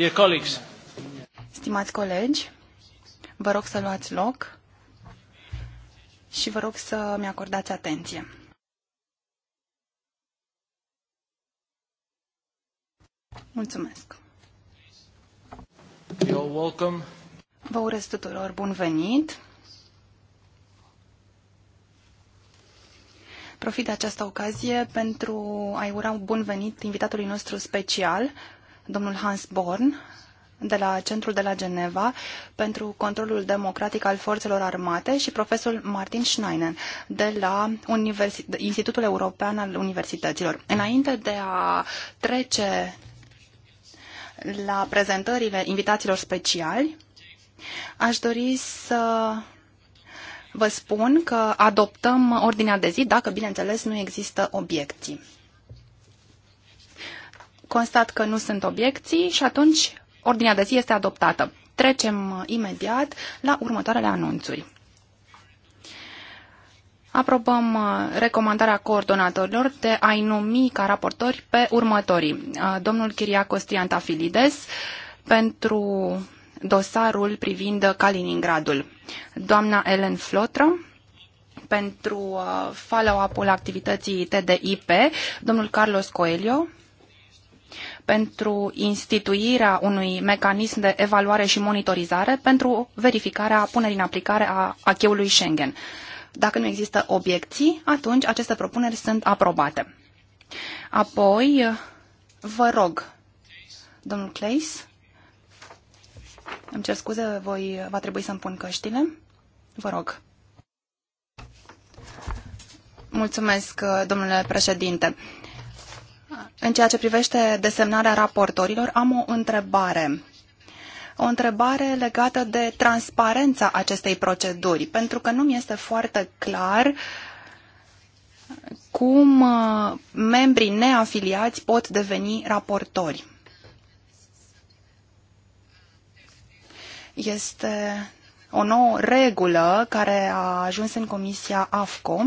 Dear colleagues. Stimați colegi, vă rog să luați loc și vă rog să mi acordați atenție. Mulțumesc. You're welcome. Vă urez tuturor bun venit. Profit de această ocazie pentru a-i ura un bun venit invitatului nostru special, domnul Hans Born de la Centrul de la Geneva pentru Controlul Democratic al Forțelor Armate și profesorul Martin Schneinen de la Universi Institutul European al Universităților. Înainte de a trece la prezentările invitaților speciali, aș dori să vă spun că adoptăm ordinea de zi dacă, bineînțeles, nu există obiecții constat că nu sunt obiecții și atunci ordinea de zi este adoptată. Trecem uh, imediat la următoarele anunțuri. Aprobăm uh, recomandarea coordonatorilor de a-i numi ca raportori pe următorii. Uh, domnul Chiriacos Triantafilides pentru dosarul privind Kaliningradul. Doamna Ellen Flotră pentru follow-up-ul activității TDIP, domnul Carlos Coelho pentru instituirea unui mecanism de evaluare și monitorizare pentru verificarea punerii în aplicare a acheului Schengen. Dacă nu există obiecții, atunci aceste propuneri sunt aprobate. Apoi, vă rog, domnul Clays, îmi cer scuze, voi, va trebui să-mi pun căștile. Vă rog. Mulțumesc, domnule președinte. În ceea ce privește desemnarea raportorilor, am o întrebare. O întrebare legată de transparența acestei proceduri, pentru că nu mi este foarte clar cum uh, membrii neafiliați pot deveni raportori. Este o nouă regulă care a ajuns în Comisia AFCO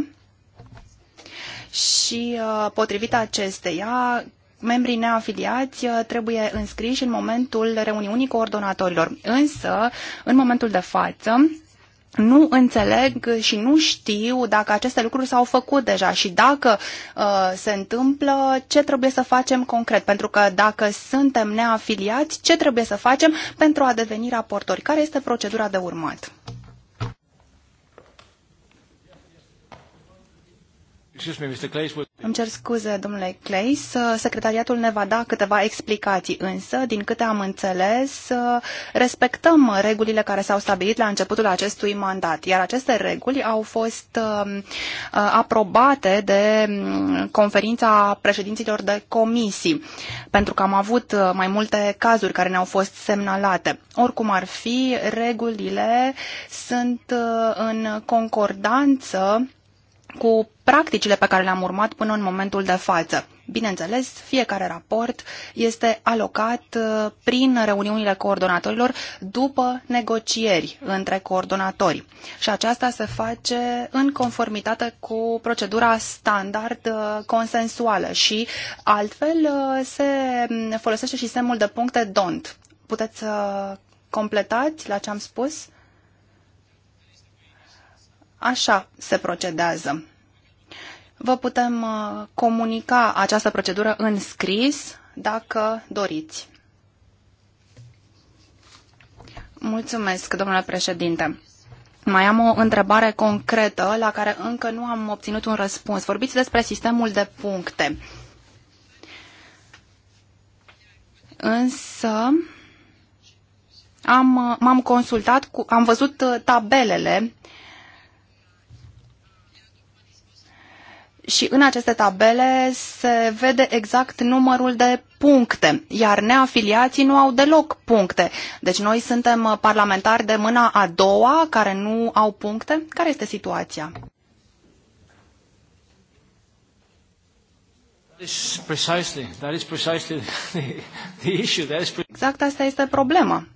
și uh, potrivit acesteia, membrii neafiliați uh, trebuie înscriși în momentul reuniunii coordonatorilor. Însă, în momentul de față, nu înțeleg și nu știu dacă aceste lucruri s-au făcut deja și dacă uh, se întâmplă, ce trebuie să facem concret. Pentru că dacă suntem neafiliați, ce trebuie să facem pentru a deveni raportori? Care este procedura de urmat? Îmi cer scuze, domnule Clays. Secretariatul ne va da câteva explicații, însă, din câte am înțeles, respectăm regulile care s-au stabilit la începutul acestui mandat, iar aceste reguli au fost um, uh, aprobate de um, conferința președinților de comisii, pentru că am avut uh, mai multe cazuri care ne-au fost semnalate. Oricum ar fi, regulile sunt uh, în concordanță cu practicile pe care le-am urmat până în momentul de față. Bineînțeles, fiecare raport este alocat uh, prin reuniunile coordonatorilor după negocieri între coordonatori și aceasta se face în conformitate cu procedura standard uh, consensuală și altfel uh, se mm, folosește și semnul de puncte DONT. Puteți să completați la ce am spus? Așa se procedează. Vă putem uh, comunica această procedură în scris, dacă doriți. Mulțumesc, domnule președinte. Mai am o întrebare concretă la care încă nu am obținut un răspuns. Vorbiți despre sistemul de puncte. Însă am, m-am consultat cu, am văzut uh, tabelele și în aceste tabele se vede exact numărul de puncte, iar neafiliații nu au deloc puncte. Deci noi suntem parlamentari de mâna a doua care nu au puncte. Care este situația? Exact asta este problema.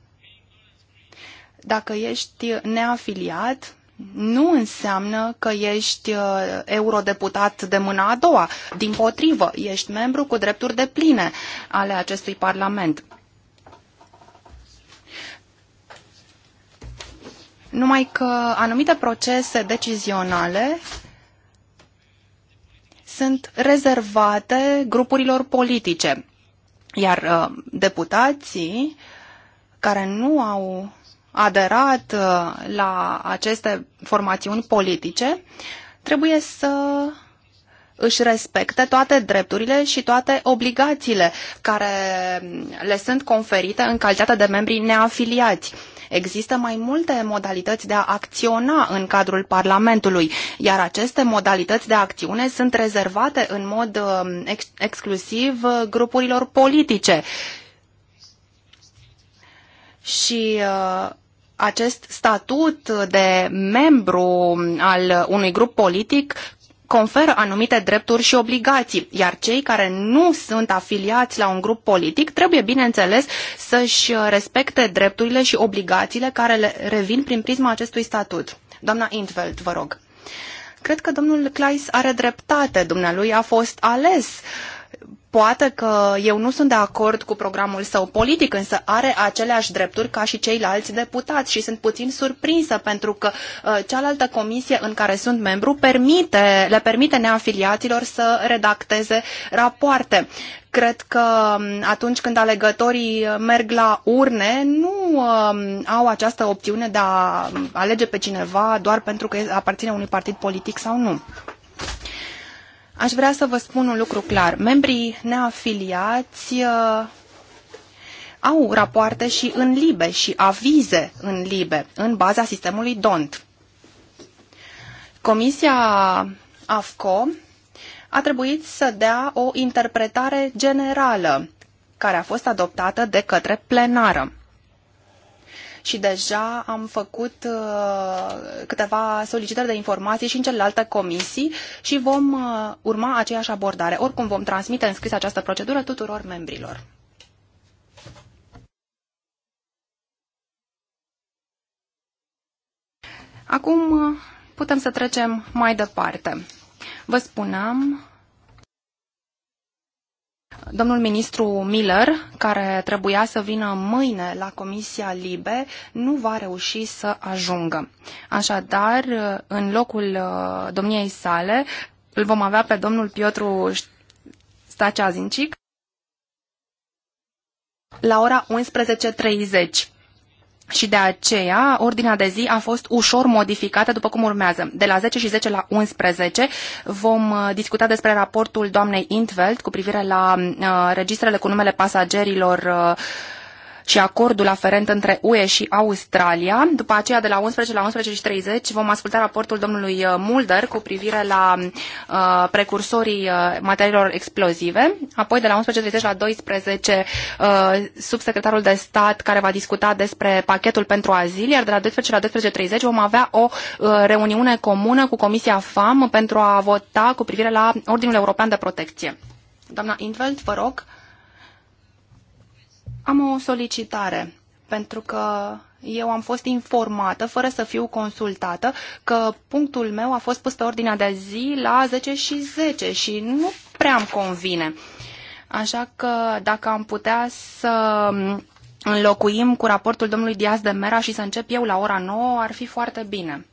Dacă ești neafiliat, nu înseamnă că ești uh, eurodeputat de mâna a doua. Din potrivă, ești membru cu drepturi de pline ale acestui Parlament. Numai că anumite procese decizionale sunt rezervate grupurilor politice, iar uh, deputații care nu au aderat uh, la aceste formațiuni politice, trebuie să își respecte toate drepturile și toate obligațiile care le sunt conferite în calitate de membri neafiliați. Există mai multe modalități de a acționa în cadrul Parlamentului, iar aceste modalități de acțiune sunt rezervate în mod uh, ex- exclusiv uh, grupurilor politice. Și uh, acest statut de membru al unui grup politic conferă anumite drepturi și obligații, iar cei care nu sunt afiliați la un grup politic trebuie, bineînțeles, să-și respecte drepturile și obligațiile care le revin prin prisma acestui statut. Doamna Intveld, vă rog. Cred că domnul Kleis are dreptate. Dumnealui a fost ales uh, Poate că eu nu sunt de acord cu programul său politic, însă are aceleași drepturi ca și ceilalți deputați și sunt puțin surprinsă pentru că uh, cealaltă comisie în care sunt membru permite, le permite neafiliaților să redacteze rapoarte. Cred că um, atunci când alegătorii merg la urne, nu uh, au această opțiune de a um, alege pe cineva doar pentru că aparține unui partid politic sau nu. Aș vrea să vă spun un lucru clar. Membrii neafiliați uh, au rapoarte și în libe și avize în libe, în baza sistemului DONT. Comisia AFCO a trebuit să dea o interpretare generală care a fost adoptată de către plenară și deja am făcut uh, câteva solicitări de informații și în celelalte comisii și vom uh, urma aceeași abordare. Oricum vom transmite în scris această procedură tuturor membrilor. Acum uh, putem să trecem mai departe. Vă spuneam Domnul ministru Miller, care trebuia să vină mâine la Comisia Libe, nu va reuși să ajungă. Așadar, în locul uh, domniei sale, îl vom avea pe domnul Piotru Staceazincic la ora 11.30 și de aceea ordinea de zi a fost ușor modificată după cum urmează. De la 10 și 10 la 11 vom uh, discuta despre raportul doamnei Intveld cu privire la uh, registrele cu numele pasagerilor uh, și acordul aferent între UE și Australia. După aceea, de la 11 la 11.30, vom asculta raportul domnului uh, Mulder cu privire la uh, precursorii uh, materiilor explozive. Apoi, de la 11.30 la 12, uh, subsecretarul de stat care va discuta despre pachetul pentru azil, iar de la 12 la 12.30 vom avea o uh, reuniune comună cu Comisia FAM pentru a vota cu privire la Ordinul European de Protecție. Doamna Intveld, vă rog. Am o solicitare, pentru că eu am fost informată, fără să fiu consultată, că punctul meu a fost pus pe ordinea de zi la 10 și 10 și nu prea îmi convine. Așa că dacă am putea să înlocuim cu raportul domnului Diaz de Mera și să încep eu la ora 9, ar fi foarte bine.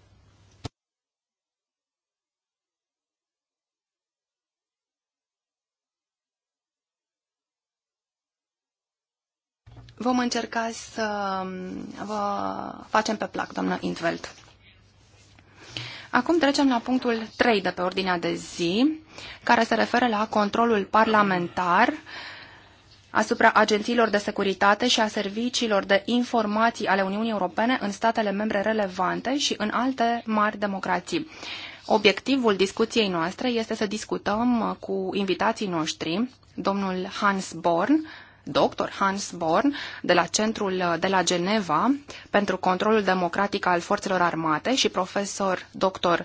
Vom încerca să um, vă facem pe plac, doamnă Intveld. Acum trecem la punctul 3 de pe ordinea de zi, care se referă la controlul parlamentar asupra agențiilor de securitate și a serviciilor de informații ale Uniunii Europene în statele membre relevante și în alte mari democrații. Obiectivul discuției noastre este să discutăm cu invitații noștri, domnul Hans Born, doctor Hans Born de la Centrul de la Geneva pentru Controlul Democratic al Forțelor Armate și profesor doctor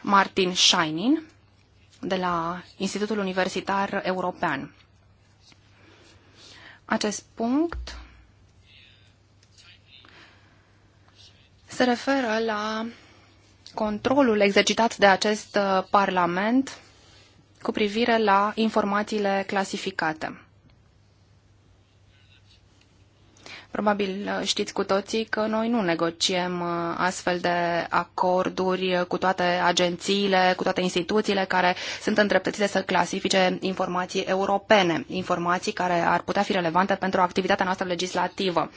Martin Scheinin de la Institutul Universitar European. Acest punct se referă la controlul exercitat de acest uh, Parlament cu privire la informațiile clasificate. Probabil uh, știți cu toții că noi nu negociem uh, astfel de acorduri cu toate agențiile, cu toate instituțiile care sunt îndreptățite să clasifice informații europene, informații care ar putea fi relevante pentru activitatea noastră legislativă.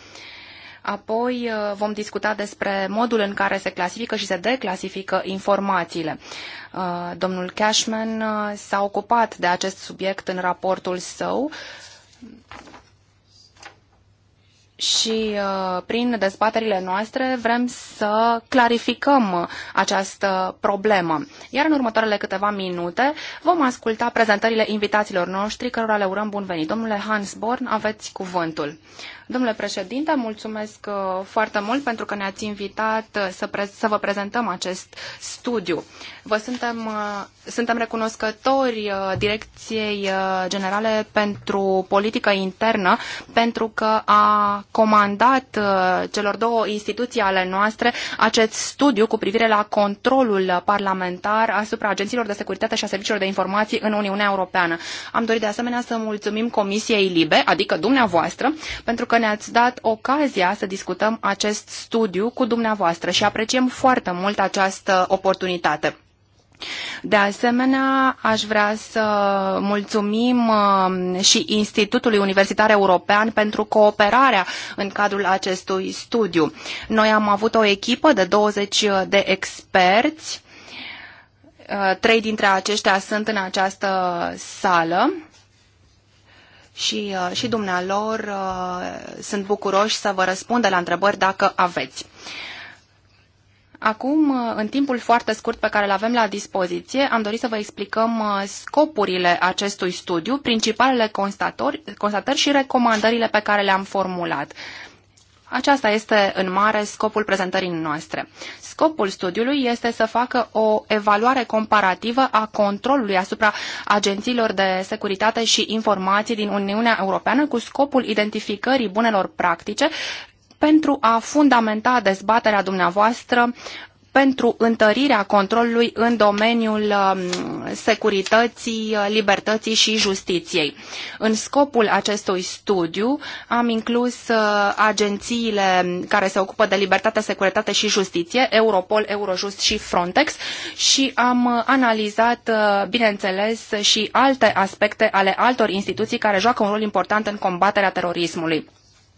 Apoi uh, vom discuta despre modul în care se clasifică și se declasifică informațiile. Domnul Cashman s-a ocupat de acest subiect în raportul său și uh, prin dezbaterile noastre vrem să clarificăm această problemă. Iar în următoarele câteva minute vom asculta prezentările invitaților noștri, cărora le urăm bun venit. Domnule Hans Born, aveți cuvântul. Domnule președinte, mulțumesc uh, foarte mult pentru că ne-ați invitat să, să vă prezentăm acest studiu. Vă suntem, uh, suntem recunoscători uh, Direcției uh, Generale pentru Politică Internă pentru că a comandat celor două instituții ale noastre acest studiu cu privire la controlul parlamentar asupra agențiilor de securitate și a serviciilor de informații în Uniunea Europeană. Am dorit de asemenea să mulțumim Comisiei Libe, adică dumneavoastră, pentru că ne-ați dat ocazia să discutăm acest studiu cu dumneavoastră și apreciem foarte mult această oportunitate. De asemenea, aș vrea să mulțumim um, și Institutului Universitar European pentru cooperarea în cadrul acestui studiu. Noi am avut o echipă de 20 de experți. Uh, trei dintre aceștia sunt în această sală și, uh, și dumnealor uh, sunt bucuroși să vă răspundă la întrebări dacă aveți. Acum, uh, în timpul foarte scurt pe care îl avem la dispoziție, am dorit să vă explicăm uh, scopurile acestui studiu, principalele constatări și recomandările pe care le-am formulat. Aceasta este în mare scopul prezentării noastre. Scopul studiului este să facă o evaluare comparativă a controlului asupra agențiilor de securitate și informații din Uniunea Europeană cu scopul identificării bunelor practice pentru a fundamenta dezbaterea dumneavoastră pentru întărirea controlului în domeniul um, securității, libertății și justiției. În scopul acestui studiu am inclus uh, agențiile care se ocupă de libertate, securitate și justiție, Europol, Eurojust și Frontex și am uh, analizat, uh, bineînțeles, și alte aspecte ale altor instituții care joacă un rol important în combaterea terorismului.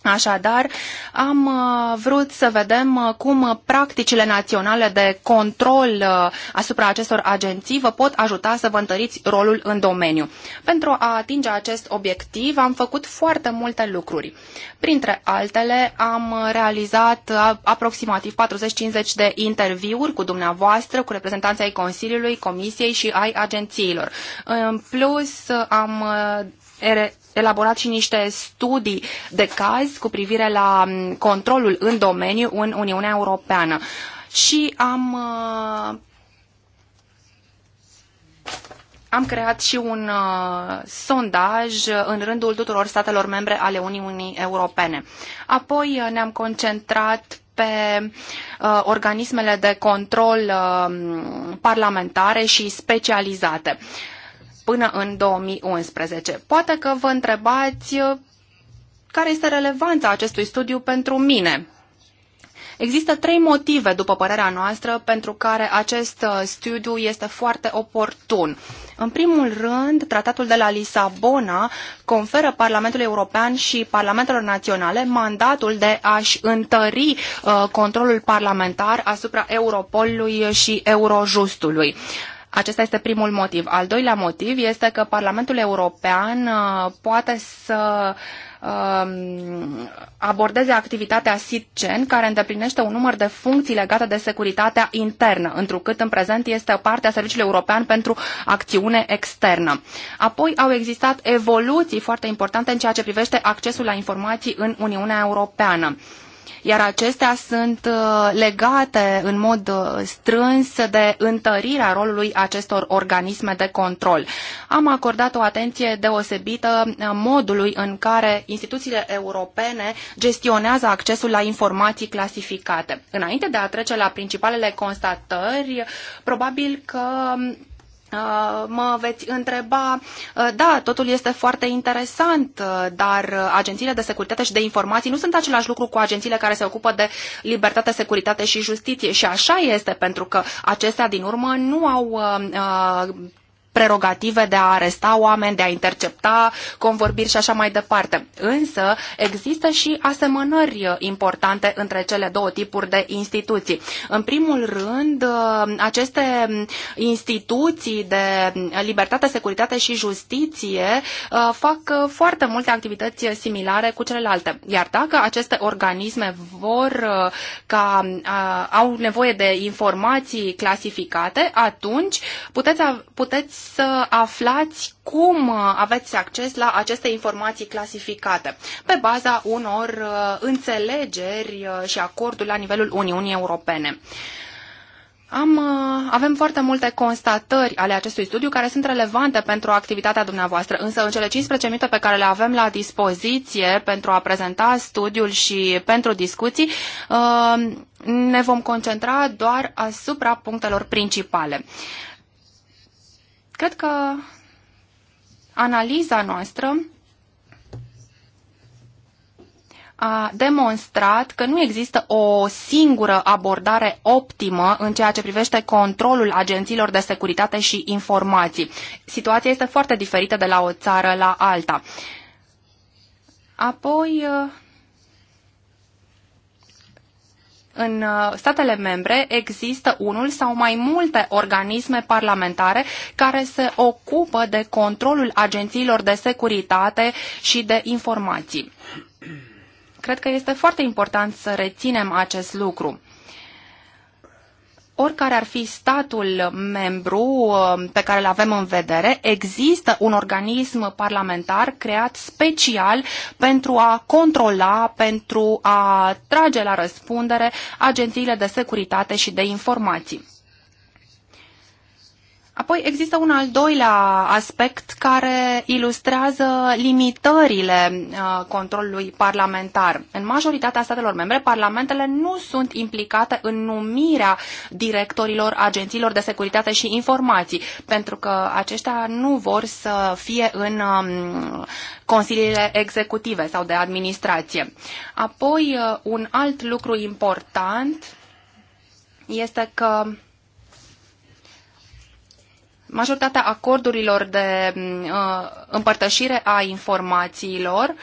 Așadar, am uh, vrut să vedem uh, cum practicile naționale de control uh, asupra acestor agenții vă pot ajuta să vă întăriți rolul în domeniu. Pentru a atinge acest obiectiv am făcut foarte multe lucruri. Printre altele, am realizat aproximativ 40-50 de interviuri cu dumneavoastră, cu reprezentanții ai Consiliului, Comisiei și ai agențiilor. În plus, am elaborat și niște studii de caz cu privire la controlul în domeniu în Uniunea Europeană. Și am, uh, am creat și un uh, sondaj în rândul tuturor statelor membre ale Uniunii Europene. Apoi uh, ne-am concentrat pe uh, organismele de control uh, parlamentare și specializate. Uh, până în 2011. Poate că vă întrebați uh, care este relevanța acestui studiu pentru mine. Există trei motive, după părerea noastră, pentru care acest uh, studiu este foarte oportun. În primul rând, tratatul de la Lisabona conferă Parlamentului European și Parlamentelor Naționale mandatul de a-și întări uh, controlul parlamentar asupra Europolului și Eurojustului. Uh, acesta este primul motiv. Al doilea motiv este că Parlamentul European uh, poate să um, abordeze activitatea SITCEN, care îndeplinește un număr de funcții legate de securitatea internă, întrucât în prezent este partea Serviciului European pentru Acțiune Externă. Apoi au existat evoluții foarte importante în ceea ce privește accesul la informații în Uniunea Europeană iar acestea sunt uh, legate în mod uh, strâns de întărirea rolului acestor organisme de control. Am acordat o atenție deosebită uh, modului în care instituțiile europene gestionează accesul la informații clasificate. Înainte de a trece la principalele constatări, probabil că um, Uh, mă veți întreba, uh, da, totul este foarte interesant, uh, dar agențiile de securitate și de informații nu sunt același lucru cu agențiile care se ocupă de libertate, securitate și justiție. Și așa este, pentru că acestea din urmă nu au prerogative de a aresta oameni, de a intercepta convorbiri și așa mai departe. Însă există și asemănări importante între cele două tipuri de instituții. În primul rând, aceste instituții de libertate, securitate și justiție uh, fac uh, foarte multe activități similare cu celelalte. Iar dacă aceste organisme vor uh, ca au nevoie de informații clasificate, atunci puteți, puteți să aflați cum uh, aveți acces la aceste informații clasificate, pe baza unor uh, înțelegeri uh, și acorduri la nivelul Uniunii Europene. Am, avem foarte multe constatări ale acestui studiu care sunt relevante pentru activitatea dumneavoastră, însă în cele 15 minute pe care le avem la dispoziție pentru a prezenta studiul și pentru discuții, ne vom concentra doar asupra punctelor principale. Cred că analiza noastră a demonstrat că nu există o singură abordare optimă în ceea ce privește controlul agențiilor de securitate și informații. Situația este foarte diferită de la o țară la alta. Apoi, în uh, statele membre există unul sau mai multe organisme parlamentare care se ocupă de controlul agențiilor de securitate și de informații. Cred că este foarte important să reținem acest lucru oricare ar fi statul membru um, pe care îl avem în vedere, există un organism parlamentar creat special pentru a controla, pentru a trage la răspundere agențiile de securitate și de informații. Apoi există un al doilea aspect care ilustrează limitările uh, controlului parlamentar. În majoritatea statelor membre, parlamentele nu sunt implicate în numirea directorilor agențiilor de securitate și informații, pentru că aceștia nu vor să fie în um, consiliile executive sau de administrație. Apoi, uh, un alt lucru important este că Majoritatea acordurilor de mm, uh, împărtășire a informațiilor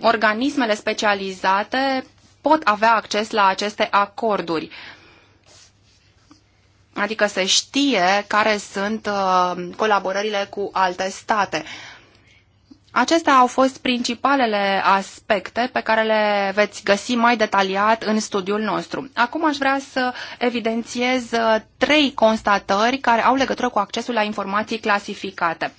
organismele specializate pot avea acces la aceste acorduri. Adică se știe care sunt uh, colaborările cu alte state. Acestea au fost principalele aspecte pe care le veți găsi mai detaliat în studiul nostru. Acum aș vrea să evidențiez uh, trei constatări care au legătură cu accesul la informații clasificate.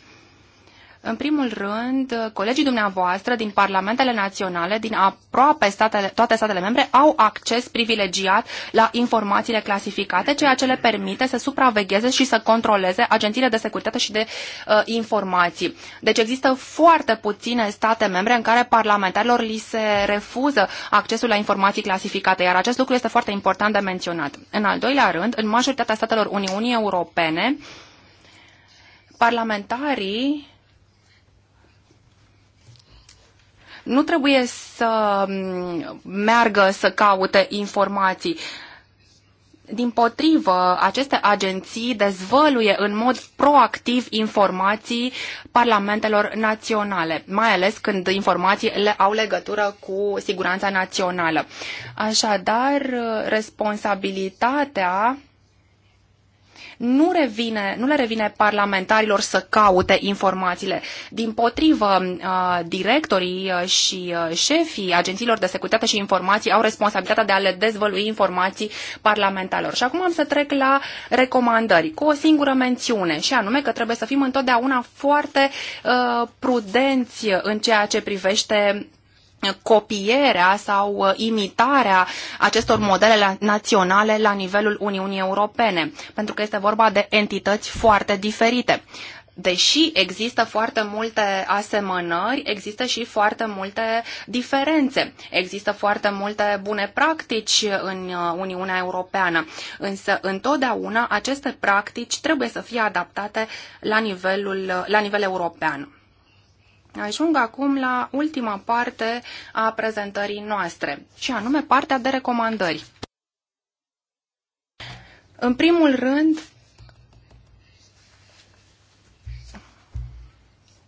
În primul rând, colegii dumneavoastră din parlamentele naționale, din aproape statele, toate statele membre, au acces privilegiat la informațiile clasificate, ceea ce le permite să supravegheze și să controleze agențiile de securitate și de uh, informații. Deci există foarte puține state membre în care parlamentarilor li se refuză accesul la informații clasificate, iar acest lucru este foarte important de menționat. În al doilea rând, în majoritatea statelor Uniunii Europene, parlamentarii nu trebuie să mm, meargă să caute informații. Din potrivă, aceste agenții dezvăluie în mod proactiv informații parlamentelor naționale, mai ales când informațiile au legătură cu siguranța națională. Așadar, responsabilitatea nu, revine, nu le revine parlamentarilor să caute informațiile. Din potrivă, uh, directorii uh, și uh, șefii agențiilor de securitate și informații au responsabilitatea de a le dezvălui informații parlamentarilor. Și acum am să trec la recomandări, cu o singură mențiune, și anume că trebuie să fim întotdeauna foarte prudenți în ceea ce privește copierea sau uh, imitarea acestor modele naționale la nivelul Uniunii Europene, pentru că este vorba de entități foarte diferite. Deși există foarte multe asemănări, există și foarte multe diferențe. Există foarte multe bune practici în uh, Uniunea Europeană, însă întotdeauna aceste practici trebuie să fie adaptate la, nivelul, uh, la nivel european. Ajung acum la ultima parte a prezentării noastre, și anume partea de recomandări. În primul rând,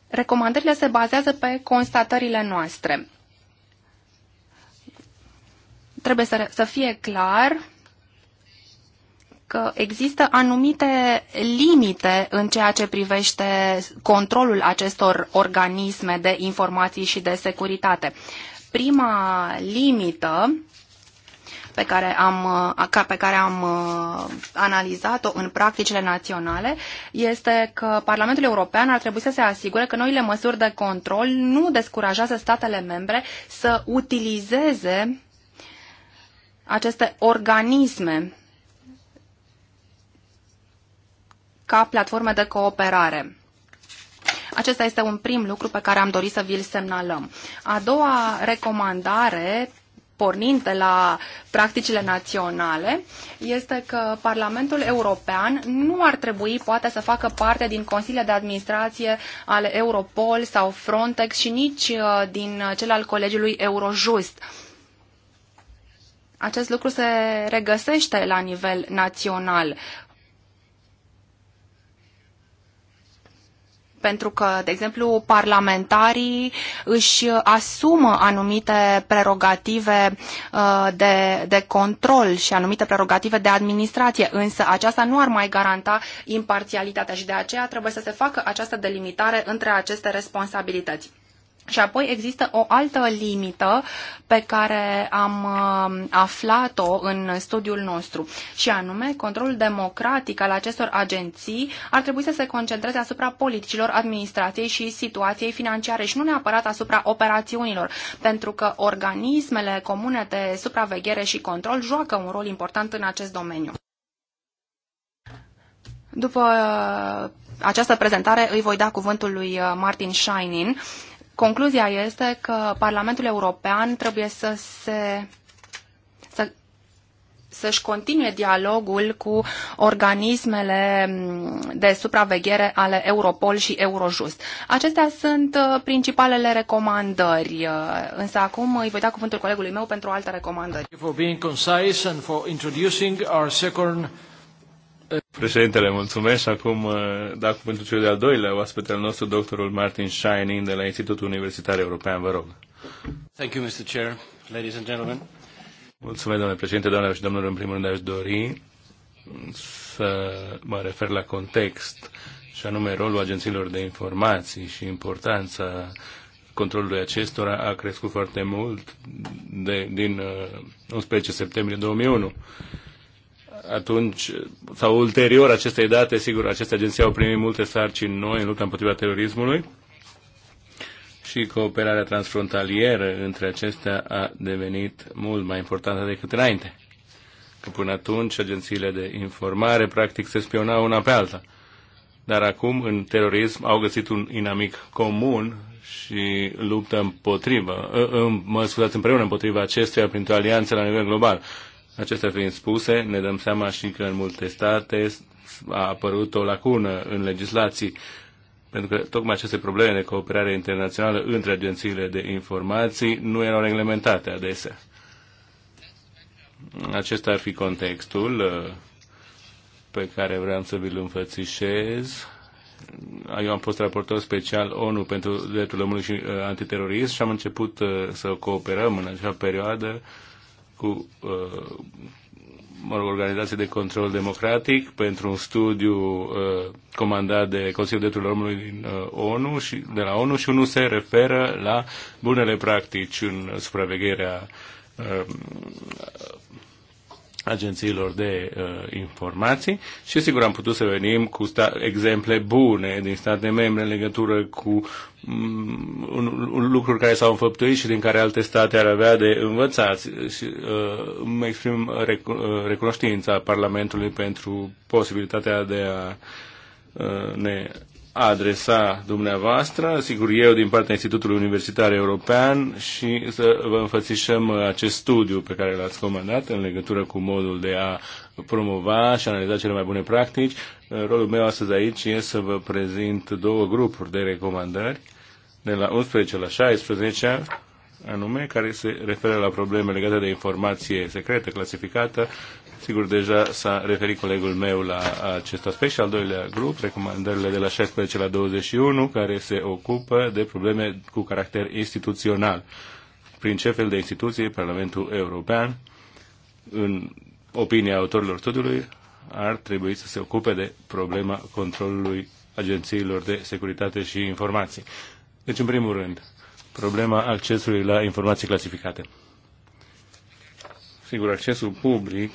recomandările se bazează pe constatările noastre. Trebuie să, să fie clar că există anumite limite în ceea ce privește controlul acestor organisme de informații și de securitate. Prima limită pe care am, pe care am uh, analizat-o în practicile naționale este că Parlamentul European ar trebui să se asigure că noile măsuri de control nu descurajează statele membre să utilizeze aceste organisme ca platforme de cooperare. Acesta este un prim lucru pe care am dorit să vi-l semnalăm. A doua recomandare pornind de la practicile naționale, este că Parlamentul European nu ar trebui poate să facă parte din consiliile de administrație ale Europol sau Frontex și nici uh, din cel al colegiului Eurojust. Acest lucru se regăsește la nivel național. pentru că, de exemplu, parlamentarii își asumă anumite prerogative uh, de, de control și anumite prerogative de administrație, însă aceasta nu ar mai garanta imparțialitatea și de aceea trebuie să se facă această delimitare între aceste responsabilități. Și apoi există o altă limită pe care am uh, aflat-o în studiul nostru, și anume controlul democratic al acestor agenții ar trebui să se concentreze asupra politicilor administrației și situației financiare și nu neapărat asupra operațiunilor, pentru că organismele comune de supraveghere și control joacă un rol important în acest domeniu. După uh, această prezentare îi voi da cuvântul lui uh, Martin Scheinin Concluzia este că Parlamentul European trebuie să se să, și continue dialogul cu organismele mm, de supraveghere ale Europol și Eurojust. Acestea sunt uh, principalele recomandări, uh, însă acum îi voi da cuvântul colegului meu pentru alte recomandări. For being concise and for introducing our second Președintele, mulțumesc. Acum, uh, dacă pentru cel de-al doilea oaspete al nostru, doctorul Martin Shining de la Institutul Universitar European, vă rog. Thank you, Mr. Chair, ladies and gentlemen. Mulțumesc, domnule președinte, doamnelor și domnilor. În primul rând aș dori să mă refer la context și anume rolul agențiilor de informații și importanța controlului acestora a crescut foarte mult de, din 11 uh, septembrie 2001 atunci, sau ulterior acestei date, sigur, aceste agenții au primit multe sarcini noi în lupta împotriva terorismului și cooperarea transfrontalieră între acestea a devenit mult mai importantă decât înainte. Că până atunci agențiile de informare practic se spionau una pe alta. Dar acum în terorism au găsit un inamic comun și luptă împotriva, ă, ă, mă scuzați, împreună împotriva acestuia printr-o alianță la nivel global. Acestea fiind spuse, ne dăm seama și că în multe state a apărut o lacună în legislații, pentru că tocmai aceste probleme de cooperare internațională între agențiile de informații nu erau reglementate adesea. Acesta ar fi contextul uh, pe care vreau să vi-l înfățișez. Eu am fost raportor special ONU pentru dreptul omului și uh, antiterorism și am început uh, să cooperăm în acea perioadă cu uh, mă rog, organizații de control democratic pentru un studiu uh, comandat de Consiliul Drepturilor Omului din uh, ONU și de la ONU și unul se referă la bunele practici în supravegherea uh, agențiilor de uh, informații și sigur am putut să venim cu sta- exemple bune din state membre în legătură cu mm, un, un, lucruri care s-au înfăptuit și din care alte state ar avea de învățat. Și, uh, îmi exprim uh, rec- uh, recunoștința Parlamentului pentru posibilitatea de a uh, ne adresa dumneavoastră, sigur eu din partea Institutului Universitar European și să vă înfățișăm acest studiu pe care l-ați comandat în legătură cu modul de a promova și analiza cele mai bune practici. Rolul meu astăzi aici e să vă prezint două grupuri de recomandări de la 11 la 16 anume, care se referă la probleme legate de informație secretă, clasificată Sigur, deja s-a referit colegul meu la acest aspect și al doilea grup, recomandările de la 16 la 21, care se ocupă de probleme cu caracter instituțional. Prin ce fel de instituție Parlamentul European, în opinia autorilor studiului, ar trebui să se ocupe de problema controlului agențiilor de securitate și informații. Deci, în primul rând, problema accesului la informații clasificate. Sigur, accesul public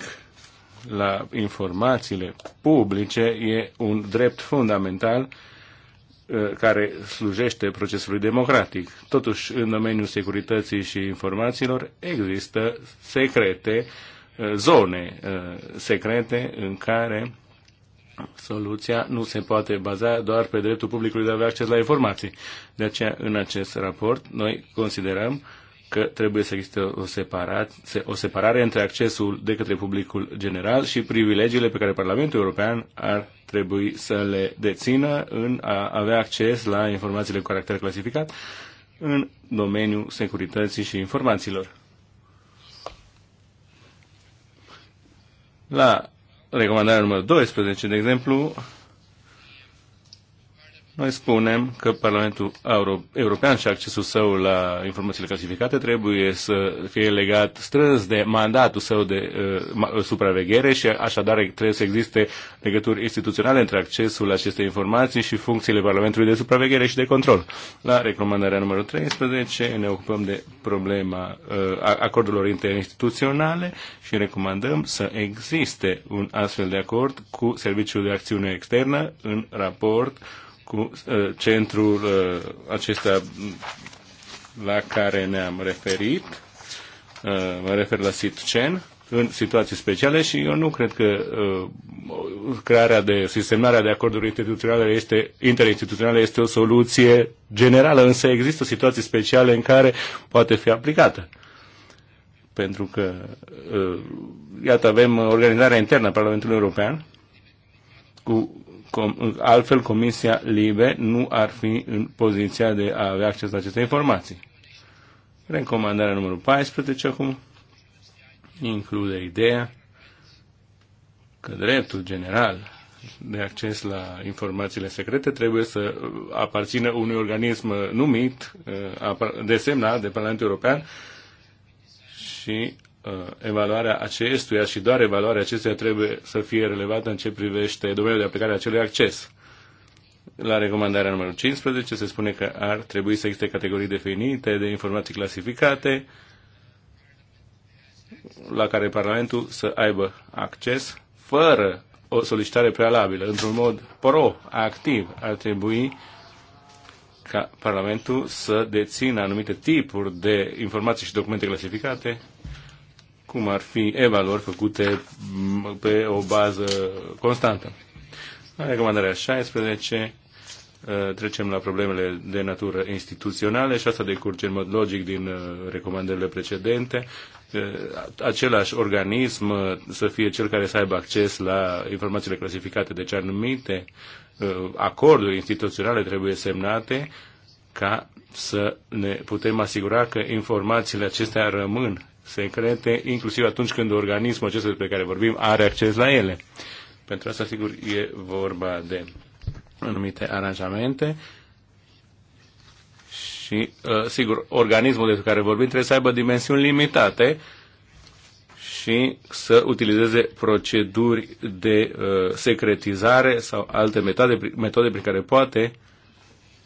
la informațiile publice e un drept fundamental uh, care slujește procesului democratic. Totuși, în domeniul securității și informațiilor există secrete, uh, zone uh, secrete în care soluția nu se poate baza doar pe dreptul publicului de a avea acces la informații. De aceea, în acest raport, noi considerăm uh, că trebuie să existe o, separat, o separare între accesul de către publicul general și privilegiile pe care Parlamentul European ar trebui să le dețină în a avea acces la informațiile cu caracter clasificat în domeniul securității și informațiilor. La recomandarea numărul 12, de exemplu, noi spunem că Parlamentul European și accesul său la informațiile clasificate trebuie să fie legat strâns de mandatul său de uh, supraveghere și așadar trebuie să existe legături instituționale între accesul acestei informații și funcțiile Parlamentului de supraveghere și de control. La recomandarea numărul 13 ne ocupăm de problema uh, acordurilor interinstituționale și recomandăm să existe un astfel de acord cu Serviciul de Acțiune Externă în raport cu uh, centrul uh, acesta la care ne-am referit, uh, mă refer la SITCEN, în situații speciale și eu nu cred că uh, crearea de, semnarea de acorduri instituționale este, interinstituționale este o soluție generală, însă există situații speciale în care poate fi aplicată. Pentru că, uh, iată, avem organizarea internă a Parlamentului European cu com, altfel Comisia Libe nu ar fi în poziția de a avea acces la aceste informații. Recomandarea numărul 14 acum include ideea că dreptul general de acces la informațiile secrete trebuie să aparțină unui organism numit, uh, desemnat de Parlamentul European și Uh, evaluarea acestuia și doar evaluarea acestuia trebuie să fie relevată în ce privește domeniul de aplicare a acelui acces. La recomandarea numărul 15 se spune că ar trebui să existe categorii definite de informații clasificate la care Parlamentul să aibă acces fără o solicitare prealabilă, într-un mod proactiv, Ar trebui ca Parlamentul să dețină anumite tipuri de informații și documente clasificate cum ar fi evaluări făcute pe o bază constantă. La recomandarea 16 uh, trecem la problemele de natură instituționale și asta decurge în mod logic din uh, recomandările precedente. Uh, același organism să fie cel care să aibă acces la informațiile clasificate, deci anumite acorduri instituționale trebuie semnate ca să ne putem asigura că informațiile acestea rămân secrete, inclusiv atunci când organismul acesta despre care vorbim are acces la ele. Pentru asta, sigur, e vorba de anumite aranjamente și, uh, sigur, organismul despre care vorbim trebuie să aibă dimensiuni limitate și să utilizeze proceduri de uh, secretizare sau alte metode, metode prin care poate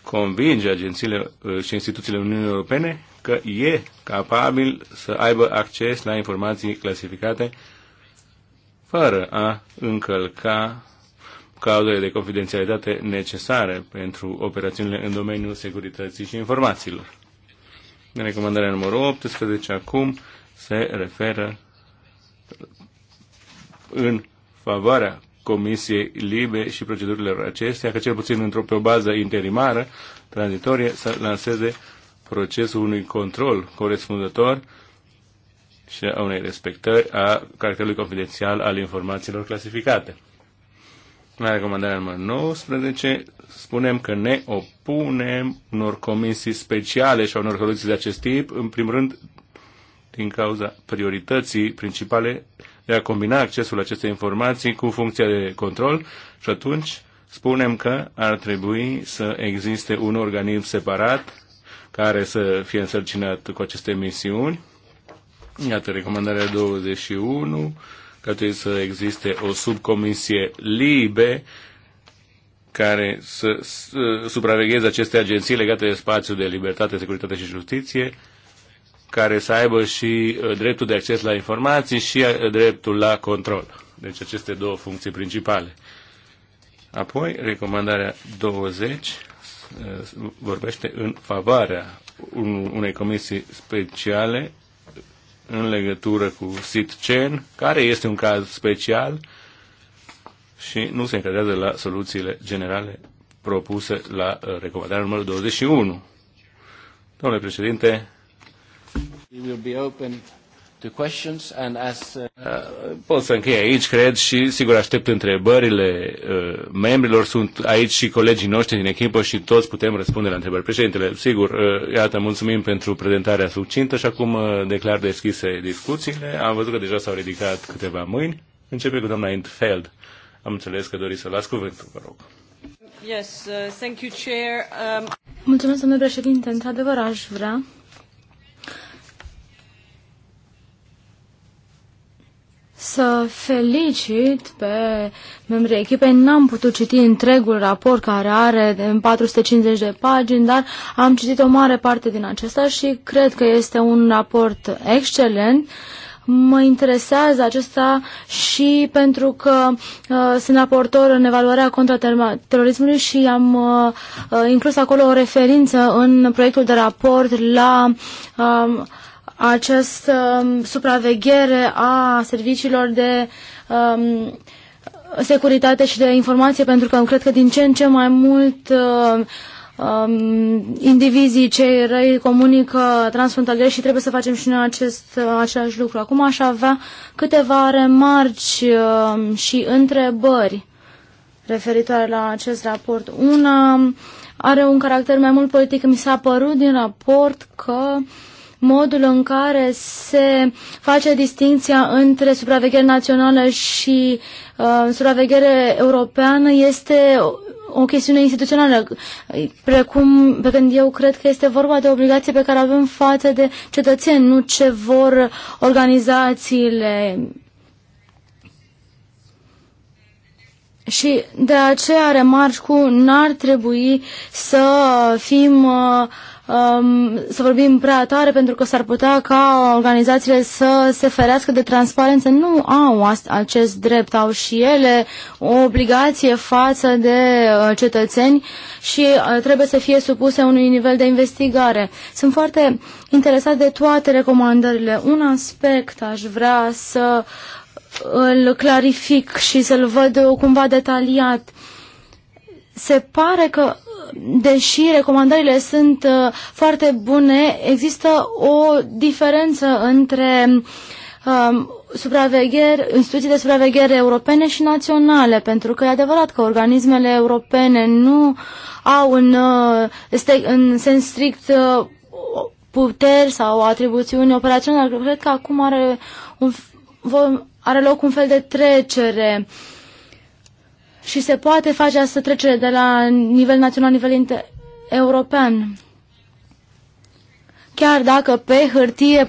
convinge agențiile uh, și instituțiile Uniunii Europene că e capabil să aibă acces la informații clasificate fără a încălca clauzele de confidențialitate necesare pentru operațiunile în domeniul securității și informațiilor. Recomandarea numărul 18 acum se referă în favoarea Comisiei Libe și procedurile acestea, că cel puțin într-o pe o bază interimară, tranzitorie, să lanseze procesul unui control corespunzător și a unei respectări a caracterului confidențial al informațiilor clasificate. La recomandarea numărul 19 spunem că ne opunem unor comisii speciale și a unor soluții de acest tip, în primul rând din cauza priorității principale de a combina accesul acestei informații cu funcția de control și atunci spunem că ar trebui să existe un organism separat care să fie însărcinat cu aceste misiuni. Iată recomandarea 21, că trebuie să existe o subcomisie libe care să, să supravegheze aceste agenții legate de spațiu, de libertate, securitate și justiție care să aibă și uh, dreptul de acces la informații și uh, dreptul la control. Deci aceste două funcții principale. Apoi, recomandarea 20 uh, vorbește în favoarea unei comisii speciale în legătură cu SITCEN, care este un caz special și nu se încadrează la soluțiile generale propuse la recomandarea numărul 21. Domnule președinte, We will be open to questions and as, uh, uh, Pot să închei aici, cred, și sigur aștept întrebările uh, membrilor. Sunt aici și colegii noștri din echipă și toți putem răspunde la întrebări. Președintele, sigur, iată, mulțumim pentru prezentarea succintă și acum declar deschise discuțiile. Am văzut că deja s-au ridicat câteva mâini. Începe cu doamna Intfeld. Am înțeles că doriți să las cuvântul, vă rog. Yes, uh, thank you, Chair. Um... Mulțumesc, domnule președinte. Într-adevăr, aș vrea să felicit pe membrii echipei. N-am putut citi întregul raport care are 450 de pagini, dar am citit o mare parte din acesta și cred că este un raport excelent mă interesează acesta și pentru că uh, sunt raportor în evaluarea contra terorismului și am uh, uh, inclus acolo o referință în proiectul de raport la uh, această um, supraveghere a serviciilor de um, securitate și de informație, pentru că cred că din ce în ce mai mult uh, um, indivizii cei răi comunică transfrontalier și trebuie să facem și noi acest, uh, același lucru. Acum aș avea câteva remarci uh, și întrebări referitoare la acest raport. Una are un caracter mai mult politic. Mi s-a părut din raport că uh, modul în care se face distinția între supraveghere națională și uh, supraveghere europeană este o chestiune instituțională, precum pe când eu cred că este vorba de obligație pe care avem față de cetățeni, nu ce vor organizațiile. Și de aceea remarci cu n-ar trebui să fim uh, um, să vorbim prea tare pentru că s-ar putea ca organizațiile să se ferească de transparență. Nu au acest drept, au și ele o obligație față de uh, cetățeni și uh, trebuie să fie supuse unui nivel de investigare. Sunt foarte interesat de toate recomandările. Un aspect aș vrea să îl clarific și să-l văd cumva detaliat. Se pare că deși recomandările sunt uh, foarte bune, există o diferență între um, supravegheri, instituții de supraveghere europene și naționale, pentru că e adevărat că organismele europene nu au în, uh, în sens strict uh, puteri sau atribuțiuni operaționale. Cred că acum are, un, are loc un fel de trecere uh, și se poate face această trecere de la nivel național, la nivel european. Chiar dacă pe hârtie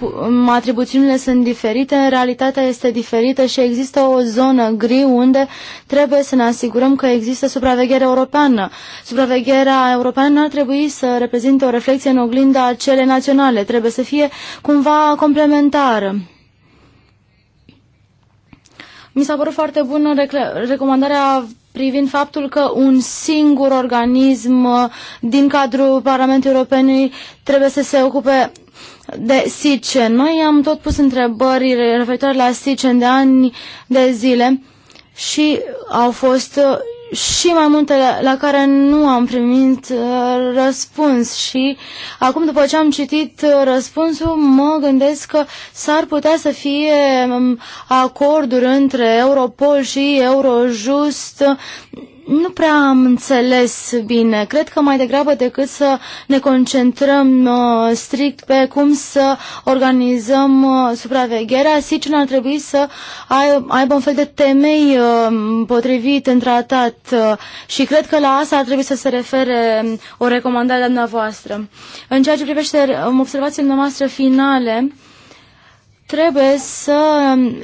atribuțiunile sunt diferite, în realitatea este diferită și există o zonă gri unde trebuie să ne asigurăm că există supraveghere europeană. Supravegherea europeană ar trebui să reprezinte o reflexie în oglinda a cele naționale, trebuie să fie cumva complementară. Mi s-a părut foarte bună recomandarea privind faptul că un singur organism uh, din cadrul Parlamentului European trebuie să se ocupe de SICEN. Noi am tot pus întrebări referitoare la SICEN de ani de zile și au fost uh, și mai multe la, la care nu am primit uh, răspuns și acum după ce am citit uh, răspunsul mă gândesc că s-ar putea să fie um, acorduri între Europol și Eurojust uh, nu prea am înțeles bine. Cred că mai degrabă decât să ne concentrăm uh, strict pe cum să organizăm uh, supravegherea, SICIN ar trebui să ai, aibă un fel de temei uh, potrivit în tratat uh, și cred că la asta ar trebui să se refere um, o recomandare a dumneavoastră. În ceea ce privește um, observațiile noastre finale, trebuie să um,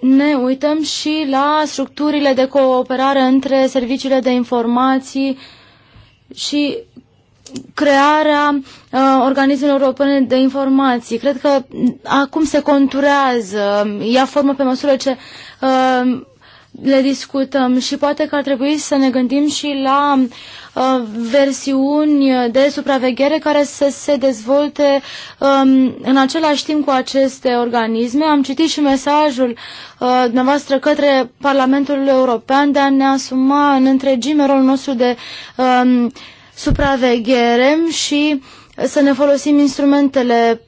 ne uităm și la structurile de cooperare între serviciile de informații și crearea uh, organismelor europene de informații. Cred că acum se conturează, ia formă pe măsură ce uh, le discutăm și poate că ar trebui să ne gândim și la Uh, versiuni de supraveghere care să se dezvolte um, în același timp cu aceste organisme. Am citit și mesajul uh, dumneavoastră către Parlamentul European de a ne asuma în întregime rolul nostru de um, supraveghere și să ne folosim instrumentele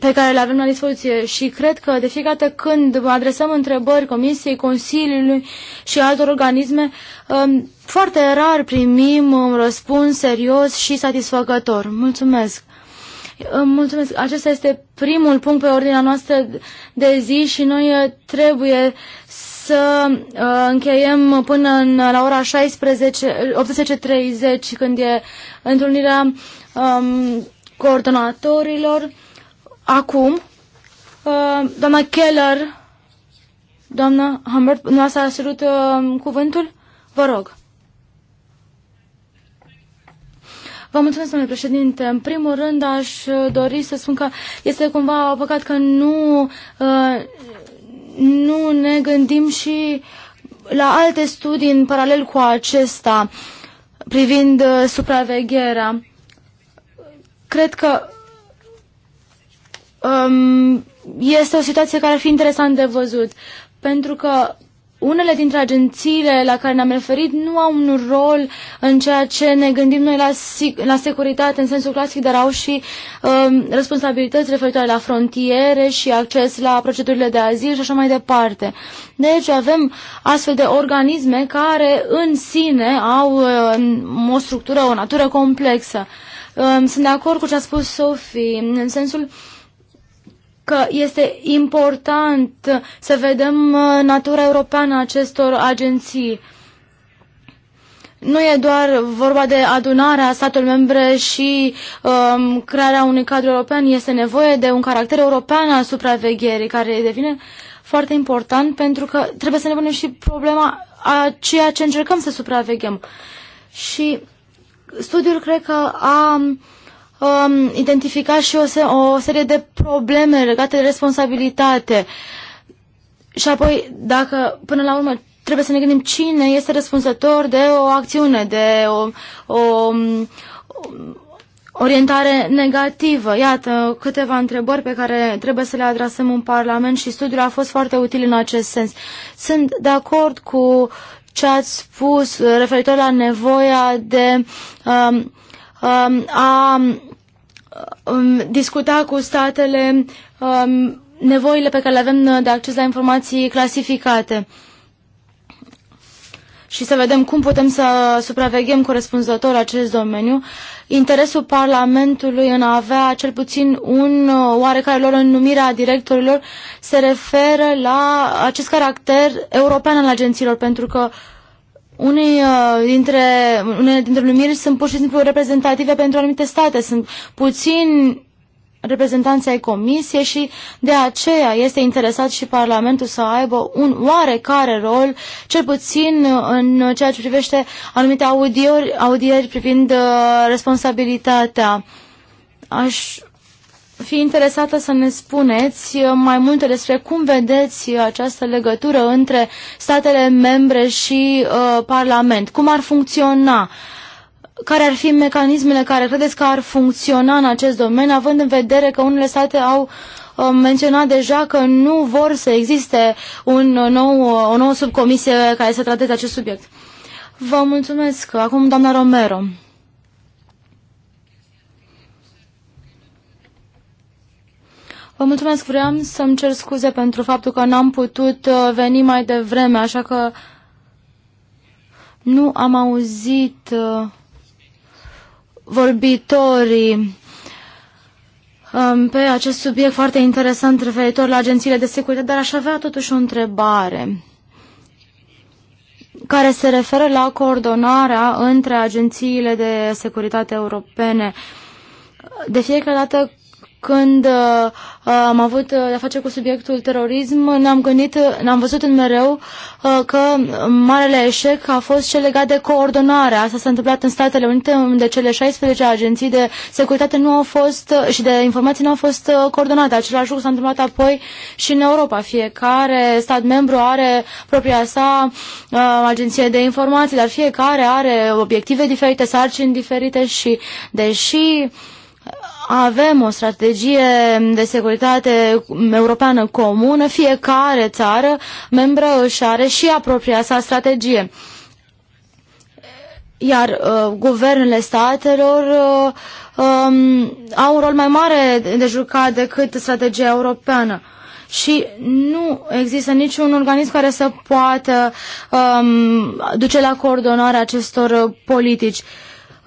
pe care le avem la dispoziție și cred că de fiecare dată când adresăm întrebări Comisiei, Consiliului și altor organisme, um, foarte rar primim un răspuns serios și satisfăcător. Mulțumesc! Mulțumesc! Acesta este primul punct pe ordinea noastră de zi și noi uh, trebuie să uh, încheiem până în, la ora 16, 18.30 când e întâlnirea um, coordonatorilor. Acum, uh, doamna Keller, doamna Humbert, nu ați cerut uh, cuvântul? Vă rog. Vă mulțumesc, domnule președinte. În primul rând, aș uh, dori să spun că este cumva păcat că nu, uh, nu ne gândim și la alte studii în paralel cu acesta privind uh, supravegherea. Cred că um, este o situație care ar fi interesant de văzut, pentru că unele dintre agențiile la care ne-am referit nu au un rol în ceea ce ne gândim noi la, la securitate în sensul clasic, dar au și um, responsabilități referitoare la frontiere și acces la procedurile de azil și așa mai departe. Deci avem astfel de organisme care în sine au um, o structură, o natură complexă. Um, sunt de acord cu ce a spus Sophie, în sensul uh, că este important să vedem uh, natura europeană a acestor agenții. Nu e doar vorba de adunarea statelor membre și um, crearea unui cadru european, este nevoie de un caracter european al supravegherii, care devine foarte important pentru că trebuie să ne punem și problema a ceea ce încercăm să supraveghem. Și studiul cred că a um, um, identificat și o, se o serie de probleme legate de responsabilitate. Și apoi, dacă până la urmă trebuie să ne gândim cine este răspunzător de o acțiune, de o, o, o um, orientare negativă. Iată câteva întrebări pe care trebuie să le adresăm în Parlament și studiul a fost foarte util în acest sens. Sunt de acord cu ce ați spus referitor la nevoia de um, Um, a um, discuta cu statele um, nevoile pe care le avem de acces la informații clasificate și să vedem cum putem să supraveghem corespunzător acest domeniu, interesul Parlamentului în a avea cel puțin un uh, oarecare lor în numirea directorilor se referă la acest caracter european al agențiilor, pentru că uh, unei uh, dintre, unele dintre numiri sunt pur și simplu reprezentative pentru anumite state. Sunt puțini reprezentanții ai comisiei și de aceea este interesat și Parlamentul să aibă un oarecare rol, cel puțin în ceea ce privește anumite audieri, audieri privind uh, responsabilitatea. Aș fi interesată să ne spuneți uh, mai multe despre cum vedeți uh, această legătură între statele membre și uh, Parlament. Cum ar funcționa? Care ar fi mecanismele care credeți că ar funcționa în acest domeniu, având în vedere că unele state au uh, menționat deja că nu vor să existe un nou, o nouă subcomisie care să trateze acest subiect. Vă mulțumesc. Acum, doamna Romero. Vă mulțumesc, vreau să-mi cer scuze pentru faptul că n-am putut uh, veni mai devreme, așa că nu am auzit uh, vorbitorii um, pe acest subiect foarte interesant referitor la agențiile de securitate, dar aș avea totuși o întrebare care se referă la coordonarea între agențiile de securitate europene. De fiecare dată când uh, uh, am avut uh, de a face cu subiectul terorism, ne-am gândit, uh, ne-am văzut în mereu uh, că marele eșec a fost cel legat de coordonare. Asta s-a întâmplat în Statele Unite, unde cele 16 agenții de securitate nu au fost și de informații nu au fost coordonate. Același lucru s-a întâmplat apoi și în Europa. Fiecare stat membru are propria sa uh, agenție de informații, dar fiecare are obiective diferite, sarcini diferite și deși uh, avem o strategie de securitate europeană comună, fiecare țară membră își are și apropria sa strategie. Iar uh, guvernele statelor uh, um, au un rol mai mare de jucat decât strategia europeană. Și nu există niciun organism care să poată um, duce la coordonarea acestor uh, politici. Uh,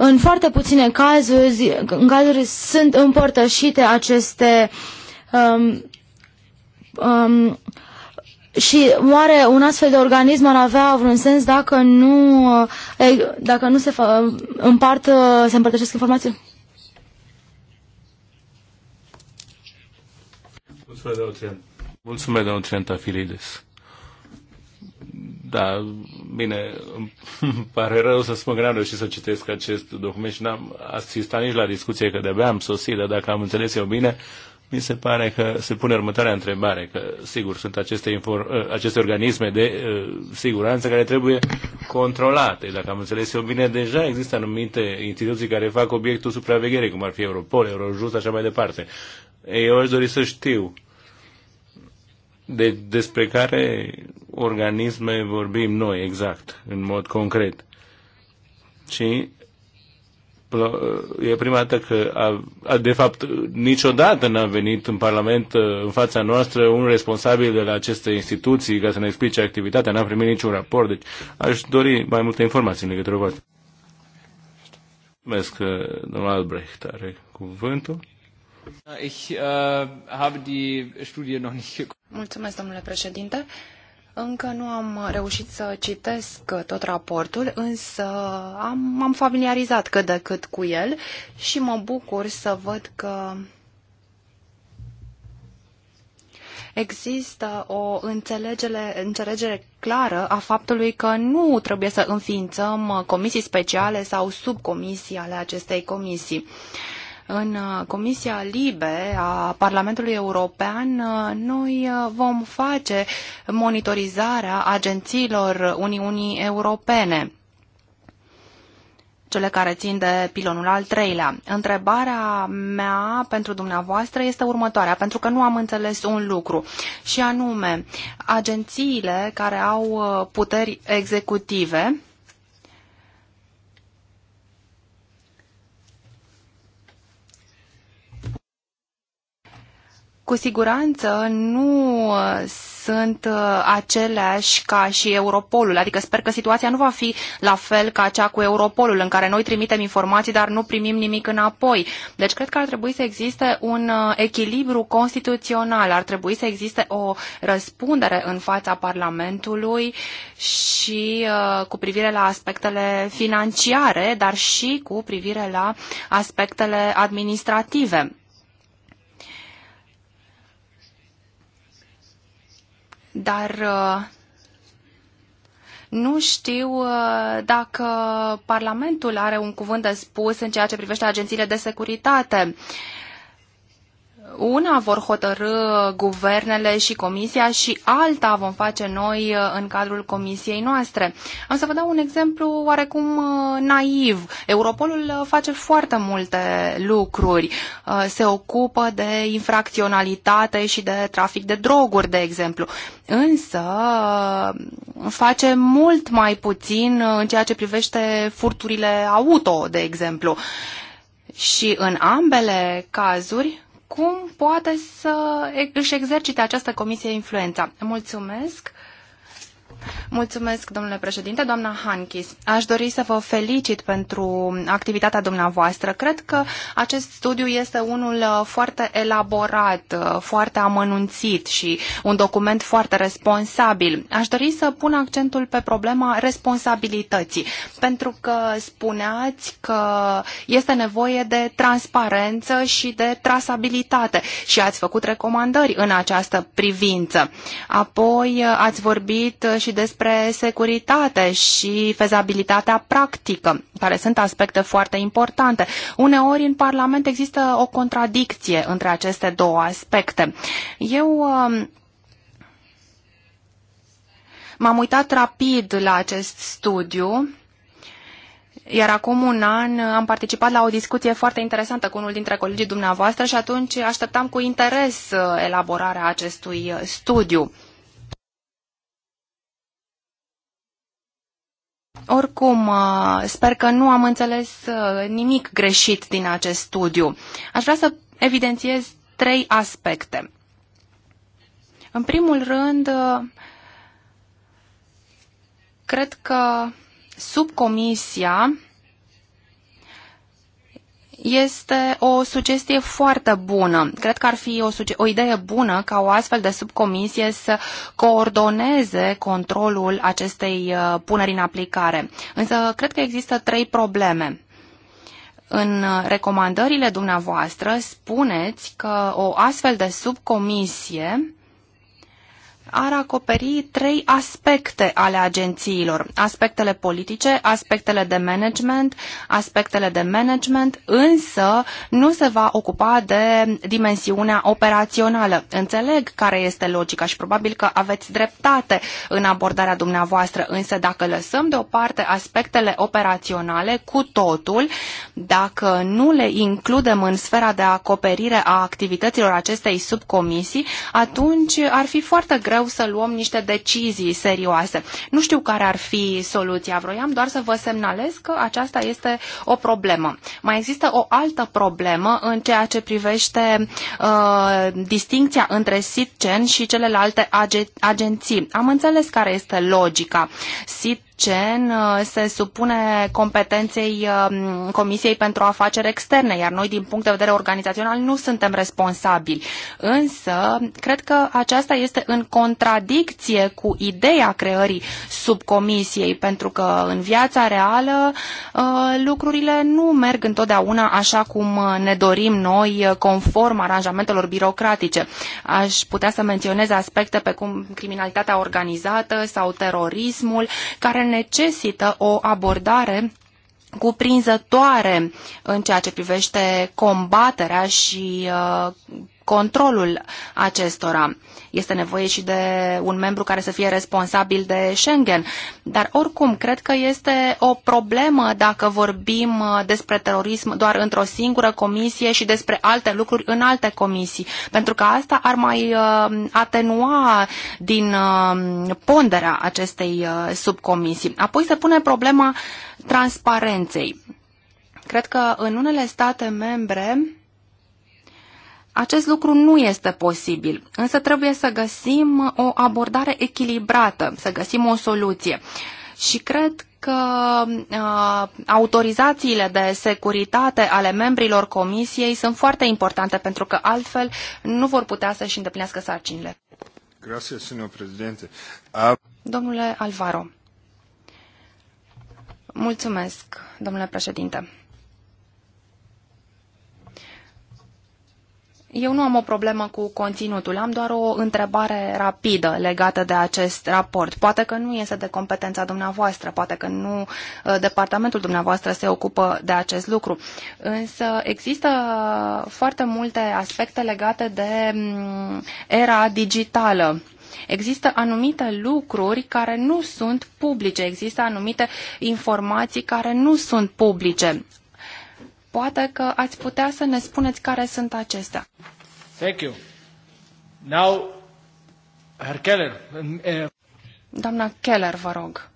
în foarte puține cazuri, în cazuri sunt împărtășite aceste um, um, și oare un astfel de organism ar avea vreun sens dacă nu, dacă nu se împart, se împărtășesc informații? Mulțumesc, domnul Triantafilides. Da, bine, îmi pare rău să spun că n-am reușit să citesc acest document și n-am asistat nici la discuție, că de-abia am sosit, dar dacă am înțeles eu bine, mi se pare că se pune următoarea întrebare, că sigur sunt aceste, inform, ă, aceste organisme de uh, siguranță care trebuie controlate. Dacă am înțeles eu bine, deja există anumite instituții care fac obiectul supravegherii, cum ar fi Europol, Eurojust, așa mai departe. Eu aș dori să știu uh, de, despre care organisme vorbim noi exact, în mod concret. Și e prima dată că, a, a, de fapt, niciodată n-a venit în Parlament, uh, în fața noastră, un responsabil de la aceste instituții ca să ne explice activitatea. N-am primit niciun raport, deci aș dori mai multe informații în legătură cu asta. Mulțumesc, uh, domnul Albrecht are cuvântul. Ich äh, habe die Studie noch nicht Mulțumesc, domnule președinte. Încă nu am reușit să citesc tot raportul, însă am, m-am familiarizat cât de cât cu el și mă bucur să văd că există o înțelegere, înțelegere clară a faptului că nu trebuie să înființăm comisii speciale sau subcomisii ale acestei comisii. Uh, în uh, Comisia Libe a Parlamentului European, uh, noi uh, vom face monitorizarea agențiilor Uniunii Europene cele care țin de pilonul al treilea. Întrebarea mea pentru dumneavoastră este următoarea, pentru că nu am înțeles un lucru, și anume, agențiile care au puteri executive, cu siguranță nu uh, sunt uh, aceleași ca și Europolul, adică sper că situația nu va fi la fel ca cea cu Europolul, în care noi trimitem informații, dar nu primim nimic înapoi. Deci cred că ar trebui să existe un uh, echilibru constituțional, ar trebui să existe o răspundere în fața Parlamentului și cu privire la aspectele financiare, dar și cu privire la aspectele administrative. dar uh, nu știu uh, dacă Parlamentul are un cuvânt de spus în ceea ce privește agențiile de securitate. Una vor hotărâ guvernele și comisia și alta vom face noi uh, în cadrul comisiei noastre. Am să vă dau un exemplu oarecum uh, naiv. Europolul uh, face foarte multe lucruri. Se ocupă de infracționalitate și de trafic de droguri, de exemplu. Însă face mult mai puțin în ceea ce privește furturile auto, de exemplu. Și în ambele cazuri, cum poate să își exercite această comisie influența. Mulțumesc. Mulțumesc, domnule președinte. Doamna Hankis, aș dori să vă felicit pentru activitatea dumneavoastră. Cred că acest studiu este unul uh, foarte elaborat, uh, foarte amănunțit și un document foarte responsabil. Aș dori să pun accentul pe problema responsabilității, pentru că spuneați că este nevoie de transparență și de trasabilitate și ați făcut recomandări în această privință. Apoi uh, ați vorbit și despre despre securitate și fezabilitatea practică, care sunt aspecte foarte importante. Uneori în Parlament există o contradicție între aceste două aspecte. Eu um, m-am uitat rapid la acest studiu iar acum un an am participat la o discuție foarte interesantă cu unul dintre colegii dumneavoastră și atunci așteptam cu interes uh, elaborarea acestui uh, studiu. Oricum, uh, sper că nu am înțeles uh, nimic greșit din acest studiu. Aș vrea să evidențiez trei aspecte. În primul rând, uh, cred că subcomisia este o sugestie foarte bună. Cred că ar fi o, o idee bună ca o astfel de subcomisie să coordoneze controlul acestei uh, puneri în aplicare. Însă cred că există trei probleme. În uh, recomandările dumneavoastră spuneți că o astfel de subcomisie ar acoperi trei aspecte ale agențiilor. Aspectele politice, aspectele de management, aspectele de management, însă nu se va ocupa de dimensiunea operațională. Înțeleg care este logica și probabil că aveți dreptate în abordarea dumneavoastră, însă dacă lăsăm deoparte aspectele operaționale cu totul, dacă nu le includem în sfera de acoperire a activităților acestei subcomisii, atunci ar fi foarte greu greu să luăm niște decizii serioase. Nu știu care ar fi soluția. Vroiam doar să vă semnalez că aceasta este o problemă. Mai există o altă problemă în ceea ce privește uh, distinția între SITGEN și celelalte agenții. Am înțeles care este logica. SIT gen uh, se supune competenței um, Comisiei pentru Afaceri Externe, iar noi, din punct de vedere organizațional, nu suntem responsabili. Însă, cred că aceasta este în contradicție cu ideea creării subcomisiei, pentru că în viața reală uh, lucrurile nu merg întotdeauna așa cum uh, ne dorim noi, conform aranjamentelor birocratice. Aș putea să menționez aspecte pe cum criminalitatea organizată sau terorismul, care necesită o abordare cuprinzătoare în ceea ce privește combaterea și uh, controlul acestora. Este nevoie și de un membru care să fie responsabil de Schengen. Dar oricum, cred că este o problemă dacă vorbim uh, despre terorism doar într-o singură comisie și despre alte lucruri în alte comisii. Pentru că asta ar mai uh, atenua din uh, ponderea acestei subcomisii. Apoi se pune problema transparenței. Cred că în unele state membre acest lucru nu este posibil, însă trebuie să găsim o abordare echilibrată, să găsim o soluție. Și cred că uh, autorizațiile de securitate ale membrilor comisiei sunt foarte importante pentru că altfel nu vor putea să-și îndeplinească sarcinile. Gracias, președinte. A... Domnule Alvaro. Mulțumesc, domnule președinte. Eu nu am o problemă cu conținutul, am doar o întrebare rapidă legată de acest raport. Poate că nu este de competența dumneavoastră, poate că nu uh, departamentul dumneavoastră se ocupă de acest lucru, însă există foarte multe aspecte legate de mm, era digitală. Există anumite lucruri care nu sunt publice, există anumite informații care nu sunt publice. Poate că ați putea să ne spuneți care sunt acestea. Thank you. Now, Herr Keller. Doamna Keller, vă rog.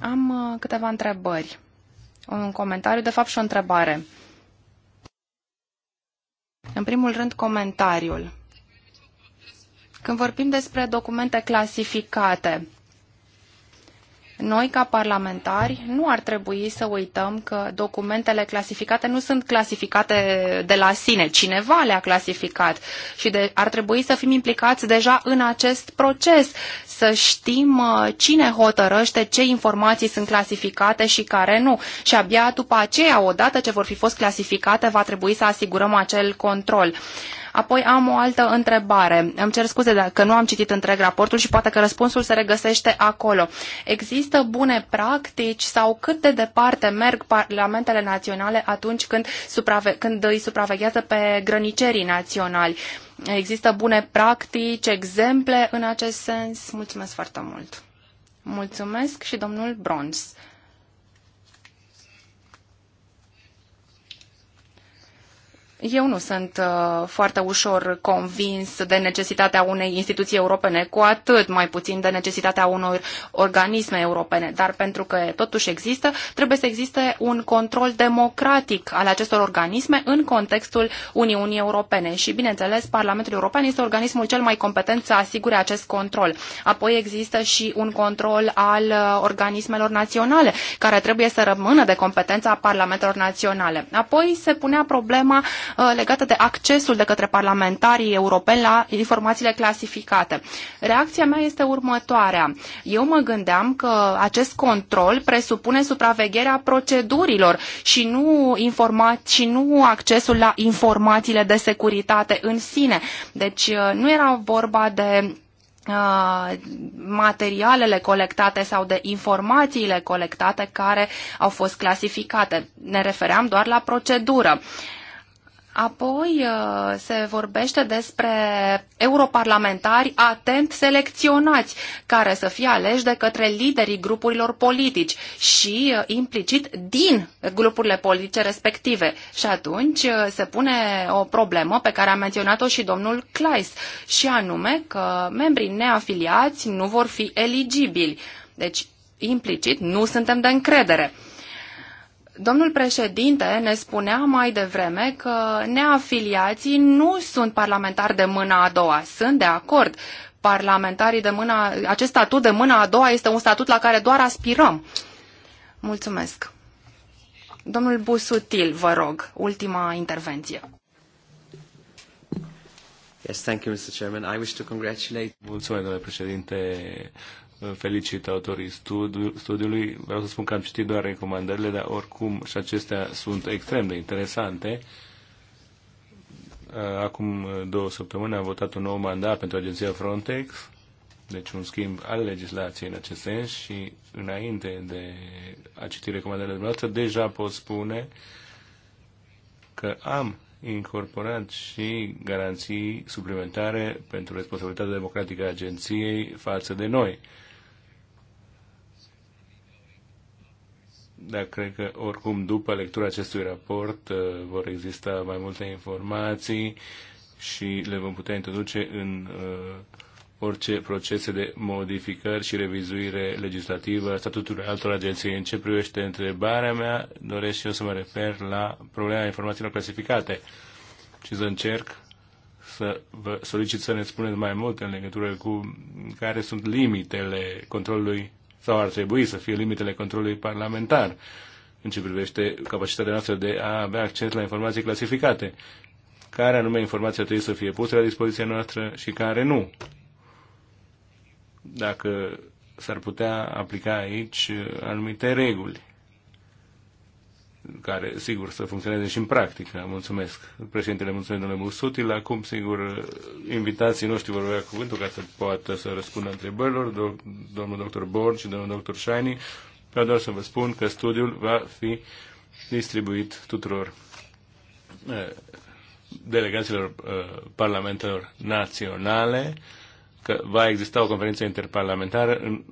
Am uh, câteva întrebări. Un comentariu, de fapt, și o întrebare. În primul rând, comentariul. Când vorbim despre documente clasificate, noi, ca parlamentari, nu ar trebui să uităm că documentele clasificate nu sunt clasificate de la sine. Cineva le-a clasificat și de, ar trebui să fim implicați deja în acest proces, să știm uh, cine hotărăște ce informații sunt clasificate și care nu. Și abia după aceea, odată ce vor fi fost clasificate, va trebui să asigurăm acel control. Uh, Apoi am o altă întrebare. Îmi cer scuze dacă nu am citit întreg raportul și poate că răspunsul se regăsește acolo. Există bune practici sau cât de departe merg parlamentele naționale atunci când, suprave- când îi supraveghează pe grănicerii naționali? Există bune practici, exemple în acest sens? Mulțumesc foarte mult! Mulțumesc și domnul Brons. Eu nu sunt uh, foarte ușor convins de necesitatea unei instituții europene, cu atât mai puțin de necesitatea unor organisme europene, dar pentru că totuși există, trebuie să existe un control democratic al acestor organisme în contextul Uniunii Europene și, bineînțeles, Parlamentul European este organismul cel mai competent să asigure acest control. Apoi există și un control al uh, organismelor naționale, care trebuie să rămână de competența Parlamentelor Naționale. Apoi se punea problema Uh, legată de accesul de către parlamentarii europeni la informațiile clasificate. Reacția mea este următoarea. Eu mă gândeam că acest control presupune supravegherea procedurilor și nu, și nu accesul la informațiile de securitate în sine. Deci uh, nu era vorba de uh, materialele colectate sau de informațiile colectate care au fost clasificate. Ne refeream doar la procedură. Apoi uh, se vorbește despre europarlamentari atent selecționați, care să fie aleși de către liderii grupurilor politici și uh, implicit din grupurile politice respective. Și atunci uh, se pune o problemă pe care a menționat-o și domnul Kleis, și anume că membrii neafiliați nu vor fi eligibili. Deci, implicit, nu suntem de încredere. Domnul președinte ne spunea mai devreme că neafiliații nu sunt parlamentari de mâna a doua. Sunt de acord. Parlamentarii de mâna, acest statut de mâna a doua este un statut la care doar aspirăm. Mulțumesc. Domnul Busutil, vă rog, ultima intervenție. Yes, thank you, Mr. Chairman. I wish to congratulate... Mulțumesc, domnule președinte felicit autorii studi- studiului. Vreau să spun că am citit doar recomandările, dar oricum și acestea sunt extrem de interesante. Uh, acum două săptămâni am votat un nou mandat pentru agenția Frontex, deci un schimb al legislației în acest sens și înainte de a citi recomandările dumneavoastră, deja pot spune că am incorporat și garanții suplimentare pentru responsabilitatea democratică a agenției față de noi. dar cred că oricum după lectura acestui raport uh, vor exista mai multe informații și le vom putea introduce în uh, orice procese de modificări și revizuire legislativă a statutului altor agenții. În ce privește întrebarea mea, doresc și eu să mă refer la problema informațiilor clasificate și să încerc să vă solicit să ne spuneți mai multe în legătură cu care sunt limitele controlului sau ar trebui să fie limitele controlului parlamentar în ce privește capacitatea noastră de a avea acces la informații clasificate. Care anume informația trebuie să fie pusă la dispoziția noastră și care nu. Dacă s-ar putea aplica aici anumite reguli care, sigur, să funcționeze și în practică. Mulțumesc. Președintele, mulțumesc, domnule Musutil. Acum, sigur, invitații noștri vor avea cuvântul ca să poată să răspundă întrebărilor, do- domnul doctor Born și domnul doctor Shiny. Vreau doar să vă spun că studiul va fi distribuit tuturor eh, delegațiilor eh, parlamentelor naționale că va exista o conferință interparlamentară,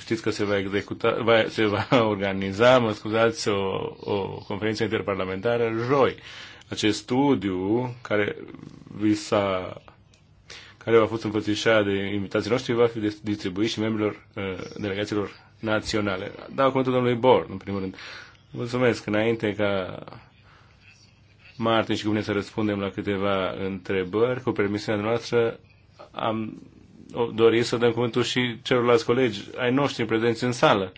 știți că se va executa, va, se va organiza, mă scuzați, o, o conferință interparlamentară joi. Acest studiu care vi s-a care a fost înfățișat de invitații noștri va fi distribuit și membrilor uh, delegațiilor naționale. Dau cuvântul domnului bor, în primul rând. Mulțumesc înainte ca Martin și cu mine să răspundem la câteva întrebări. Cu permisiunea noastră, am dori să dăm cuvântul și celorlalți colegi ai noștri prezenți în sală.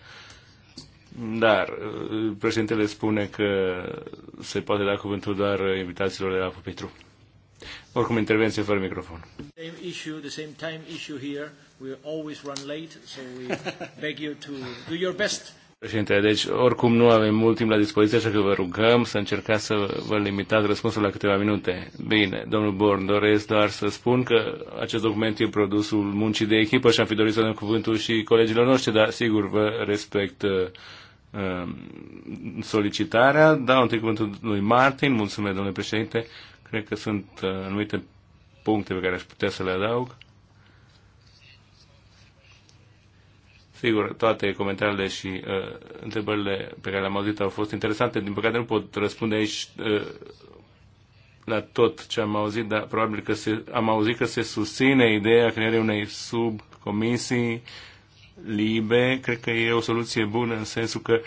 Dar uh, președintele spune că se poate da cuvântul doar invitațiilor de la pupitru. Oricum, intervenție fără microfon. Same issue, the same time issue here. We always run late, so we beg you to do your best Președinte, deci oricum nu avem mult timp la dispoziție, așa că vă rugăm să încercați să vă limitați răspunsul la câteva minute. Bine, domnul Born, doresc doar să spun că acest document e produsul muncii de echipă și am fi dorit să dăm cuvântul și colegilor noștri, dar sigur vă respect uh, solicitarea. Dau întâi cuvântul lui Martin, mulțumesc domnule președinte, cred că sunt uh, anumite puncte pe care aș putea să le adaug. Sigur, toate comentariile și uh, întrebările pe care le-am auzit au fost interesante. Din păcate nu pot răspunde aici uh, la tot ce am auzit, dar probabil că se, am auzit că se susține ideea crearei unei subcomisii libe. Cred că e o soluție bună în sensul că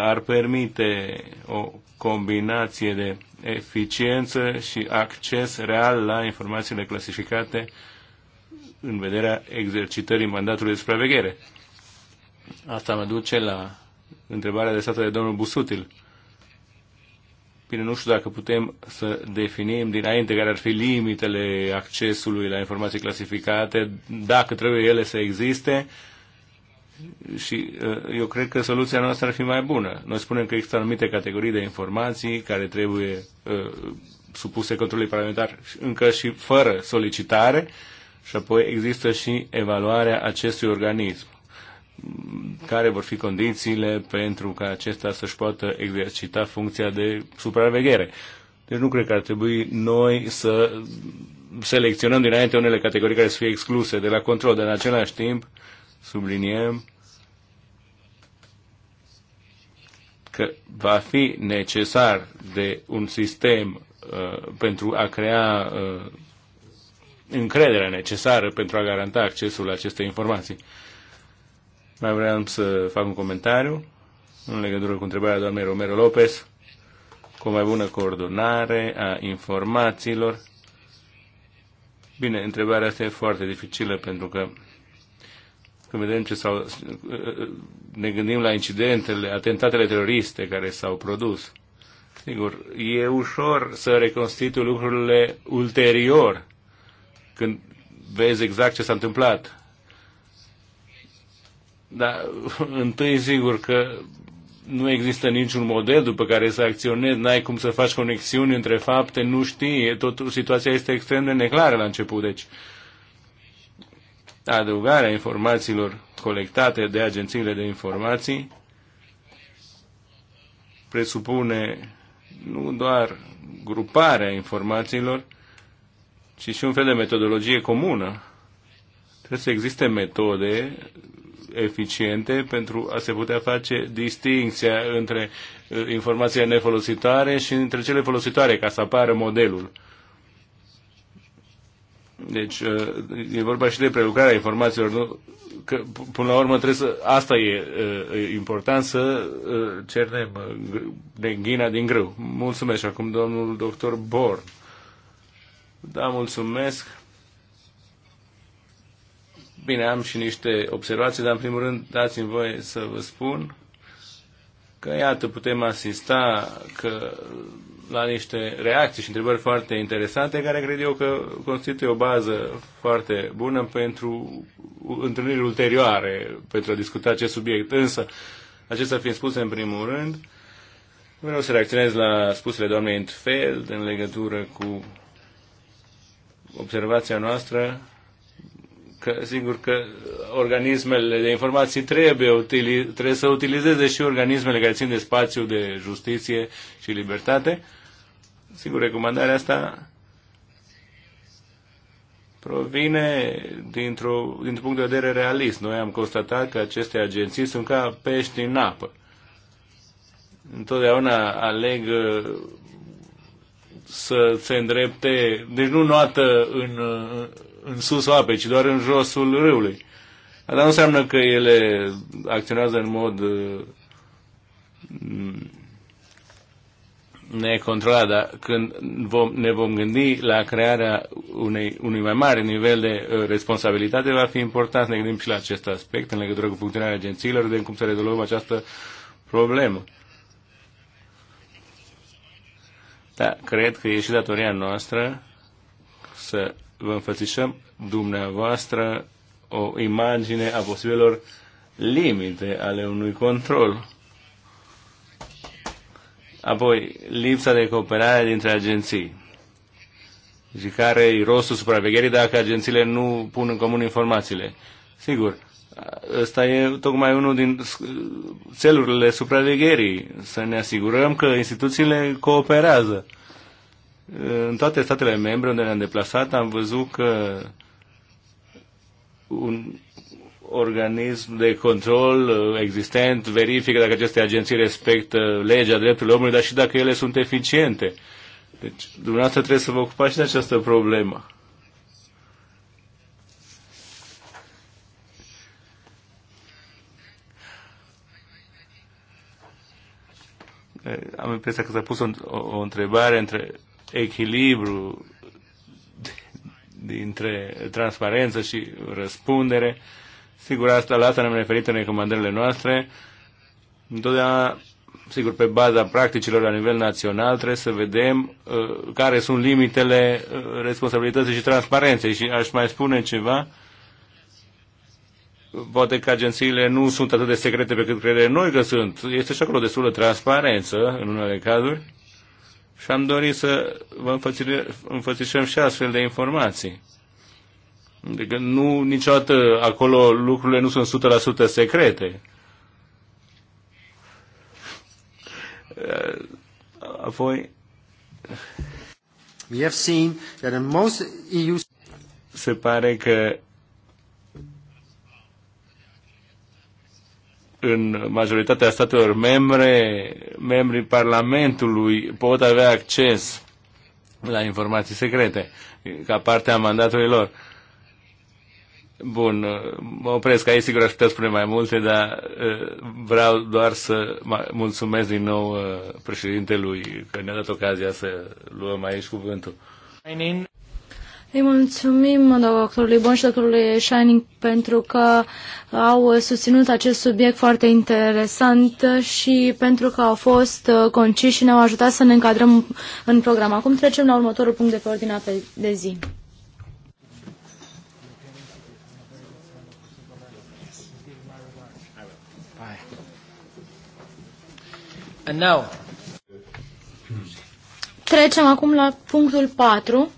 ar permite o combinație de eficiență și acces real la informațiile clasificate uh, în vederea exercitării mandatului de supraveghere. Asta mă duce la întrebarea adresată de domnul Busutil. Bine, nu știu dacă putem să definim dinainte care ar fi limitele accesului la informații clasificate, dacă trebuie ele să existe și uh, eu cred că soluția noastră ar fi mai bună. Noi spunem că există anumite categorii de informații care trebuie uh, supuse controlului parlamentar încă și fără solicitare și apoi există și evaluarea acestui organism care vor fi condițiile pentru ca acesta să-și poată exercita funcția de supraveghere. Deci nu cred că ar trebui noi să selecționăm dinainte unele categorii care să fie excluse de la control, dar în același timp subliniem că va fi necesar de un sistem uh, pentru a crea uh, încrederea necesară pentru a garanta accesul la aceste informații. Mai vreau să fac un comentariu în legătură cu întrebarea doamnei Romero Lopez, cu o mai bună coordonare a informațiilor. Bine, întrebarea asta e foarte dificilă pentru că când vedem ce s-au, ne gândim la incidentele, atentatele teroriste care s-au produs. Sigur, e ușor să reconstitui lucrurile ulterior, când vezi exact ce s-a întâmplat. Dar întâi sigur că nu există niciun model după care să acționezi, n-ai cum să faci conexiuni între fapte, nu știi, totul, situația este extrem de neclară la început, deci adăugarea informațiilor colectate de agențiile de informații presupune nu doar gruparea informațiilor, ci și un fel de metodologie comună. Trebuie să existe metode eficiente pentru a se putea face distinția între uh, informația nefolositoare și între cele folositoare, ca să apară modelul. Deci uh, e vorba și de prelucrarea informațiilor. Nu? Că, până la urmă trebuie să, asta e, uh, e important să cernem de ghina din grâu. Mulțumesc acum domnul doctor Born. Da, mulțumesc. Bine, am și niște observații, dar în primul rând dați-mi voie să vă spun că iată putem asista că la niște reacții și întrebări foarte interesante care cred eu că constituie o bază foarte bună pentru întâlniri ulterioare pentru a discuta acest subiect. Însă, acesta fiind spus în primul rând, vreau să reacționez la spusele doamnei Entfeld în legătură cu observația noastră că, sigur că organismele de informații trebuie, utili, trebuie să utilizeze și organismele care țin de spațiu de justiție și libertate. Sigur, recomandarea asta provine dintr un dintr-un punct de vedere realist. Noi am constatat că aceste agenții sunt ca pești în apă. Întotdeauna aleg să se îndrepte, deci nu noată în, în sus apei, ci doar în josul râului. Dar nu înseamnă că ele acționează în mod mm, necontrolat, dar când vom, ne vom gândi la crearea unei, unui mai mare nivel de uh, responsabilitate, va fi important să ne gândim și la acest aspect în legătură cu funcționarea agențiilor, de cum să rezolvăm această problemă. Dar cred că e și datoria noastră să vă înfățișăm dumneavoastră o imagine a posibilor limite ale unui control. Apoi, lipsa de cooperare dintre agenții. Și care e rostul supravegherii dacă agențiile nu pun în comun informațiile? Sigur, Ăsta e tocmai unul din țelurile supravegherii, să ne asigurăm că instituțiile cooperează. În toate statele membre unde ne-am deplasat am văzut că un organism de control uh, existent verifică dacă aceste agenții respectă legea drepturilor omului, dar și dacă ele sunt eficiente. Deci, dumneavoastră trebuie să vă ocupați și de această problemă. am impresia că s-a pus o, o întrebare între echilibru dintre transparență și răspundere. Sigur, asta, la asta ne-am referit în recomandările noastre. Întotdeauna, sigur, pe baza practicilor la nivel național, trebuie să vedem uh, care sunt limitele uh, responsabilității și transparenței. Și aș mai spune ceva Poate că agențiile nu sunt atât de secrete pe cât credem noi că sunt. Este și acolo destul de transparență în unele cazuri și am dorit să vă înfățișăm și astfel de informații. Adică nu, niciodată acolo lucrurile nu sunt 100% secrete. Uh, apoi... We have seen that in most EU... Se pare că în majoritatea statelor membre, membrii Parlamentului pot avea acces la informații secrete ca parte a mandatului lor. Bun, mă opresc aici, sigur aș putea spune mai multe, dar vreau doar să mulțumesc din nou președintelui că ne-a dat ocazia să luăm aici cuvântul. Îi mulțumim doctorului Bon și doctorului Shining pentru că au susținut acest subiect foarte interesant și pentru că au fost conciși și ne-au ajutat să ne încadrăm în program. Acum trecem la următorul punct de pe ordinea de zi. And now. Trecem acum la punctul 4.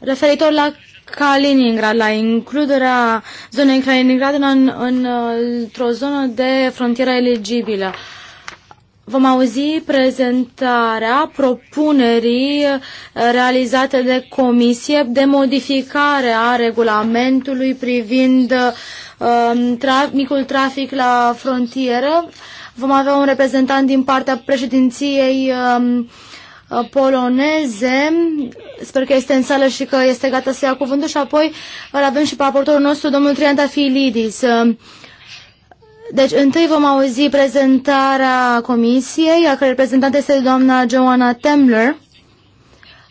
Referitor la Kaliningrad, la includerea zonei Kaliningrad în, în, într-o zonă de frontieră eligibilă. Vom auzi prezentarea propunerii uh, realizate de comisie de modificare a regulamentului privind um, tra micul trafic la frontieră. Vom avea un reprezentant din partea președinției um, uh, poloneze sper că este în sală și că este gata să ia cuvântul și apoi îl avem și pe aportorul nostru, domnul Trianta Filidis. Deci, întâi vom auzi prezentarea comisiei, a care reprezentant este doamna Joanna Temler.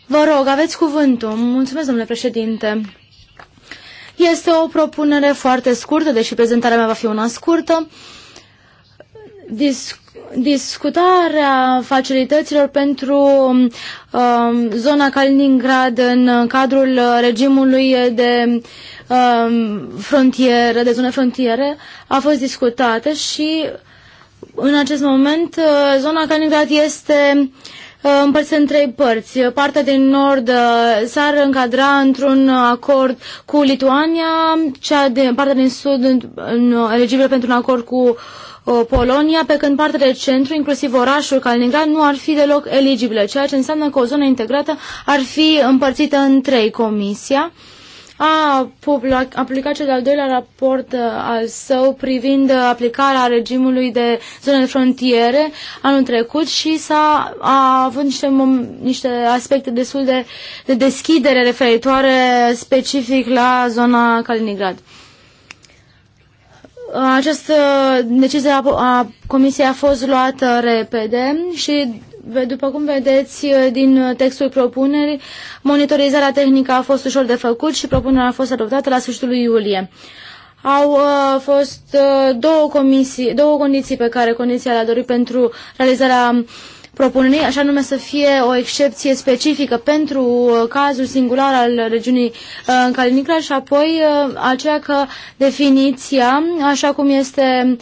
Vă rog, aveți cuvântul. Mulțumesc, domnule președinte. Este o propunere foarte scurtă, deși prezentarea mea va fi una scurtă. Disc discutarea facilităților pentru um, zona Kaliningrad în cadrul regimului de um, frontieră, de zone frontiere, a fost discutată și în acest moment uh, zona Kaliningrad este uh, împărțită în trei părți. Partea din nord uh, s-ar încadra într-un acord cu Lituania, cea de, partea din sud în, în, în pentru un acord cu uh, Polonia, pe când partea de centru, inclusiv orașul Kaliningrad, nu ar fi deloc eligibile, ceea ce înseamnă că o zonă integrată ar fi împărțită în trei comisia. A aplicat cel de-al doilea raport uh, al său privind aplicarea regimului de zone de frontiere anul trecut și s-a a avut niște, niște aspecte destul de, de deschidere referitoare specific la zona Kaliningrad. Această decizie a Comisiei a fost luată repede și după cum vedeți din textul propunerii, monitorizarea tehnică a fost ușor de făcut și propunerea a fost adoptată la sfârșitul lui iulie. Au uh, fost uh, două, comisii, două condiții pe care Comisia le-a dorit pentru realizarea uh, propunerii, așa nume să fie o excepție specifică pentru uh, cazul singular al regiunii uh, în Kaliningrad și apoi uh, aceea că definiția, așa cum este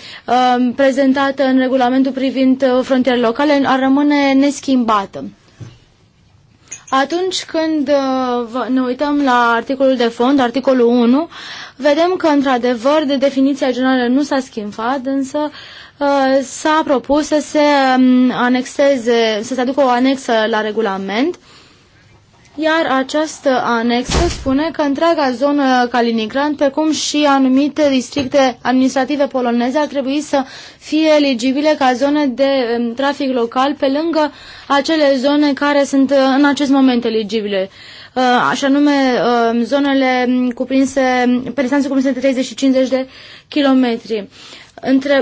prezentată în regulamentul privind frontierele locale, ar rămâne neschimbată. Atunci când uh, ne uităm la articolul de fond, articolul 1, vedem că, într-adevăr, de definiția generală nu s-a schimbat, însă uh, s-a propus să se um, anexeze, să se aducă o anexă la regulament iar această anexă spune că întreaga zonă Kaliningrad, precum și anumite districte administrative poloneze, ar trebui să fie eligibile ca zone de um, trafic local, pe lângă acele zone care sunt uh, în acest moment eligibile. Uh, așa nume um, zonele um, cuprinse, pe distanță cuprinse de 30 și 50 de kilometri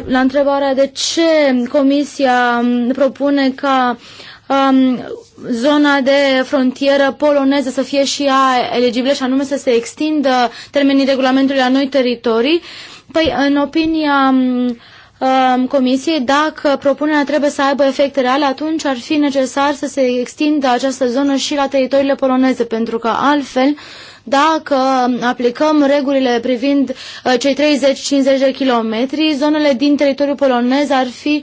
la întrebarea de ce Comisia propune ca um, zona de frontieră poloneză să fie și ea eligibilă și anume să se extindă termenii regulamentului la noi teritorii, păi în opinia um, um, Comisiei, dacă propunerea trebuie să aibă efecte reale, atunci ar fi necesar să se extindă această zonă și la teritoriile poloneze, pentru că altfel dacă aplicăm regulile privind uh, cei 30-50 de kilometri, zonele din teritoriul polonez ar fi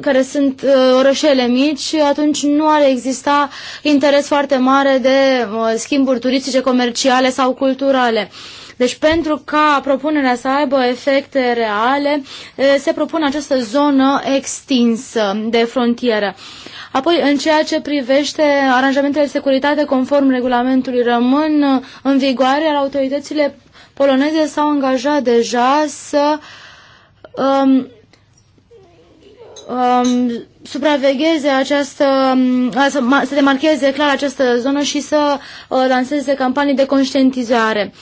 care sunt orășele mici, atunci nu ar exista interes foarte mare de schimburi turistice, comerciale sau culturale. Deci pentru ca propunerea să aibă efecte reale, se propune această zonă extinsă de frontieră. Apoi, în ceea ce privește aranjamentele de securitate conform regulamentului, rămân în vigoare, iar autoritățile poloneze s-au angajat deja să um, um, supravegheze această, um, să, să demarcheze clar această zonă și să uh, lanseze campanii de conștientizare.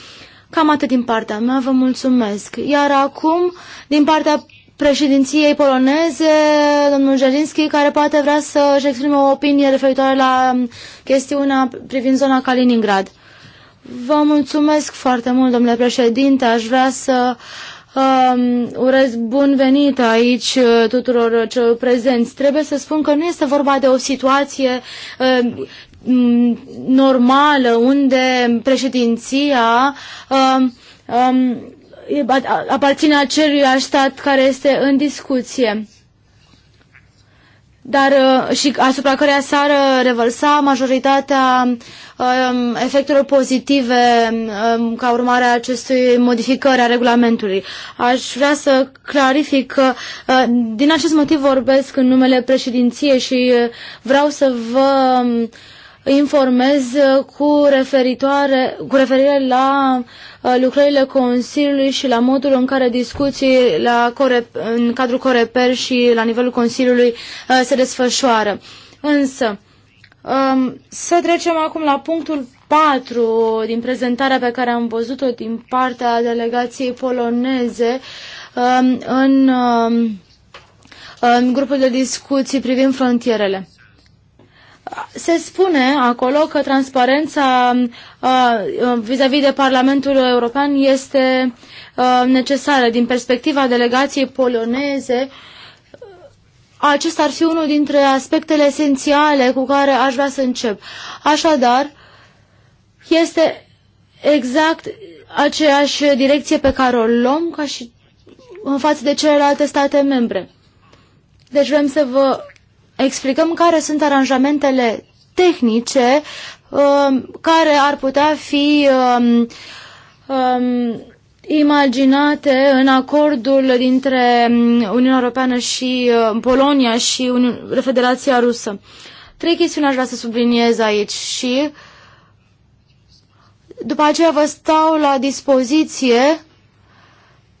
Cam atât din partea mea, vă mulțumesc. Iar acum, din partea președinției poloneze, domnul Jarinski, care poate vrea să-și exprime o opinie referitoare la um, chestiunea privind zona Kaliningrad. Vă mulțumesc foarte mult, domnule președinte. Aș vrea să uh, Uh, urez bun venit aici uh, tuturor uh, celor prezenți. Trebuie să spun că nu este vorba de o situație uh, normală unde președinția uh, um, um aparține acelui stat care este în discuție dar uh, și asupra căreia s-ar uh, revărsa majoritatea um, efectelor pozitive um, ca urmare a acestui modificări a regulamentului. Aș vrea să clarific că uh, din acest motiv vorbesc în numele președinției și uh, vreau să vă um, informez uh, cu, referitoare, cu referire la uh, lucrările Consiliului și la modul în care discuții la core, în cadrul Coreper și la nivelul Consiliului uh, se desfășoară. Însă, um, să trecem acum la punctul 4 din prezentarea pe care am văzut-o din partea delegației poloneze um, în, um, în grupul de discuții privind frontierele se spune acolo că transparența vis-a-vis -vis de Parlamentul European este necesară. Din perspectiva delegației poloneze, acesta ar fi unul dintre aspectele esențiale cu care aș vrea să încep. Așadar, este exact aceeași direcție pe care o luăm ca și în față de celelalte state membre. Deci vrem să vă explicăm care sunt aranjamentele tehnice um, care ar putea fi um, um, imaginate în acordul dintre Uniunea Europeană și Polonia și Federația Rusă. Trei chestiuni aș vrea să subliniez aici și după aceea vă stau la dispoziție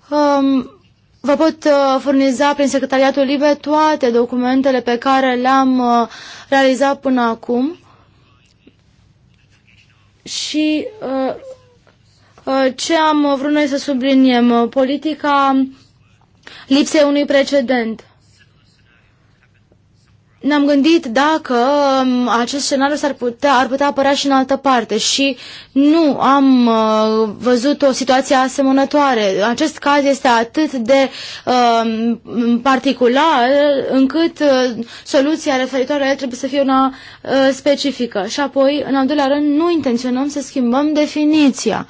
um, Vă pot uh, furniza prin Secretariatul Liber toate documentele pe care le-am uh, realizat până acum și uh, uh, ce am vrut noi să subliniem, uh, politica lipsei unui precedent ne-am gândit dacă um, acest scenariu s-ar putea, ar putea apărea și în altă parte și nu am uh, văzut o situație asemănătoare. Acest caz este atât de um, particular încât uh, soluția referitoare la el trebuie să fie una uh, specifică. Și apoi, în al doilea rând, nu intenționăm să schimbăm definiția.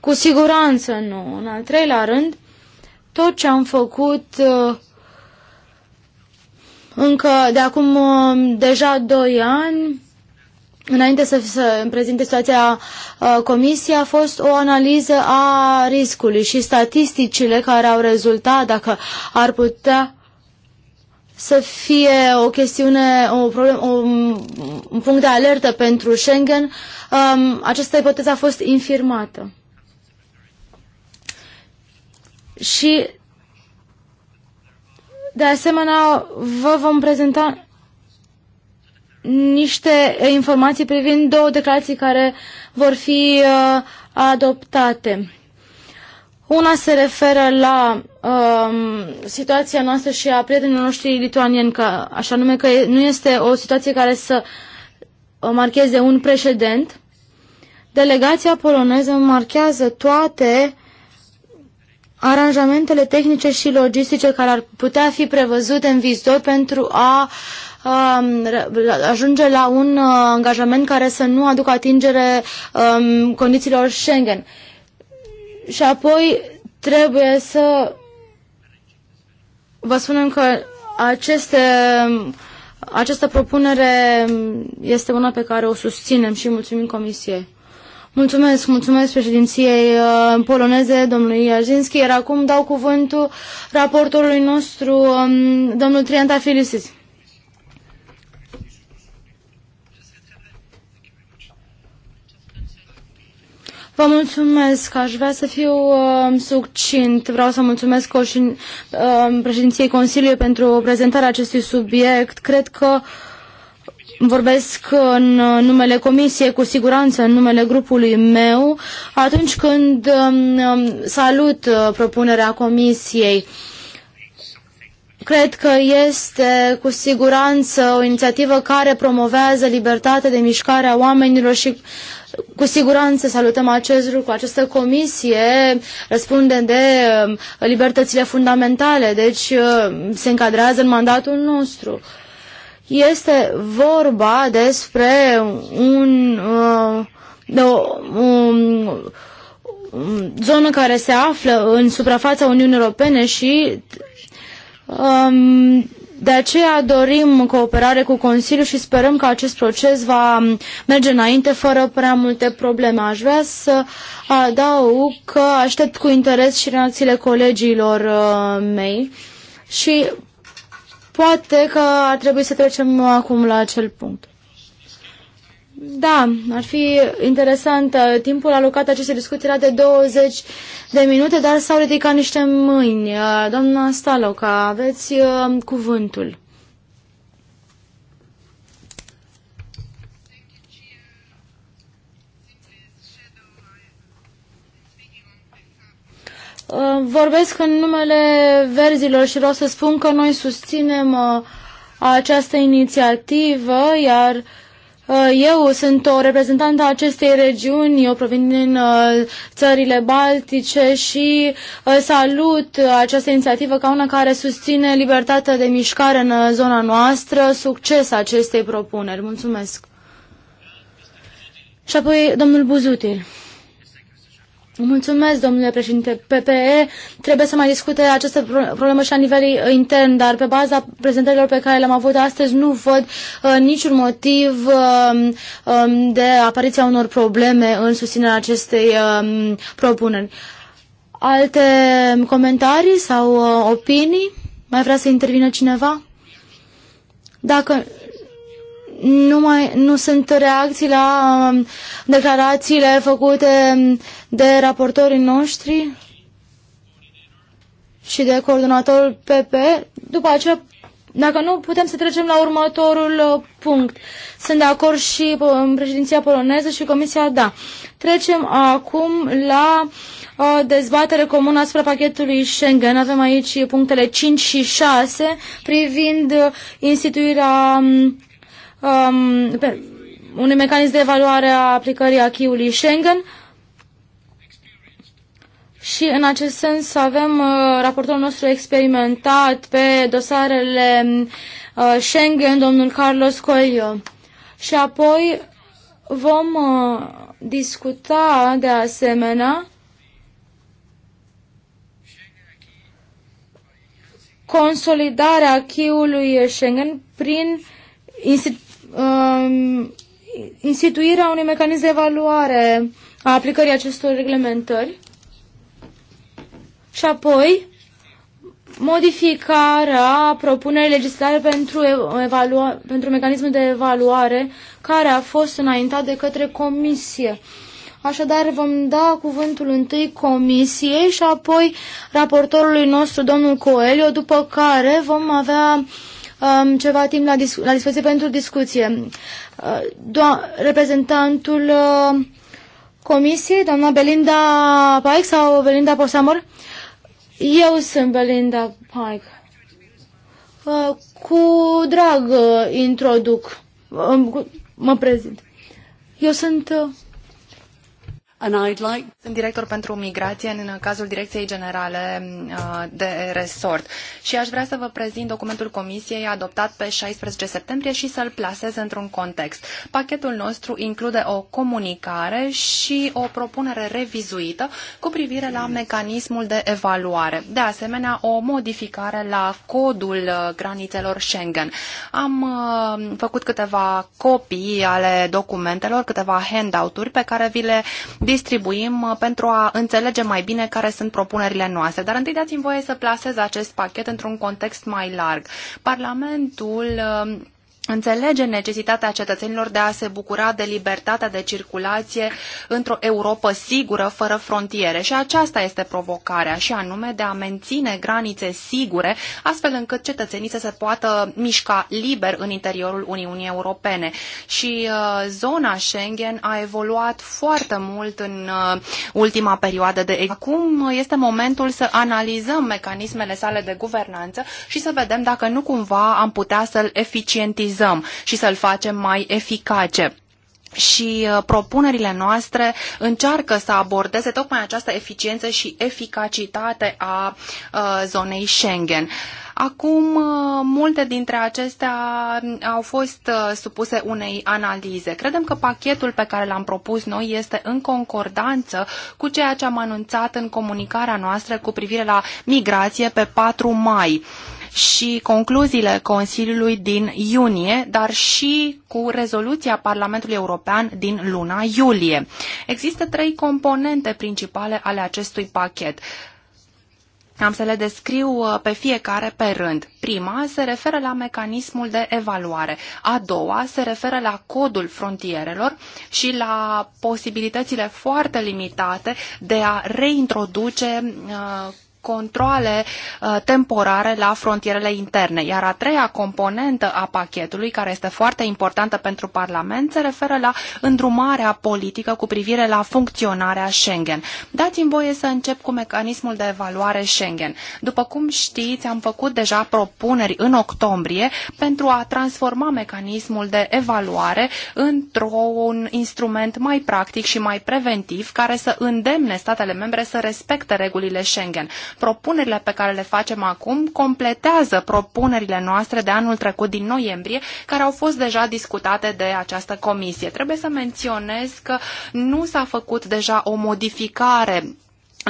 Cu siguranță nu. În al treilea rând, tot ce am făcut uh, încă de acum uh, deja 2 ani, înainte să, să îmi prezinte situația uh, comisiei, a fost o analiză a riscului și statisticile care au rezultat, dacă ar putea să fie o chestiune, o problem, o, un punct de alertă pentru Schengen, um, această ipoteză a fost infirmată. Și de asemenea, vă vom prezenta niște informații privind două declarații care vor fi uh, adoptate. Una se referă la um, situația noastră și a prietenilor noștri lituanieni, că, așa nume că nu este o situație care să uh, marcheze un precedent. Delegația poloneză marchează toate aranjamentele tehnice și logistice care ar putea fi prevăzute în viitor pentru a um, ajunge la un uh, angajament care să nu aducă atingere um, condițiilor Schengen. Și apoi trebuie să vă spunem că aceste, această propunere este una pe care o susținem și mulțumim Comisiei. Mulțumesc, mulțumesc președinției uh, poloneze, domnului Iazinski, iar acum dau cuvântul raportorului nostru, um, domnul Trianta Filisis. Vă mulțumesc, aș vrea să fiu uh, succint. Vreau să mulțumesc coșin, uh, președinției Consiliului pentru prezentarea acestui subiect. Cred că uh, vorbesc în uh, numele comisiei, cu siguranță în numele grupului meu, atunci când um, um, salut uh, propunerea comisiei. Cred că este cu siguranță o inițiativă care promovează libertatea de mișcare a oamenilor și cu siguranță salutăm acest lucru. Această comisie răspunde de um, libertățile fundamentale, deci uh, se încadrează în mandatul nostru. Este vorba despre un, uh, o, um, um, zonă care se află în suprafața Uniunii Europene și um, de aceea dorim cooperare cu Consiliul și sperăm că acest proces va merge înainte fără prea multe probleme. Aș vrea să adaug că aștept cu interes și reacțiile colegilor uh, mei și Poate că ar trebui să trecem acum la acel punct. Da, ar fi interesant. Timpul alocat acestei discuții era de 20 de minute, dar s-au ridicat niște mâini. Doamna Staloca, aveți uh, cuvântul. Uh, vorbesc în numele verzilor și vreau să spun că noi susținem uh, această inițiativă, iar uh, eu sunt o reprezentantă a acestei regiuni, eu provin din țările baltice și salut această inițiativă ca una care susține libertatea de mișcare în zona noastră, succes acestei propuneri. Mulțumesc! Și apoi, domnul Buzutil. Mulțumesc, domnule președinte. PPE trebuie să mai discute aceste probleme și la nivel intern, dar pe baza prezentărilor pe care le-am avut astăzi nu văd uh, niciun motiv uh, um, de apariția unor probleme în susținerea acestei uh, propuneri. Alte comentarii sau uh, opinii? Mai vrea să intervină cineva? Dacă nu, mai, nu sunt reacții la um, declarațiile făcute um, de raportorii noștri și de coordonatorul PP. După aceea, dacă nu, putem să trecem la următorul uh, punct. Sunt de acord și uh, în președinția poloneză și Comisia da. Trecem acum la o uh, dezbatere comună asupra pachetului Schengen. Avem aici punctele 5 și 6 privind instituirea um, um, pe, unui mecanism de evaluare a aplicării acquis-ului Schengen și în acest sens avem uh, raportorul nostru experimentat pe dosarele uh, Schengen, domnul Carlos Coelho. Și apoi vom uh, discuta de asemenea consolidarea acquis Schengen prin um, instituirea unui mecanism de evaluare a aplicării acestor reglementări și apoi modificarea propunerii legislare pentru, evalua, pentru mecanismul de evaluare care a fost înaintat de către comisie. Așadar, vom da cuvântul întâi comisiei și apoi raportorului nostru, domnul Coelho, după care vom avea um, ceva timp la, dis- la dispoziție pentru discuție. Uh, do- reprezentantul uh, comisiei, doamna Belinda Pike sau Belinda Posamor? Eu sunt Belinda Pike. Uh, cu drag uh, introduc, uh, cu, mă prezint. Eu sunt uh, sunt director pentru migrație în cazul Direcției Generale uh, de Resort și aș vrea să vă prezint documentul Comisiei adoptat pe 16 septembrie și să-l plasez într-un context. Pachetul nostru include o comunicare și o propunere revizuită cu privire la mecanismul de evaluare. De asemenea, o modificare la codul uh, granițelor Schengen. Am uh, făcut câteva copii ale documentelor, câteva handout-uri pe care vi le distribuim uh, pentru a înțelege mai bine care sunt propunerile noastre. Dar întâi dați-mi voie să plasez acest pachet într-un context mai larg. Parlamentul uh, înțelege necesitatea cetățenilor de a se bucura de libertatea de circulație într-o Europa sigură, fără frontiere. Și aceasta este provocarea, și anume de a menține granițe sigure, astfel încât cetățenii să se poată mișca liber în interiorul Uniunii Europene. Și uh, zona Schengen a evoluat foarte mult în uh, ultima perioadă de... Acum este momentul să analizăm mecanismele sale de guvernanță și să vedem dacă nu cumva am putea să-l eficientizăm utilizăm și să-l facem mai eficace și uh, propunerile noastre încearcă să abordeze tocmai această eficiență și eficacitate a uh, zonei Schengen. Acum, uh, multe dintre acestea au fost supuse unei analize. Credem că pachetul pe care l-am propus noi este în concordanță cu ceea ce am anunțat în comunicarea noastră cu privire la migrație pe 4 mai și concluziile Consiliului din iunie, dar și cu rezoluția Parlamentului European din luna iulie. Există trei componente principale ale acestui pachet. Am să le descriu uh, pe fiecare pe rând. Prima se referă la mecanismul de evaluare, a doua se referă la codul frontierelor și la posibilitățile foarte limitate de a reintroduce uh, controle uh, temporare la frontierele interne. Iar a treia componentă a pachetului, care este foarte importantă pentru Parlament, se referă la îndrumarea politică cu privire la funcționarea Schengen. Dați-mi voie să încep cu mecanismul de evaluare Schengen. După cum știți, am făcut deja propuneri în octombrie pentru a transforma mecanismul de evaluare într-un instrument mai practic și mai preventiv care să îndemne statele membre să respecte regulile Schengen propunerile pe care le facem acum completează propunerile noastre de anul trecut din noiembrie, care au fost deja discutate de această comisie. Trebuie să menționez că nu s-a făcut deja o modificare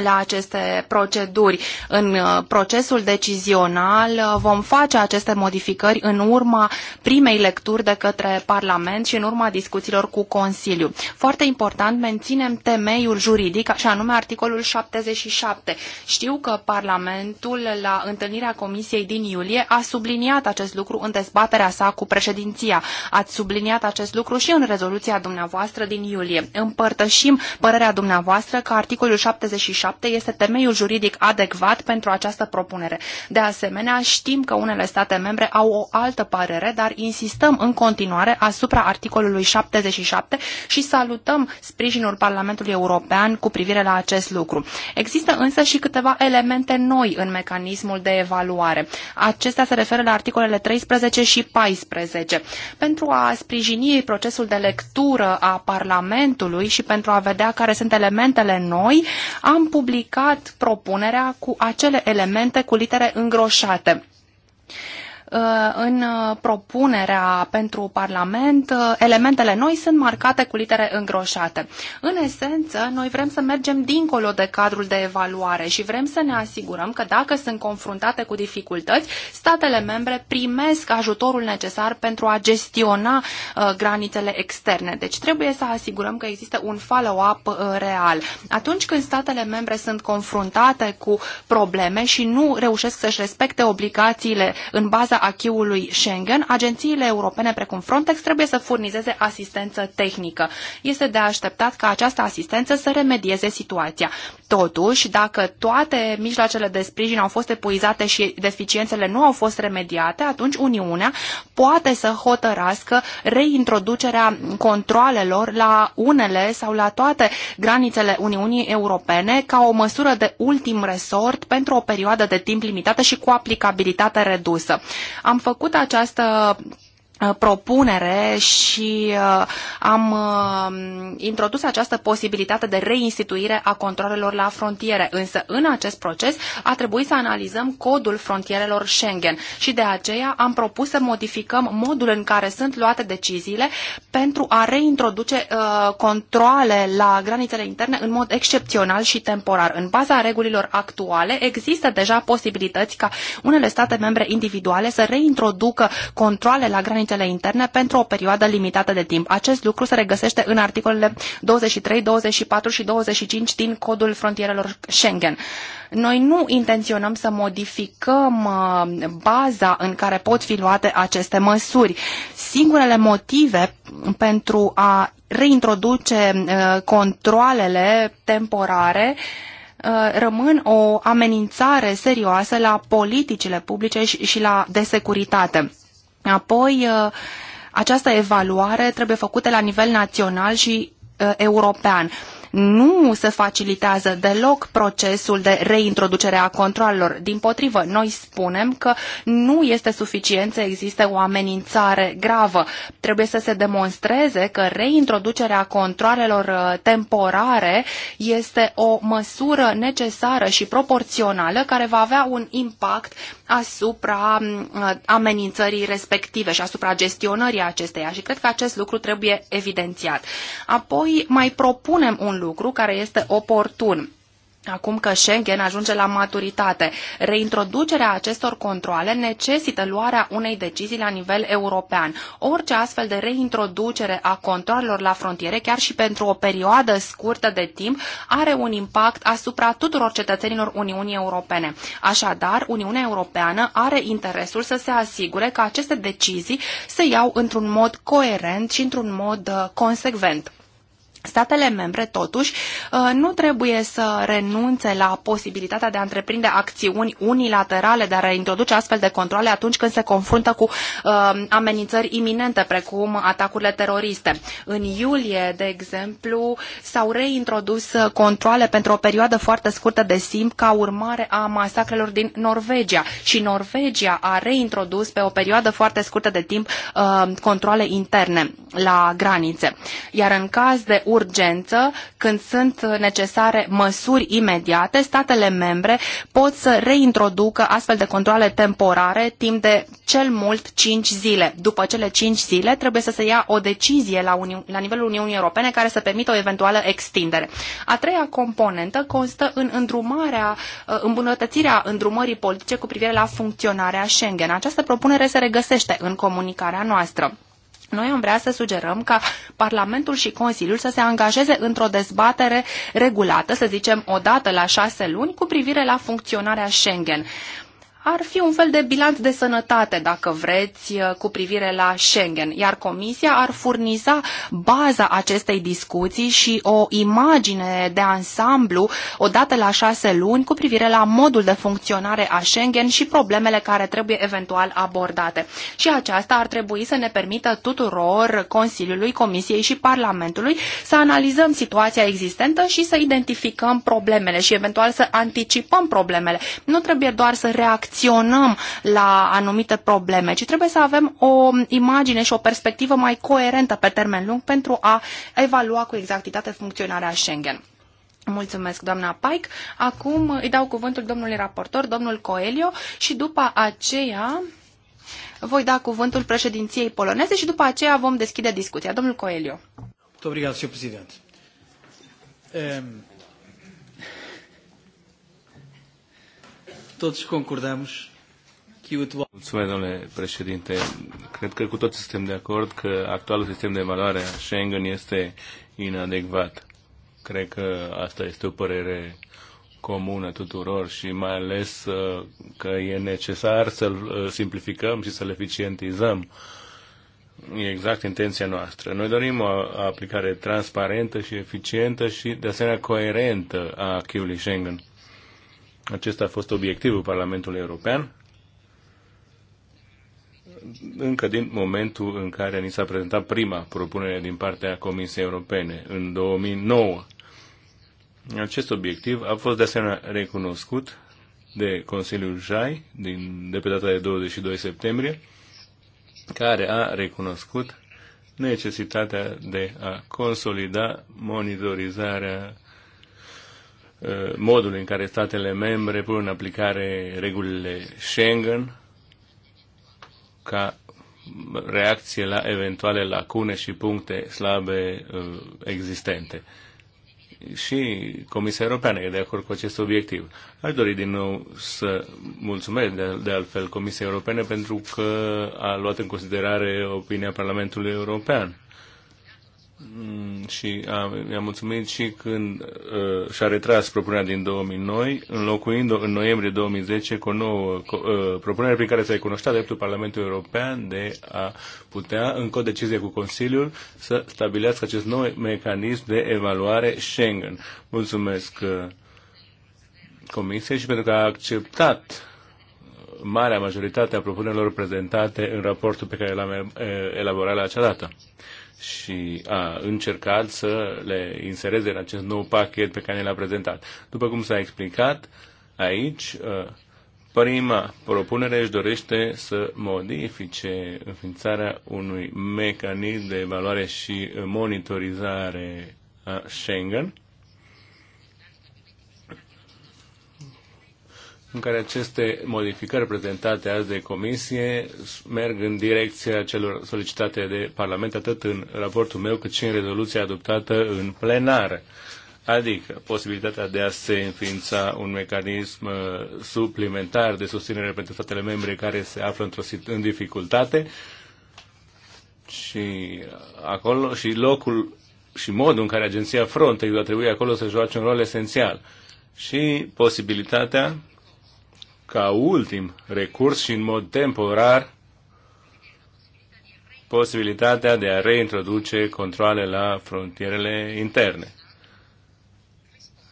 la aceste proceduri. În uh, procesul decizional uh, vom face aceste modificări în urma primei lecturi de către Parlament și în urma discuțiilor cu Consiliu. Foarte important, menținem temeiul juridic, și anume articolul 77. Știu că Parlamentul, la întâlnirea Comisiei din iulie, a subliniat acest lucru în dezbaterea sa cu președinția. Ați subliniat acest lucru și în rezoluția dumneavoastră din iulie. Împărtășim părerea dumneavoastră că articolul 77 2007 este temeiul juridic adecvat pentru această propunere. De asemenea, știm că unele state membre au o altă parere, dar insistăm în continuare asupra articolului 77 și salutăm sprijinul Parlamentului European cu privire la acest lucru. Există însă și câteva elemente noi în mecanismul de evaluare. Acestea se referă la articolele 13 și 14. Pentru a sprijini procesul de lectură a Parlamentului și pentru a vedea care sunt elementele noi, am publicat propunerea cu acele elemente cu litere îngroșate. Uh, în uh, propunerea pentru Parlament, uh, elementele noi sunt marcate cu litere îngroșate. În esență, noi vrem să mergem dincolo de cadrul de evaluare și vrem să ne asigurăm că dacă sunt confruntate cu dificultăți, statele membre primesc ajutorul necesar pentru a gestiona granițele externe. Deci trebuie să asigurăm că există un follow-up real. Atunci când statele membre sunt confruntate cu probleme și nu reușesc să-și respecte obligațiile în baza achiului Schengen, agențiile europene precum Frontex trebuie să furnizeze asistență tehnică. Este de așteptat ca această asistență să remedieze situația. Totuși, dacă toate mijloacele de sprijin au fost epuizate și deficiențele nu au fost remediate, atunci Uniunea poate să hotărască reintroducerea controalelor la unele sau la toate granițele Uniunii Europene ca o măsură de ultim resort pentru o perioadă de timp limitată și cu aplicabilitate redusă. Am făcut această Uh, propunere și uh, am uh, introdus această posibilitate de reinstituire a controlelor la frontiere. Însă în acest proces a trebuit să analizăm codul frontierelor Schengen și de aceea am propus să modificăm modul în care sunt luate deciziile pentru a reintroduce controle la granițele interne în mod excepțional și temporar. În baza regulilor actuale există deja posibilități ca unele state membre individuale să reintroducă controle la granițele granițele interne pentru o perioadă limitată de timp. Acest lucru se regăsește în articolele 23, 24 și 25 din Codul Frontierelor Schengen. Noi nu intenționăm să modificăm uh, baza în care pot fi luate aceste măsuri. Singurele motive pentru a reintroduce uh, controlele temporare uh, rămân o amenințare serioasă la politicile publice și la de securitate. Apoi, uh, această evaluare trebuie făcută la nivel național și uh, european nu se facilitează deloc procesul de reintroducere a controlelor. Din potrivă, noi spunem că nu este suficient să existe o amenințare gravă. Trebuie să se demonstreze că reintroducerea controlelor uh, temporare este o măsură necesară și proporțională care va avea un impact asupra mm, uh, amenințării respective și asupra gestionării acesteia și cred că acest lucru trebuie evidențiat. Apoi mai propunem un lucru care este oportun. Acum că Schengen ajunge la maturitate, reintroducerea acestor controle necesită luarea unei decizii la nivel european. Orice astfel de reintroducere a controlelor la frontiere, chiar și pentru o perioadă scurtă de timp, are un impact asupra tuturor cetățenilor Uniunii Europene. Așadar, Uniunea Europeană are interesul să se asigure că aceste decizii se iau într-un mod coerent și într-un mod uh, consecvent. Statele membre, totuși, uh, nu trebuie să renunțe la posibilitatea de a întreprinde acțiuni unilaterale, de a reintroduce astfel de controle atunci când se confruntă cu uh, amenințări iminente, precum atacurile teroriste. În iulie, de exemplu, s-au reintrodus controle pentru o perioadă foarte scurtă de timp ca urmare a masacrelor din Norvegia și Norvegia a reintrodus pe o perioadă foarte scurtă de timp uh, controle interne la granițe. Iar în caz de urgență, când sunt necesare măsuri imediate, statele membre pot să reintroducă astfel de controle temporare timp de cel mult 5 zile. După cele 5 zile trebuie să se ia o decizie la, Uni- la nivelul Uniunii Europene care să permită o eventuală extindere. A treia componentă constă în îndrumarea, uh, îmbunătățirea îndrumării politice cu privire la funcționarea Schengen. Această propunere se regăsește în comunicarea noastră. Noi am vrea să sugerăm ca Parlamentul și Consiliul să se angajeze într-o dezbatere regulată, să zicem o dată la șase luni, cu privire la funcționarea Schengen ar fi un fel de bilanț de sănătate, dacă vreți, uh, cu privire la Schengen, iar Comisia ar furniza baza acestei discuții și o imagine de ansamblu odată la șase luni cu privire la modul de funcționare a Schengen și problemele care trebuie eventual abordate. Și aceasta ar trebui să ne permită tuturor Consiliului, Comisiei și Parlamentului să analizăm situația existentă și să identificăm problemele și eventual să anticipăm problemele. Nu trebuie doar să reacționăm reacționăm la anumite probleme, ci trebuie să avem o imagine și o perspectivă mai coerentă pe termen lung pentru a evalua cu exactitate funcționarea Schengen. Mulțumesc, doamna Pike. Acum îi dau cuvântul domnului raportor, domnul Coelio, și după aceea voi da cuvântul președinției poloneze și după aceea vom deschide discuția. Domnul Coelio. Obrigado, senhor presidente. Um... toți Mulțumesc, domnule președinte. Cred că cu toți suntem de acord că actualul sistem de evaluare a Schengen este inadecvat. Cred că asta este o părere comună tuturor și mai ales uh, că e necesar să-l uh, simplificăm și să-l eficientizăm. E exact intenția noastră. Noi dorim o aplicare transparentă și eficientă și, de asemenea, coerentă a acquis Schengen. Acesta a fost obiectivul Parlamentului European încă din momentul în care ni s-a prezentat prima propunere din partea Comisiei Europene, în 2009. Acest obiectiv a fost de asemenea recunoscut de Consiliul JAI din, de pe data de 22 septembrie, care a recunoscut necesitatea de a consolida monitorizarea modul în care statele membre pun în aplicare regulile Schengen ca reacție la eventuale lacune și puncte slabe uh, existente. Și Comisia Europeană e de acord cu acest obiectiv. Aș dori din nou să mulțumesc de, de altfel Comisiei Europene pentru că a luat în considerare opinia Parlamentului European Mm, și i-am mulțumit și când uh, și-a retras propunerea din 2009, înlocuind-o în noiembrie 2010 cu o nouă uh, propunere prin care se recunoștea dreptul Parlamentului European de a putea, în codecizie cu Consiliul, să stabilească acest nou mecanism de evaluare Schengen. Mulțumesc uh, Comisiei și pentru că a acceptat marea majoritate a propunerilor prezentate în raportul pe care l-am elaborat la acea dată și a încercat să le insereze în acest nou pachet pe care l-a prezentat. După cum s-a explicat aici, prima propunere își dorește să modifice înființarea unui mecanism de evaluare și monitorizare a Schengen, în care aceste modificări prezentate azi de comisie merg în direcția celor solicitate de Parlament, atât în raportul meu, cât și în rezoluția adoptată în plenar. Adică posibilitatea de a se înființa un mecanism uh, suplimentar de susținere pentru statele membre care se află într-o în dificultate și acolo și locul și modul în care agenția Frontex va trebui acolo să joace un rol esențial și posibilitatea ca ultim recurs și în mod temporar posibilitatea de a reintroduce controle la frontierele interne.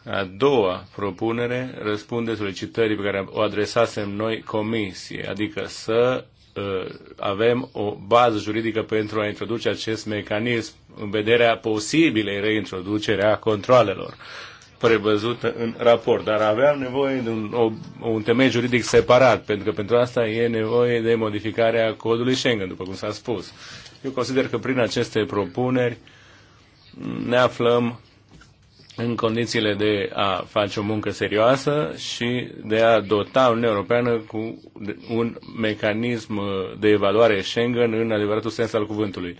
A doua propunere răspunde solicitării pe care o adresasem noi comisie, adică să uh, avem o bază juridică pentru a introduce acest mecanism în vederea posibilei reintroducere a controlelor. Uh, prevăzută în raport, dar aveam nevoie de un, o, un temei juridic separat, pentru că pentru asta e nevoie de modificarea codului Schengen, după cum s-a spus. Eu consider că prin aceste propuneri ne aflăm în condițiile de a face o muncă serioasă și de a dota Uniunea Europeană cu un mecanism de evaluare Schengen în adevăratul sens al cuvântului.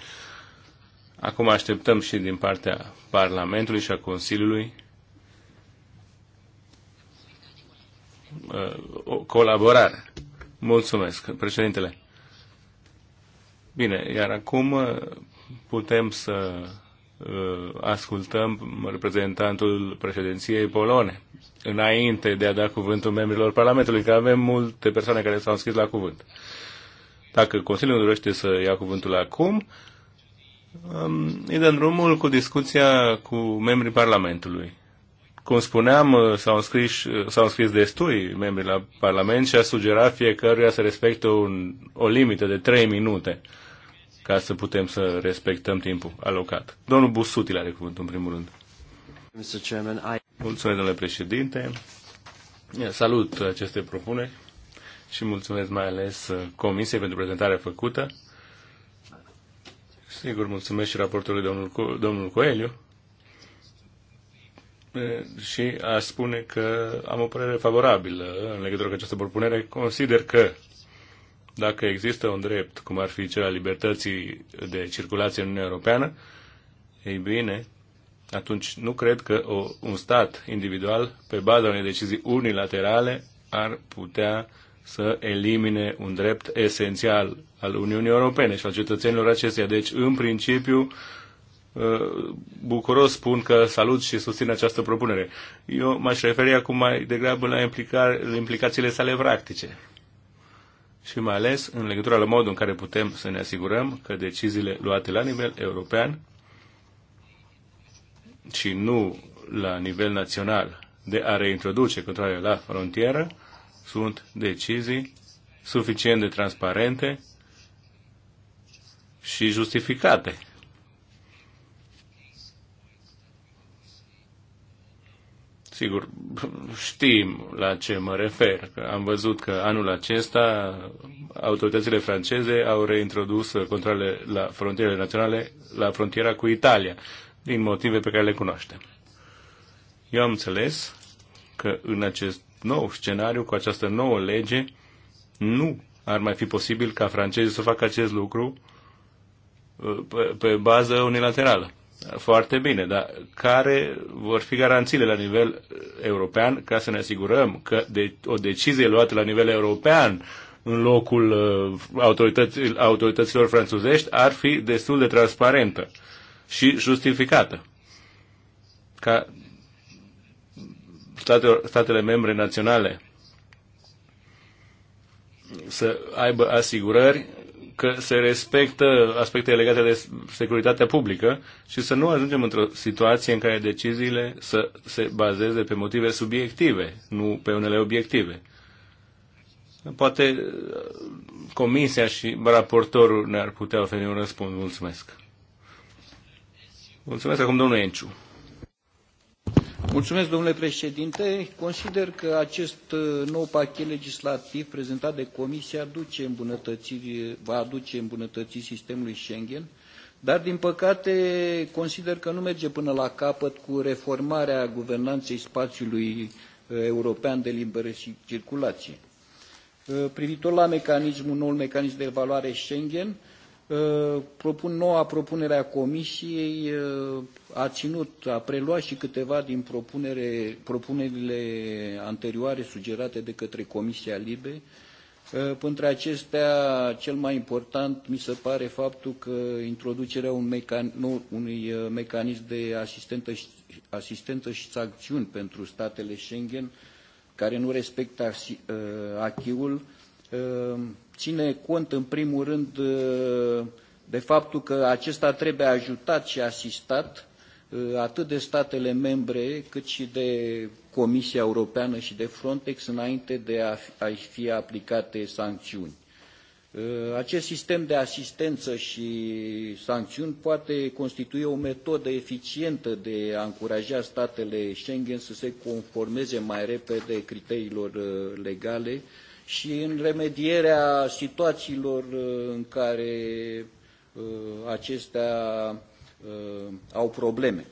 Acum așteptăm și din partea Parlamentului și a Consiliului Uh, o colaborare. Mulțumesc, președintele. Bine, iar acum uh, putem să uh, ascultăm reprezentantul președinției polone, înainte de a da cuvântul membrilor Parlamentului, că avem multe persoane care s-au înscris la cuvânt. Dacă Consiliul dorește să ia cuvântul acum, um, îi dăm drumul cu discuția cu membrii Parlamentului. Cum spuneam, uh, s-au înscris, uh, s-au înscris destui membri la Parlament și a sugerat fiecăruia să respecte un, o limită de 3 minute ca să putem să respectăm timpul alocat. Domnul Busutil are cuvântul în primul rând. Mulțumesc, domnule președinte. Salut aceste propuneri și mulțumesc mai ales uh, Comisiei pentru prezentarea făcută. Sigur, mulțumesc și raportului domnul, domnul Coelho și aș spune că am o părere favorabilă în legătură cu această propunere. Consider că dacă există un drept, cum ar fi cel al libertății de circulație în Uniunea Europeană, ei bine, atunci nu cred că o, un stat individual, pe baza unei decizii unilaterale, ar putea să elimine un drept esențial al Uniunii Europene și al cetățenilor acesteia. Deci, în principiu, bucuros spun că salut și susțin această propunere. Eu m-aș referi acum mai degrabă la, implica, implicațiile sale practice și mai ales în legătură la modul în care putem să ne asigurăm că deciziile luate la nivel european și nu la nivel național de a reintroduce controlele la frontieră sunt decizii suficient de transparente și justificate Sigur, știm la ce mă refer. Am văzut că anul acesta autoritățile franceze au reintrodus controle la frontierele naționale la frontiera cu Italia, din motive pe care le cunoaștem. Eu am înțeles că în acest nou scenariu, cu această nouă lege, nu ar mai fi posibil ca francezii să facă acest lucru uh, pe, pe bază unilaterală foarte bine, dar care vor fi garanțiile la nivel uh, european ca să ne asigurăm că de, o decizie luată la nivel european în locul uh, autorități, autorităților franțuzești ar fi destul de transparentă și justificată. Ca state, statele membre naționale să aibă asigurări că se respectă aspectele legate de securitatea publică și să nu ajungem într-o situație în care deciziile să se bazeze pe motive subiective, nu pe unele obiective. Poate uh, comisia și raportorul ne-ar putea oferi un răspuns. Mulțumesc. Mulțumesc acum domnul Enciu. Mulțumesc, domnule președinte. Consider că acest uh, nou pachet legislativ prezentat de Comisie aduce îmbunătățiri, va aduce îmbunătățiri sistemului Schengen, dar, din păcate, consider că nu merge până la capăt cu reformarea guvernanței spațiului uh, european de liberă circulație. Uh, privitor la mecanismul, noul mecanism de evaluare Schengen, Uh, propun noua propunere a Comisiei uh, a ținut, a preluat și câteva din propunere, propunerile anterioare sugerate de către Comisia Libe. Uh, Printre acestea, cel mai important mi se pare faptul că introducerea un mecan, nu, unui mecanism de asistentă, asistentă și sancțiuni pentru statele Schengen care nu respectă achiul ține cont în primul rând uh, de faptul că acesta trebuie ajutat și asistat uh, atât de statele membre cât și de Comisia Europeană și de Frontex înainte de a fi aplicate sancțiuni. Uh, acest sistem de asistență și sancțiuni poate constitui o metodă eficientă de a încuraja statele Schengen să se conformeze mai repede criteriilor legale uh, și în remedierea situațiilor uh, în care uh, acestea uh, au probleme.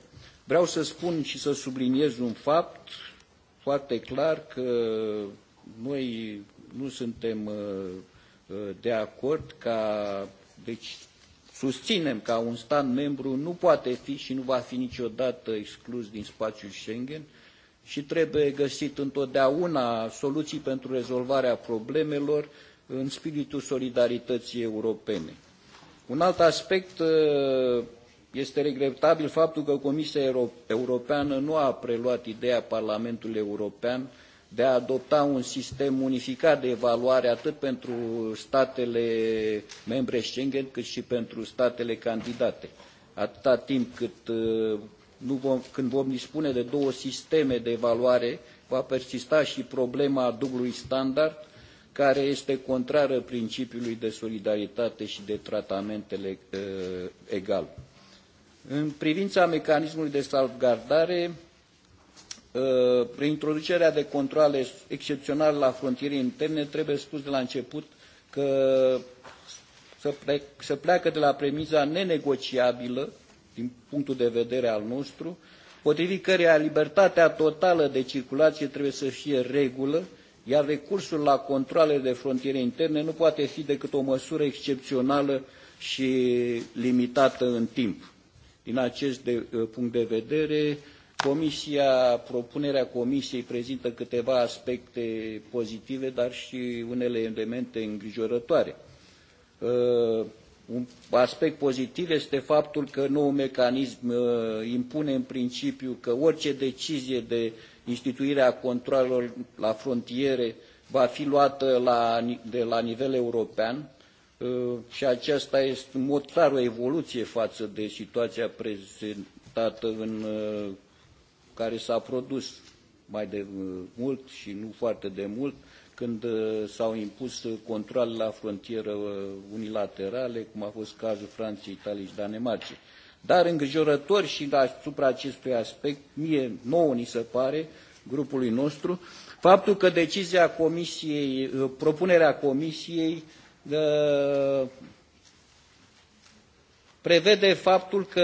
Vreau să spun și să subliniez un fapt foarte clar că noi nu suntem de acord ca, deci susținem că un stat membru nu poate fi și nu va fi niciodată exclus din spațiul Schengen și trebuie găsit întotdeauna soluții pentru rezolvarea problemelor în spiritul solidarității europene. Un alt aspect ă, este regretabil faptul că Comisia Europeană nu a preluat ideea Parlamentului European de a adopta un sistem unificat de evaluare atât pentru statele membre Schengen cât și pentru statele candidate. Atâta timp cât ă, nu vom, când vom dispune de două sisteme de evaluare, va persista și problema dublului standard, care este contrară principiului de solidaritate și de tratamentele uh, egal. În privința mecanismului de salvgardare, uh, reintroducerea de controle excepționale la frontiere interne, trebuie spus de la început că se pleacă de la premiza nenegociabilă din punctul de vedere al nostru, potrivit căreia libertatea totală de circulație trebuie să fie regulă, iar recursul la controlele de frontiere interne nu poate fi decât o măsură excepțională și limitată în timp. Din acest de, uh, punct de vedere, comisia, propunerea Comisiei prezintă câteva aspecte pozitive, dar și unele elemente îngrijorătoare. Uh, un aspect pozitiv este faptul că noul mecanism uh, impune în principiu că orice decizie de instituire a controalelor la frontiere va fi luată la, de la nivel european uh, și aceasta este în mod clar o evoluție față de situația prezentată în uh, care s-a produs mai de mult și nu foarte de mult când uh, s-au impus uh, controle la frontieră uh, unilaterale, cum a fost cazul Franței, Italiei și Danemarcei. Dar îngrijorător și asupra acestui aspect, mie nouă ni se pare, grupului nostru, faptul că decizia comisiei, propunerea comisiei prevede faptul că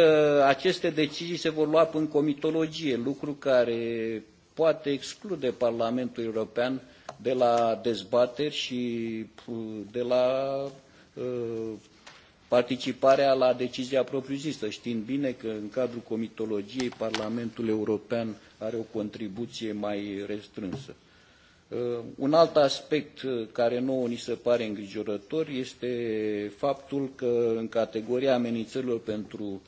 aceste decizii se vor lua în comitologie, lucru care poate exclude Parlamentul European de la dezbateri și uh, de la uh, participarea la decizia propriu-zisă, știind bine că în cadrul comitologiei Parlamentul European are o contribuție mai restrânsă. Uh, un alt aspect care nouă ni se pare îngrijorător este faptul că în categoria amenințărilor pentru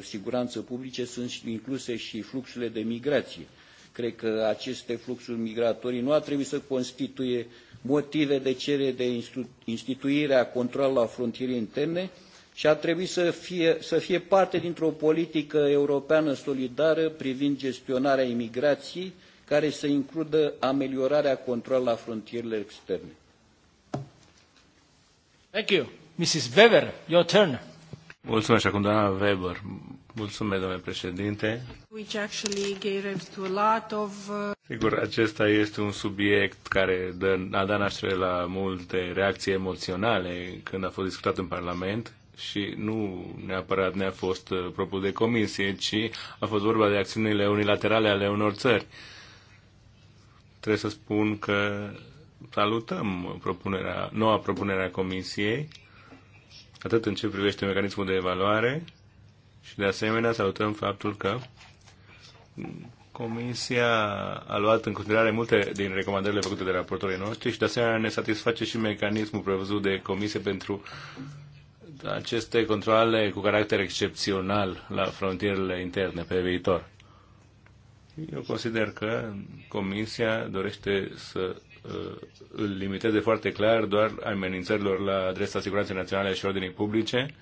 siguranță publice sunt incluse și fluxurile de migrație. Cred că aceste fluxuri migratorii nu ar trebui să constituie motive de cerere de instituire a controlelor la frontiere interne și ar trebui să fie, să fie parte dintr-o politică europeană solidară privind gestionarea imigrației, care să includă ameliorarea controlului la frontierele externe. Thank you. Mrs. Weber, your turn. Mulțumesc acum, doamna Weber. Mulțumesc, domnule președinte. Which actually gave to a lot of... Uh, Sigur, acesta este un subiect care dă, a dat naștere la multe reacții emoționale când a fost discutat în Parlament și nu neapărat ne-a fost uh, propus de comisie, ci a fost vorba de acțiunile unilaterale ale unor țări. Trebuie să spun că salutăm propunerea, noua propunere a comisiei, atât în ce privește mecanismul de evaluare, și de asemenea salutăm faptul că Comisia a luat în considerare multe din recomandările făcute de raportorii noștri și de asemenea ne satisface și mecanismul prevăzut de Comisie pentru aceste controle cu caracter excepțional la frontierele interne pe viitor. Eu consider că Comisia dorește să uh, îl limiteze foarte clar doar amenințărilor la adresa siguranței naționale și ordinii publice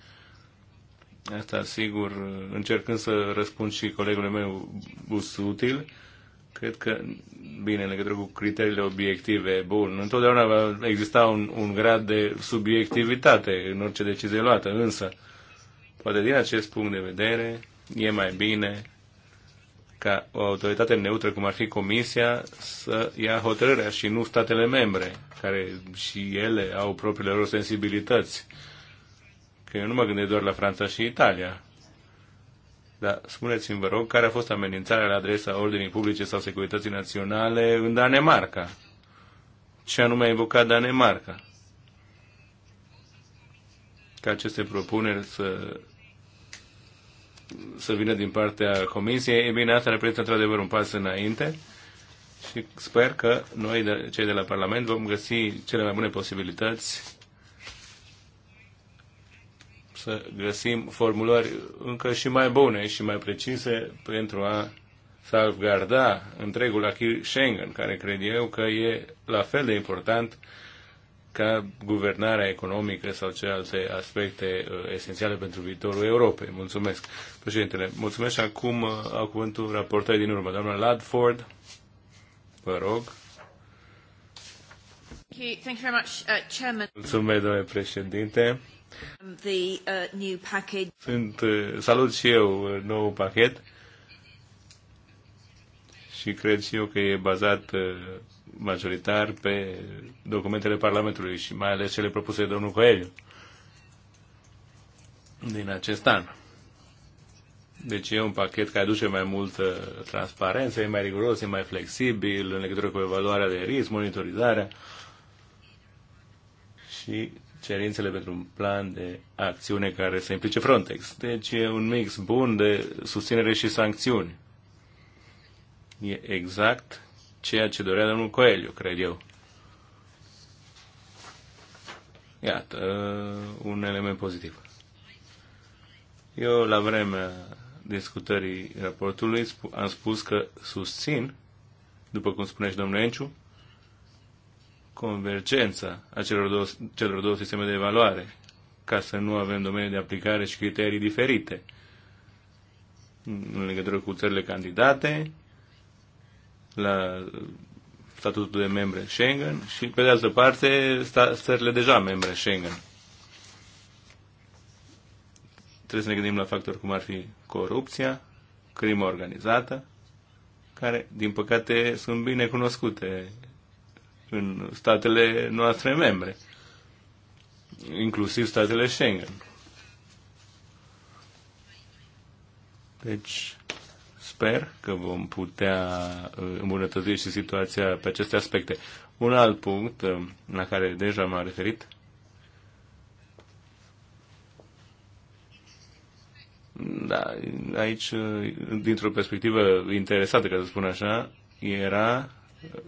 Asta, sigur, încercând să răspund și colegului meu Busutil, cred că, bine, în legătură cu criteriile obiective, bun, întotdeauna va exista un, un grad de subiectivitate în orice decizie luată, însă, poate din acest punct de vedere, e mai bine ca o autoritate neutră, cum ar fi Comisia, să ia hotărârea și nu statele membre, care și ele au propriile lor sensibilități că eu nu mă gândesc doar la Franța și Italia. Dar spuneți-mi, vă rog, care a fost amenințarea la adresa ordinii publice sau securității naționale în Danemarca? Ce anume a invocat Danemarca? Ca aceste propuneri să, să vină din partea Comisiei, e bine, asta reprezintă într-adevăr un pas înainte și sper că noi, cei de la Parlament, vom găsi cele mai bune posibilități să găsim formulări încă și mai bune și mai precise pentru a salvgarda întregul acquis Schengen, care cred eu că e la fel de important ca guvernarea economică sau celelalte aspecte uh, esențiale pentru viitorul Europei. Mulțumesc, președintele. Mulțumesc și acum uh, au cuvântul raportării din urmă. Doamna Ladford, vă rog. Uh, Mulțumesc, domnule președinte. The, uh, new package. Sunt, uh, salut și eu uh, nou pachet și cred și eu că e bazat uh, majoritar pe documentele Parlamentului și mai ales cele propuse de domnul Coelho din acest an. Deci e un pachet care aduce mai multă transparență, e mai riguros, e mai flexibil în legătură cu evaluarea de risc, monitorizarea și cerințele pentru un plan de acțiune care să implice Frontex. Deci e un mix bun de susținere și sancțiuni. E exact ceea ce dorea domnul Coeliu, cred eu. Iată, un element pozitiv. Eu, la vremea discutării raportului, am spus că susțin, după cum spune și domnul Enciu, convergența a celor două, celor două sisteme de evaluare, ca să nu avem domenii de aplicare și criterii diferite în legătură cu țările candidate, la statutul de membre Schengen și, pe de altă parte, țările deja membre Schengen. Trebuie să ne gândim la factori cum ar fi corupția, crima organizată, care, din păcate, sunt bine cunoscute în statele noastre membre, inclusiv statele Schengen. Deci, sper că vom putea uh, îmbunătăți și situația pe aceste aspecte. Un alt punct uh, la care deja m-am referit da, aici, uh, dintr-o perspectivă interesată, ca să spun așa, era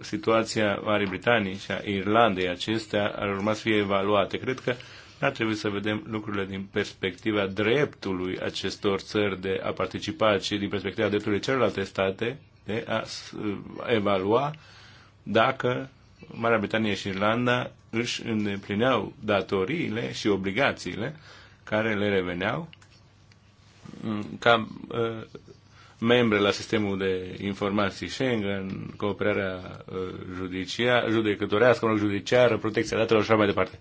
situația Marii Britanii și a Irlandei, acestea ar urma să fie evaluate. Cred că ar trebui să vedem lucrurile din perspectiva dreptului acestor țări de a participa, ci din perspectiva dreptului celorlalte state de a uh, evalua dacă Marea Britanie și Irlanda își îndeplineau datoriile și obligațiile care le reveneau mm, ca uh, membre la sistemul de informații Schengen, cooperarea uh, judicia, judecătorească, mă rog, judiciară, protecția datelor și așa mai departe.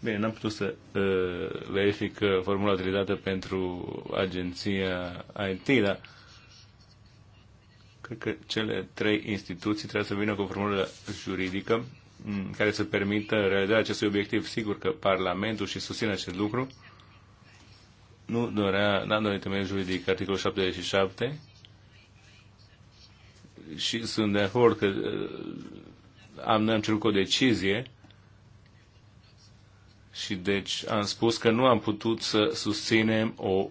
Bine, n-am putut să uh, verific uh, formula utilizată pentru agenția IT, dar cred că cele trei instituții trebuie să vină cu o formulă juridică mm, care să permită realizarea acestui obiectiv. Sigur că Parlamentul și susține acest lucru. Uh, nu dorea, n-am dorit temeiul juridic, articolul 77, și sunt de acord că uh, am, noi am cerut o decizie și deci am spus că nu am putut să susținem o,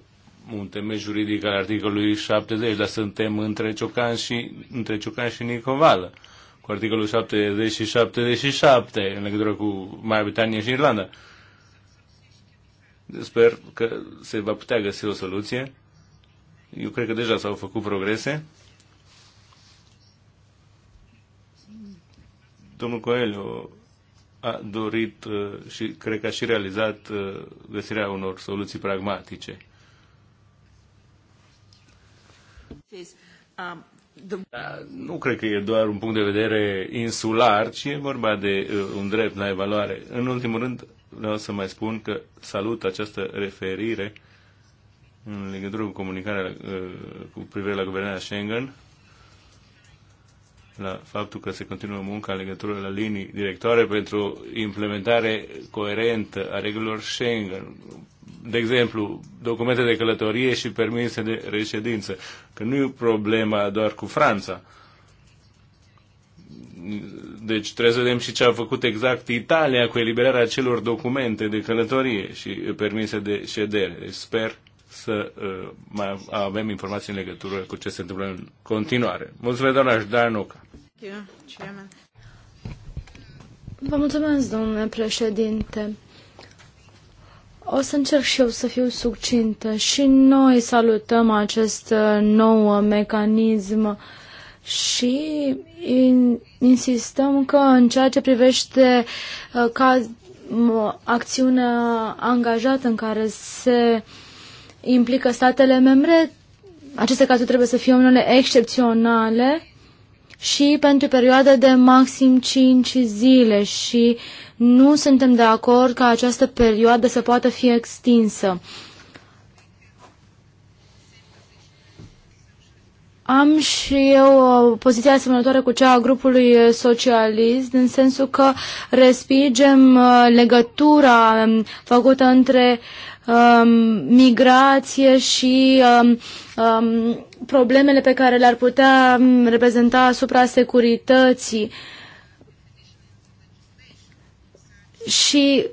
un temei juridic al articolului 70, dar suntem între Ciocan și, între Ciocan și Nicovală cu articolul 70 și 77 în legătură cu Marea Britanie și Irlanda. Uh, Sper că se va putea găsi o soluție. Eu cred că deja s-au făcut progrese. Domnul Coelho a dorit uh, și cred că a și realizat uh, găsirea unor soluții pragmatice. Um, da, nu cred că e doar un punct de vedere insular, ci e vorba de uh, un drept la evaluare. În ultimul rând, vreau să mai spun că salut această referire în legătură cu comunicarea uh, cu privire la guvernarea Schengen, la faptul că se continuă munca în legătură la linii directoare pentru implementare coerentă a regulilor Schengen. De exemplu, documente de călătorie și permise de reședință. Că nu e problema doar cu Franța deci trebuie să vedem și ce a făcut exact Italia cu eliberarea celor documente de călătorie și permise de ședere. Deci sper să uh, mai avem informații în legătură cu ce se întâmplă în continuare. Mulțumesc, doamna Jdanoca. Vă mulțumesc, domnule președinte. O să încerc și eu să fiu succintă. Și noi salutăm acest uh, nou mecanism uh, și in, insistăm că în ceea ce privește uh, ca acțiunea angajată în care se implică statele membre, aceste cazuri trebuie să fie unele excepționale și pentru perioada de maxim 5 zile și nu suntem de acord ca această perioadă să poată fi extinsă. Uh, Am și eu o uh, poziție asemănătoare cu cea a grupului uh, socialist, în sensul că respingem uh, legătura um, făcută între um, migrație și um, um, problemele pe care le-ar putea um, reprezenta asupra securității. Și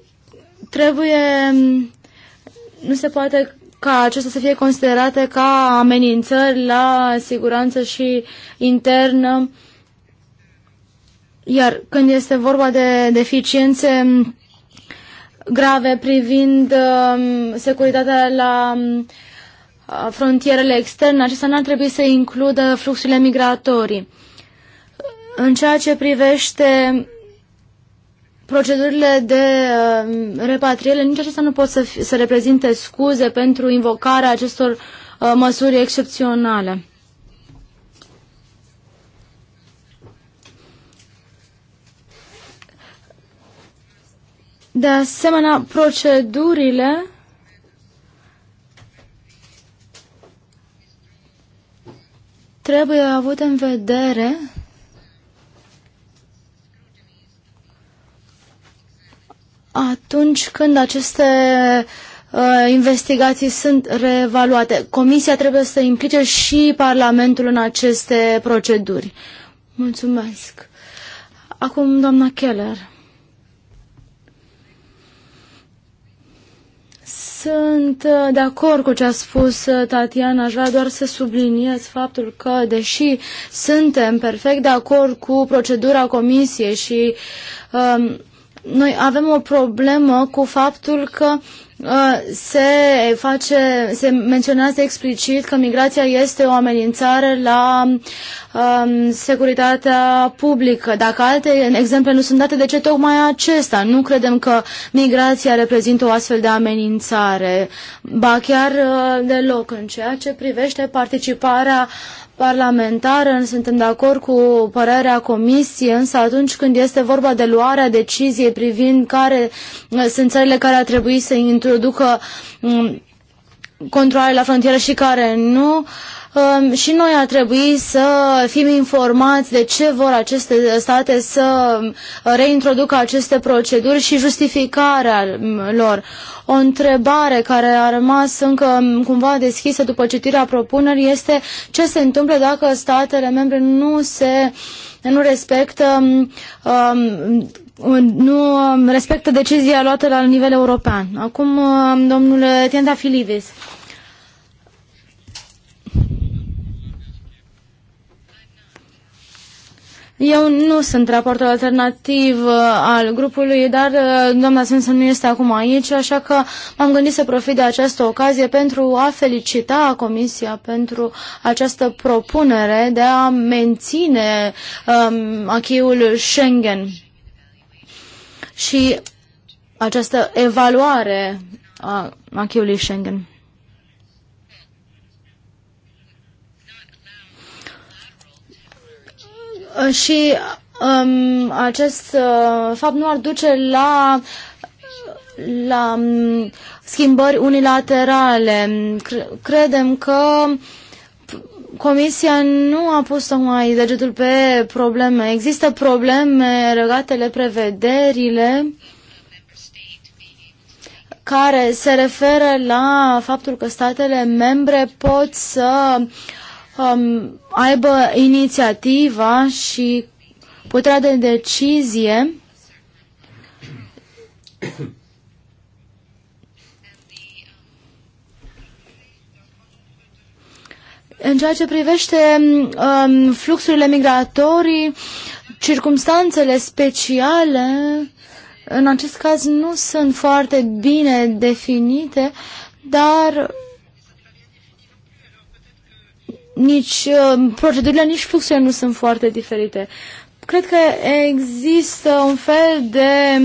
trebuie, um, nu se poate ca acestea să fie considerate ca amenințări la siguranță și internă. Iar când este vorba de deficiențe grave privind uh, securitatea la uh, frontierele externe, acestea n-ar trebui să includă fluxurile migratorii. În ceea ce privește procedurile de uh, repatriere, nici acestea nu pot să, să reprezinte scuze pentru invocarea acestor uh, măsuri excepționale. De asemenea, procedurile trebuie avute în vedere atunci când aceste uh, investigații sunt reevaluate. Comisia trebuie să implice și Parlamentul în aceste proceduri. Mulțumesc. Acum, doamna Keller. Sunt uh, de acord cu ce a spus uh, Tatiana. Aș vrea doar să subliniez faptul că, deși suntem perfect de acord cu procedura comisiei și um, noi avem o problemă cu faptul că uh, se face, se menționează explicit că migrația este o amenințare la um, securitatea publică. Dacă alte exemple nu sunt date, de ce tocmai acesta? Nu credem că migrația reprezintă o astfel de amenințare, ba chiar uh, deloc în ceea ce privește participarea parlamentară, suntem de acord cu părerea comisiei, însă atunci când este vorba de luarea deciziei privind care uh, sunt țările care ar trebui să introducă um, controle la frontieră și care nu, uh, Ehm, și noi ar trebui să fim informați de ce vor aceste state să ehm, reintroducă aceste proceduri și justificarea ehm, lor. O întrebare care a rămas încă cumva deschisă după citirea propunerii este ce se întâmplă dacă statele membre nu se nu respectă um, nu respectă decizia luată la nivel european. Acum, domnule Tienda Filivis. Eu nu sunt raportul alternativ uh, al grupului, dar uh, doamna Svensson nu este acum aici, așa că m-am gândit să profit de această ocazie pentru a felicita Comisia pentru această propunere de a menține uh, um, achiul Schengen. Și această evaluare a achiului Schengen. Uh, și um, acest uh, fapt nu ar duce la la um, schimbări unilaterale. Credem că Comisia nu a pus tocmai degetul pe probleme. Există probleme legate de prevederile care se referă la faptul că statele membre pot să uh, um, aibă inițiativa și puterea de decizie În ceea ce privește um, fluxurile migratorii, circumstanțele speciale, în acest caz nu sunt foarte bine definite, dar nici um, procedurile, nici fluxurile nu sunt foarte diferite. Cred că există un fel de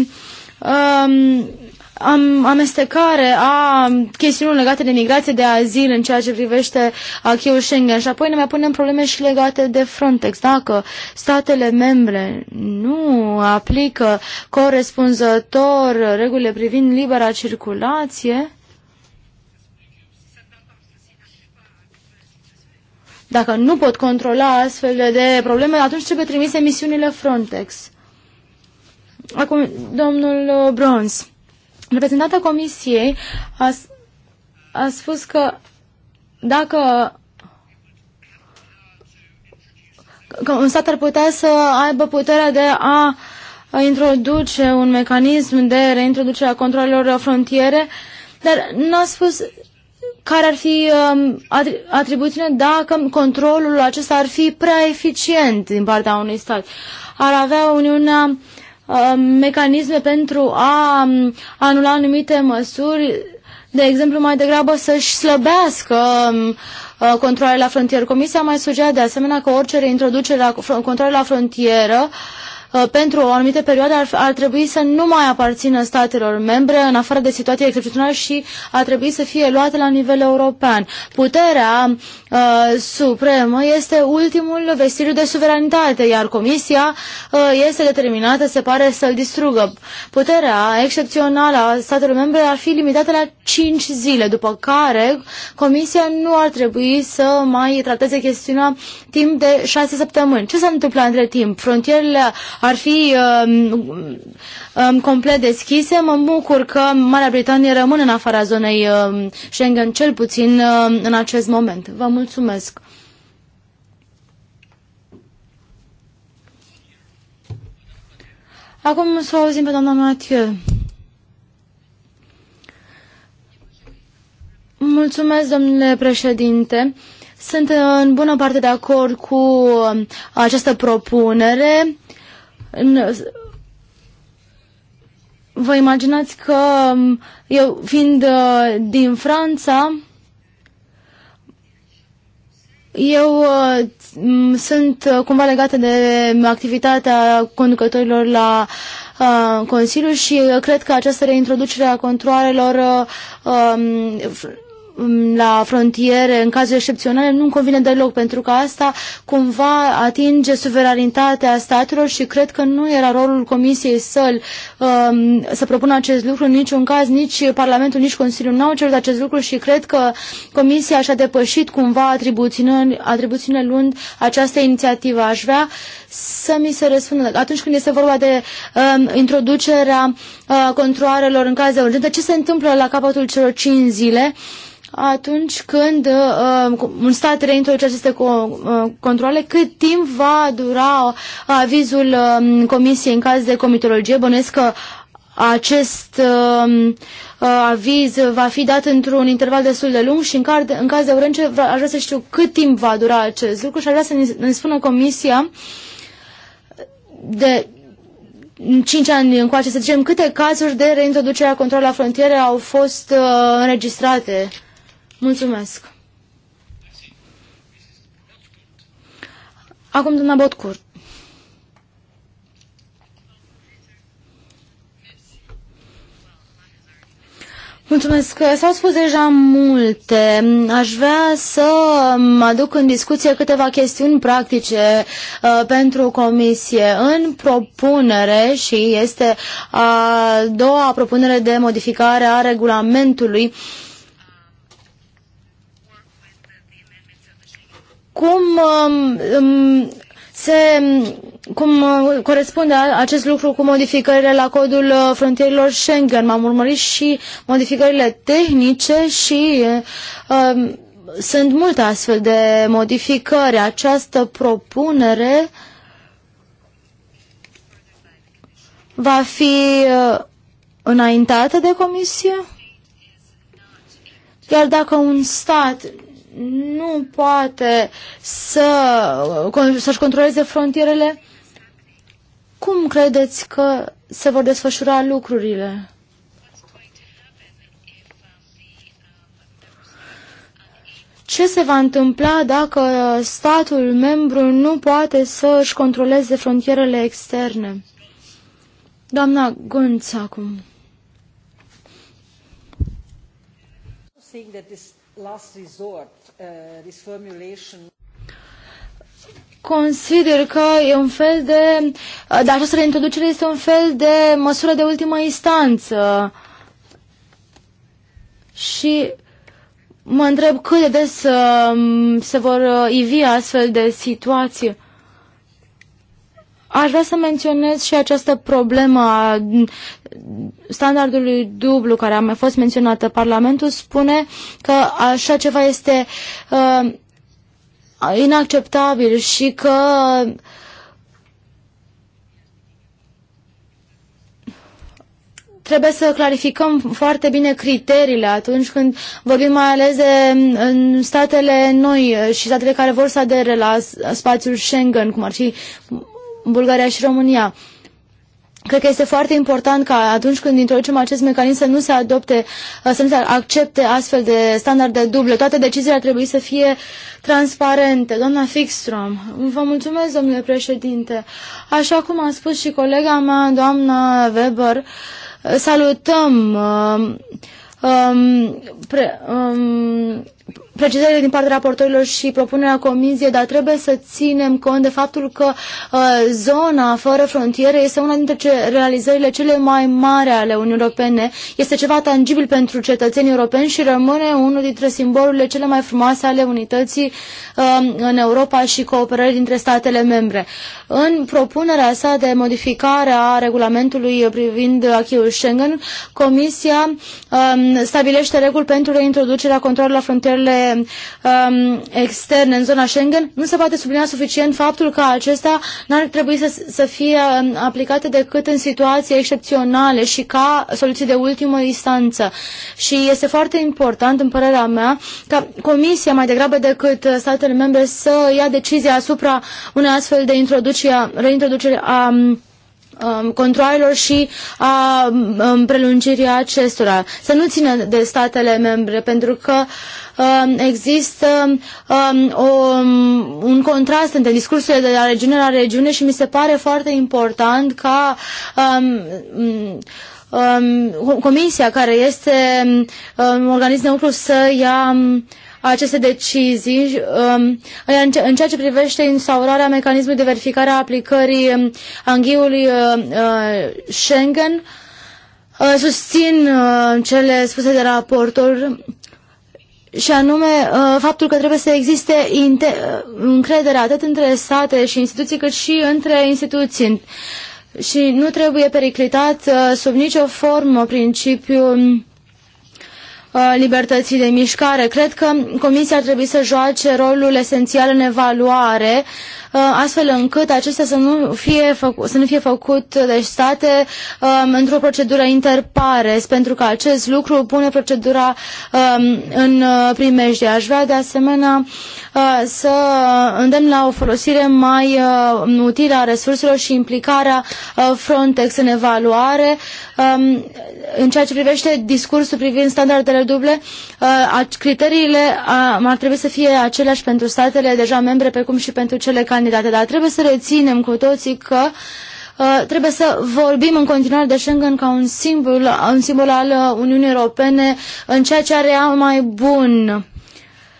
um, am, amestecare a chestiunilor legate de migrație, de azil în ceea ce privește acquis Schengen și apoi ne mai punem probleme și legate de Frontex. Dacă statele membre nu aplică corespunzător regulile privind libera circulație, Dacă nu pot controla astfel de probleme, atunci trebuie trimise misiunile Frontex. Acum, domnul uh, Brons, reprezentanta Comisiei a, a spus că dacă că un stat ar putea să aibă puterea de a introduce un mecanism de reintroducere a controlelor frontiere, dar n-a spus care ar fi um, atribuțiune dacă controlul acesta ar fi prea eficient din partea unui stat. Ar avea Uniunea um, mecanisme pentru a um, anula anumite măsuri, de exemplu, mai degrabă să-și slăbească uh, controlele la frontieră. Comisia mai sugerat de asemenea că orice reintroducere la controlele la frontieră Uh, pentru o anumită perioadă ar, ar trebui să nu mai aparțină statelor membre în afară de situații excepționale și ar trebui să fie luate la nivel european. Puterea Uh, supremă este ultimul vestiriu de suveranitate, iar Comisia uh, este determinată, se pare, să-l distrugă. Puterea excepțională a statelor membre ar fi limitată la 5 zile, după care Comisia nu ar trebui să mai trateze chestiunea timp de 6 săptămâni. Ce s-a întâmplat între timp? Frontierele ar fi um, um, complet deschise. Mă bucur că Marea Britanie rămâne în afara zonei um, Schengen, cel puțin um, în acest moment. Vă mulțumesc! Mulțumesc! Acum să o auzim pe doamna Mathieu. Mulțumesc, domnule președinte. Sunt în bună parte de acord cu um, această propunere. Vă imaginați că um, eu, fiind uh, din Franța, eu uh, sunt uh, cumva legată de activitatea conducătorilor la uh, Consiliu și uh, cred că această reintroducere a controlelor uh, um, Mm, la frontiere, în cazuri excepționale, nu convine deloc, pentru că asta cumva atinge suveranitatea statelor și cred că nu era rolul Comisiei săl um, să propună acest lucru în niciun caz, nici Parlamentul, nici Consiliul n-au cerut acest lucru și cred că Comisia și-a depășit cumva atribuțiune, luând această inițiativă. Aș vrea să mi se răspundă. Atunci când este vorba de um, introducerea uh, controarelor în caz de urgență, ce se întâmplă la capătul celor 5 zile? atunci când uh, un stat reintroduce aceste co uh, controle, cât timp va dura avizul uh, comisiei în caz de comitologie? Bănuiesc că acest um, uh, aviz va fi dat într-un interval destul de lung și în, car în caz de urgență aș vrea să știu cât timp va dura acest lucru și aș vrea să ne, ne spună comisia de 5 ani încoace, să zicem, câte cazuri de reintroducere a controlului la frontiere au fost uh, înregistrate Mulțumesc! Acum doamna Botcurt. Mulțumesc. S-au spus deja multe. Aș vrea să aduc în discuție câteva chestiuni practice uh, pentru comisie. În propunere și este a doua propunere de modificare a regulamentului cum um, um, se cum uh, corespunde acest lucru cu modificările la codul uh, frontierilor Schengen. M-am urmărit și modificările tehnice și uh, sunt multe astfel de modificări. Această propunere va fi uh, înaintată de comisie? Iar dacă un stat nu poate să, să-și controleze frontierele, cum credeți că se vor desfășura lucrurile? Ce se va întâmpla dacă statul membru nu poate să și controleze frontierele externe? Doamna Gunț, acum. Seeing that this last resort Uh, this formulation consider că e un fel de, uh, de această reintroducere este un fel de măsură de ultimă instanță. Și mă întreb cât de des uh, se vor ivi astfel de situații. Aș vrea să menționez și această problemă a standardului dublu care a mai fost menționată. Parlamentul spune că așa ceva este uh, inacceptabil și că trebuie să clarificăm foarte bine criteriile atunci când vorbim mai ales de statele noi și statele care vor să adere la spațiul Schengen, cum ar fi Bulgaria și România. Cred că este foarte important ca atunci când introducem acest mecanism să nu se adopte, uh, să nu se accepte astfel de standarde duble. Toate deciziile ar trebui să fie transparente. Doamna Fixstrom, vă mulțumesc, domnule președinte. Așa cum a spus și colega mea, doamna Weber, salutăm um, um, pre, um, precizările din partea raportorilor și propunerea comisiei, dar trebuie să ținem cont de faptul că uh, zona fără frontiere este una dintre ce, realizările cele mai mari ale Uniunii Europene. Este ceva tangibil pentru cetățenii europeni și rămâne unul dintre simbolurile cele mai frumoase ale unității uh, în Europa și cooperării dintre statele membre. În propunerea sa de modificare a regulamentului privind acquis Schengen, Comisia uh, stabilește reguli pentru reintroducerea controlului la frontieră frontierele um, externe în zona Schengen, nu se poate sublinia suficient faptul că acesta n-ar trebui să, să fie um, aplicate decât în situații excepționale și ca soluții de ultimă instanță. Și este foarte important, în părerea mea, ca Comisia, mai degrabă decât statele membre, să ia decizia asupra unei astfel de introducere, reintroducere a um, Um, controalelor și a um, um, prelungirii acestora. Să nu țină de statele membre, pentru că există un contrast între discursurile de la regiune la regiune și mi se pare foarte important ca comisia care este organism neutru să ia aceste decizii um, în ceea ce privește instaurarea mecanismului de verificare a aplicării um, anghiului uh, uh, Schengen. Uh, susțin cele spuse de raportor și anume faptul că trebuie să existe încredere atât între state și instituții cât și între instituții și nu trebuie periclitat sub nicio formă principiul Uh, libertății de mișcare. Cred că Comisia ar trebui să joace rolul esențial în evaluare, uh, astfel încât acestea să nu fie, făcu- să nu fie făcut de deci, state um, într-o procedură interpares, pentru că acest lucru pune procedura um, în uh, primejdie. Aș vrea de asemenea să îndemn la o folosire mai utilă a resurselor și implicarea Frontex în evaluare um, în ceea ce privește discursul privind standardele standarde duble, uh, criteriile uh, ar trebui să fie aceleași pentru statele deja membre, precum și pentru cele candidate, dar trebuie să reținem cu toții că uh, trebuie să vorbim în continuare de Schengen ca un simbol, un simbol al Uniunii Europene în ceea ce are mai bun.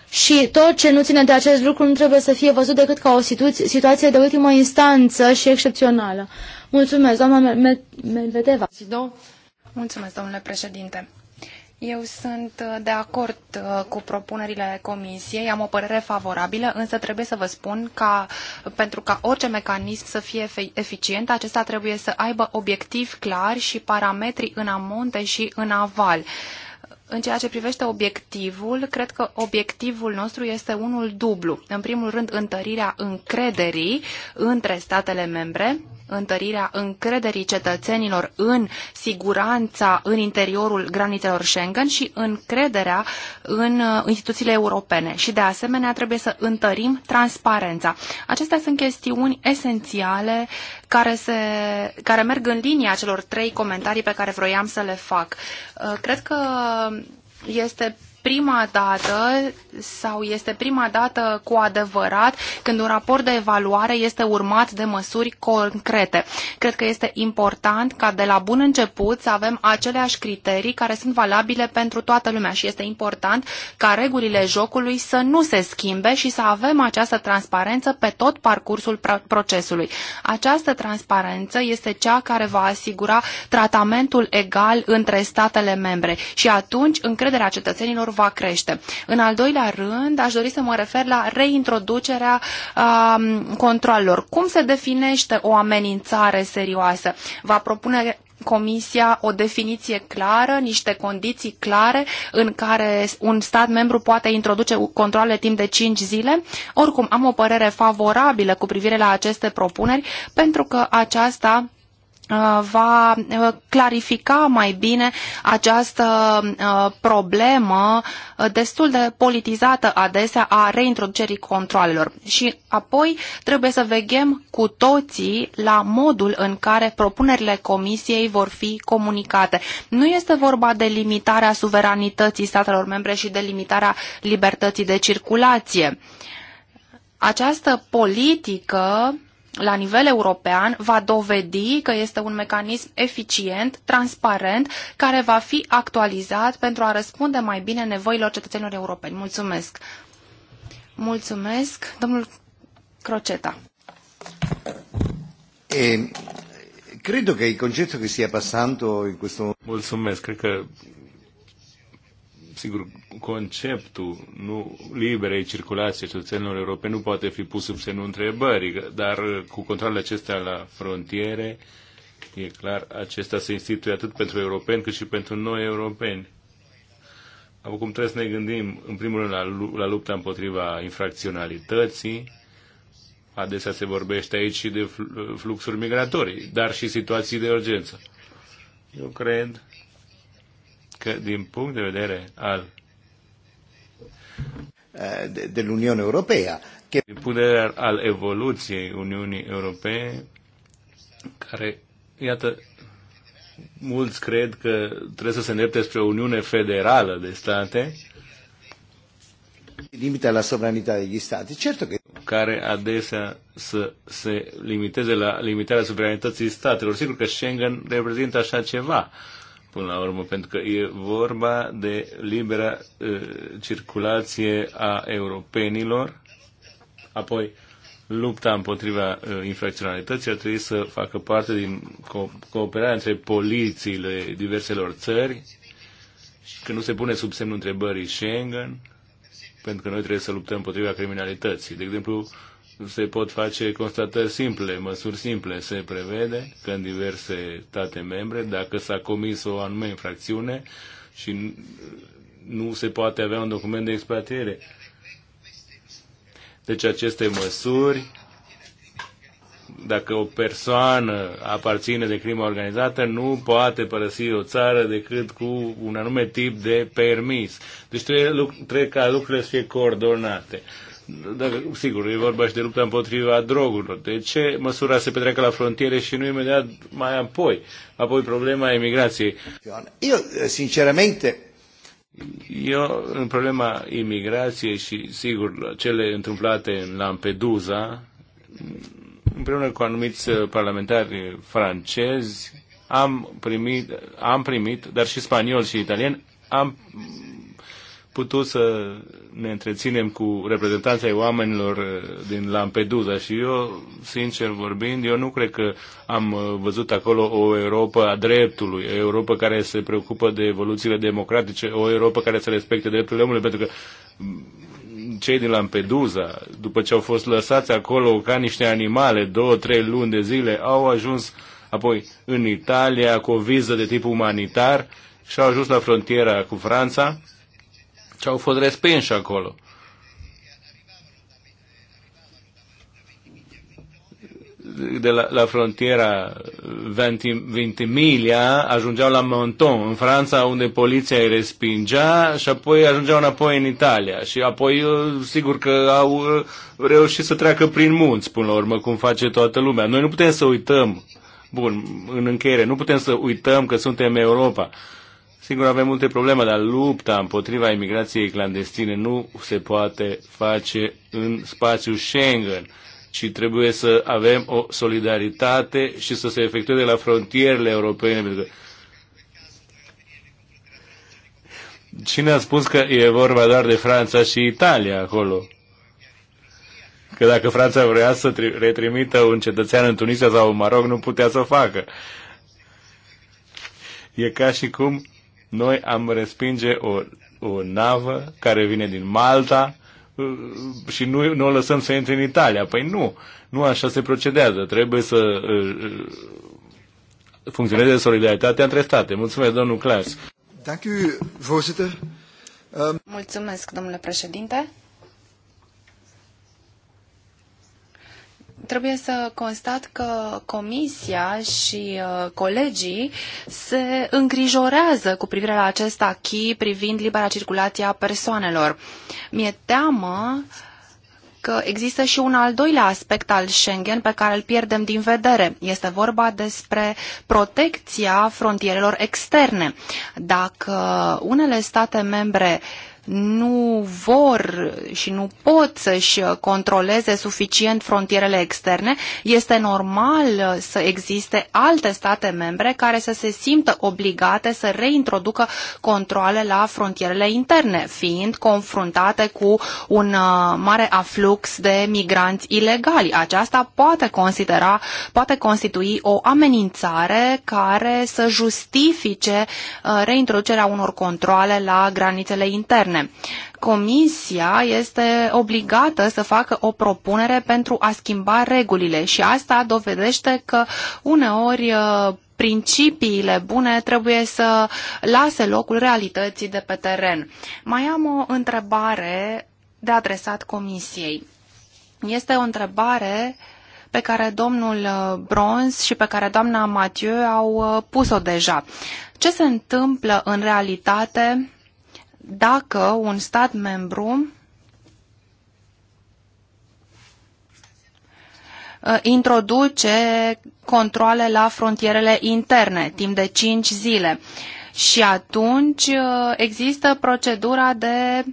Și tot ce nu ține de acest lucru nu trebuie să fie văzut decât ca o situ- situație de ultimă instanță și excepțională. Mulțumesc, doamna Medvedeva. Mulțumesc, domnule președinte. Eu sunt uh, de acord uh, cu propunerile comisiei, am o părere favorabilă, însă trebuie să vă spun că pentru ca orice mecanism să fie eficient, acesta trebuie să aibă obiectiv clar și parametri în amonte și în aval. În ceea ce privește obiectivul, cred că obiectivul nostru este unul dublu. În primul rând, întărirea încrederii între statele membre, întărirea încrederii cetățenilor în siguranța în interiorul granițelor Schengen și încrederea în uh, instituțiile europene. Și de asemenea trebuie să întărim transparența. Acestea sunt chestiuni esențiale care, se, care merg în linia celor trei comentarii pe care vroiam să le fac. Uh, cred că este prima dată sau este prima dată cu adevărat când un raport de evaluare este urmat de măsuri concrete. Cred că este important ca de la bun început să avem aceleași criterii care sunt valabile pentru toată lumea și este important ca regulile jocului să nu se schimbe și să avem această transparență pe tot parcursul procesului. Această transparență este cea care va asigura tratamentul egal între statele membre și atunci încrederea cetățenilor va crește. În al doilea doilea rând, aș dori să mă refer la reintroducerea um, controlelor. Cum se definește o amenințare serioasă? Va propune Comisia o definiție clară, niște condiții clare în care un stat membru poate introduce controle timp de 5 zile. Oricum, am o părere favorabilă cu privire la aceste propuneri pentru că aceasta Uh, va uh, clarifica mai bine această uh, problemă destul de politizată adesea a reintroducerii controlelor. Și apoi trebuie să veghem cu toții la modul în care propunerile comisiei vor fi comunicate. Nu este vorba de limitarea suveranității statelor membre și de limitarea libertății de circulație. Această politică la nivel european va dovedi că este un mecanism eficient, transparent, care va fi actualizat pentru a răspunde mai bine nevoilor cetățenilor europeni. Mulțumesc! Mulțumesc, domnul Croceta. E, că che il Mulțumesc, cred că sigur, conceptul nu, liberei circulații cetățenilor europeni nu poate fi pus sub semnul întrebării, dar uh, cu controlele acestea la frontiere, e clar, acesta se instituie atât pentru europeni cât și pentru noi europeni. Acum trebuie să ne gândim, în primul rând, la, la lupta împotriva infracționalității. Adesea se vorbește aici și de uh, fluxuri migratorii, dar și situații de urgență. Eu cred că din punct de vedere al eh, de, de l'Unione Europea. Che... Din punct de vedere al evoluției Uniunii Europene, care, iată, mulți cred că trebuie să se îndrepte spre o Uniune Federală de state, Limita la sovranità degli stati. Certo che... care adesea să se limiteze la limitarea suveranității statelor. Sigur că Schengen reprezintă așa ceva, până la urmă, pentru că e vorba de libera uh, circulație a europenilor, apoi lupta împotriva uh, infracționalității ar trebui să facă parte din co- cooperarea între polițiile diverselor țări, că nu se pune sub semnul întrebării Schengen, pentru că noi trebuie să luptăm împotriva criminalității. De exemplu, se pot face constatări simple, măsuri simple. Se prevede că în diverse state membre, dacă s-a comis o anume infracțiune și nu se poate avea un document de expatriere. Deci aceste măsuri, dacă o persoană aparține de crimă organizată, nu poate părăsi o țară decât cu un anume tip de permis. Deci trebuie, trebuie ca lucrurile să fie coordonate. Dacă, sigur, e vorba și de lupta împotriva drogurilor. De ce măsura se petreacă la frontiere și nu imediat mai apoi? Apoi problema emigrației. Eu, sinceramente, eu, în problema imigrației și, sigur, cele întâmplate în Lampedusa, împreună cu anumiți parlamentari francezi, am primit, am primit dar și spanioli și italieni, am putut să ne întreținem cu reprezentanții ai oamenilor eh, din Lampedusa și eu, sincer vorbind, eu nu cred că am eh, văzut acolo o Europa a dreptului, o Europa care se preocupă de evoluțiile democratice, o Europa care să respecte drepturile omului, pentru că mm, cei din Lampedusa, după ce au fost lăsați acolo ca niște animale, două, trei luni de zile, au ajuns apoi în Italia cu o viză de tip umanitar și au ajuns la frontiera cu Franța ce au fost respinși acolo. de la, la frontiera Ventimiglia ajungeau la Monton, în Franța, unde poliția îi respingea și apoi ajungeau înapoi în Italia. Și apoi, uh, sigur că au uh, reușit să treacă prin munți, până la urmă, cum face toată lumea. Noi nu putem să uităm, bun, în încheiere, nu putem să uităm că suntem Europa. Uh, Sigur, avem multe probleme, dar lupta împotriva imigrației clandestine nu se poate face în spațiul Schengen, ci trebuie să avem o solidaritate și să se efectueze la frontierele europene. Cine a spus că e vorba doar de Franța și Italia acolo? Că dacă Franța vrea să retrimită un cetățean în Tunisia sau în Maroc, nu putea să o facă. E ca și cum noi am respinge o, o navă care vine din Malta uh, uh, și nu, nu o lăsăm să intre în Italia. Păi nu, nu așa se procedează. Trebuie să uh, funcționeze solidaritatea între state. Mulțumesc, domnul Clas. Mulțumesc, domnule președinte. trebuie să constat că comisia și uh, colegii se îngrijorează cu privire la acest achii privind libera circulație a persoanelor. Mi-e teamă că există și un al doilea aspect al Schengen pe care îl pierdem din vedere. Este vorba despre protecția frontierelor externe. Dacă unele state membre uh, nu vor și nu pot să-și controleze suficient frontierele externe, este normal să existe alte state membre care să se simtă obligate să reintroducă controle la frontierele interne, fiind confruntate cu un uh, mare aflux de migranți ilegali. Aceasta poate considera, poate constitui o amenințare care să justifice uh, reintroducerea unor controle la granițele interne interne. Comisia este obligată să facă o propunere pentru a schimba regulile și asta dovedește că uneori uh, principiile bune trebuie să lase locul realității de pe teren. Mai am o întrebare de adresat Comisiei. Este o întrebare pe care domnul uh, Bronz și pe care doamna Mathieu au uh, pus-o deja. Ce se întâmplă în realitate dacă un stat membru uh, introduce controle la frontierele interne timp de 5 zile. Și atunci uh, există procedura de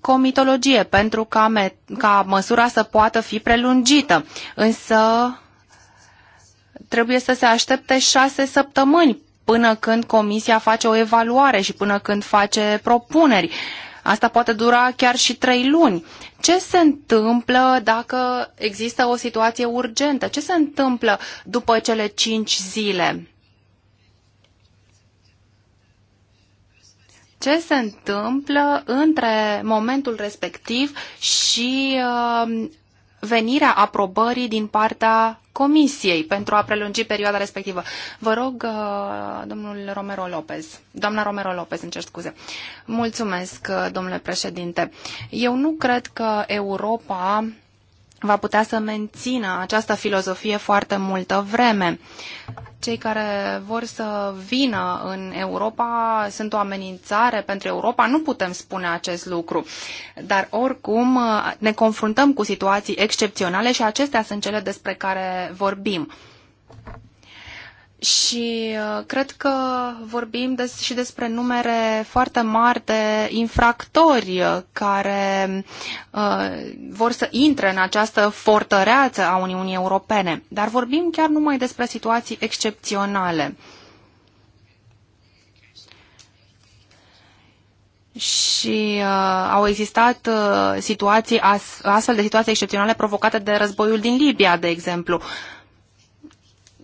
comitologie pentru ca, me- ca măsura să poată fi prelungită. Însă trebuie să se aștepte șase săptămâni până când comisia face o evaluare și până când face propuneri. Asta poate dura chiar și trei luni. Ce se întâmplă dacă există o situație urgentă? Ce se întâmplă după cele cinci zile? ce se întâmplă între momentul respectiv și uh, venirea aprobării din partea Comisiei pentru a prelungi perioada respectivă. Vă rog, uh, domnul Romero Lopez, doamna Romero Lopez, încerc scuze. Mulțumesc, uh, domnule președinte. Eu nu cred că Europa va putea să mențină această filozofie foarte multă vreme. Cei care vor să vină în Europa sunt o amenințare pentru Europa, nu putem spune acest lucru. Dar oricum ne confruntăm cu situații excepționale și acestea sunt cele despre care vorbim. Și uh, cred că vorbim des, și despre numere foarte mari de infractori uh, care uh, vor să intre în această fortăreață a Uniunii Europene. Dar vorbim chiar numai despre situații excepționale. și uh, au existat uh, situații as, astfel de situații excepționale provocate de războiul din Libia, de exemplu. Uh,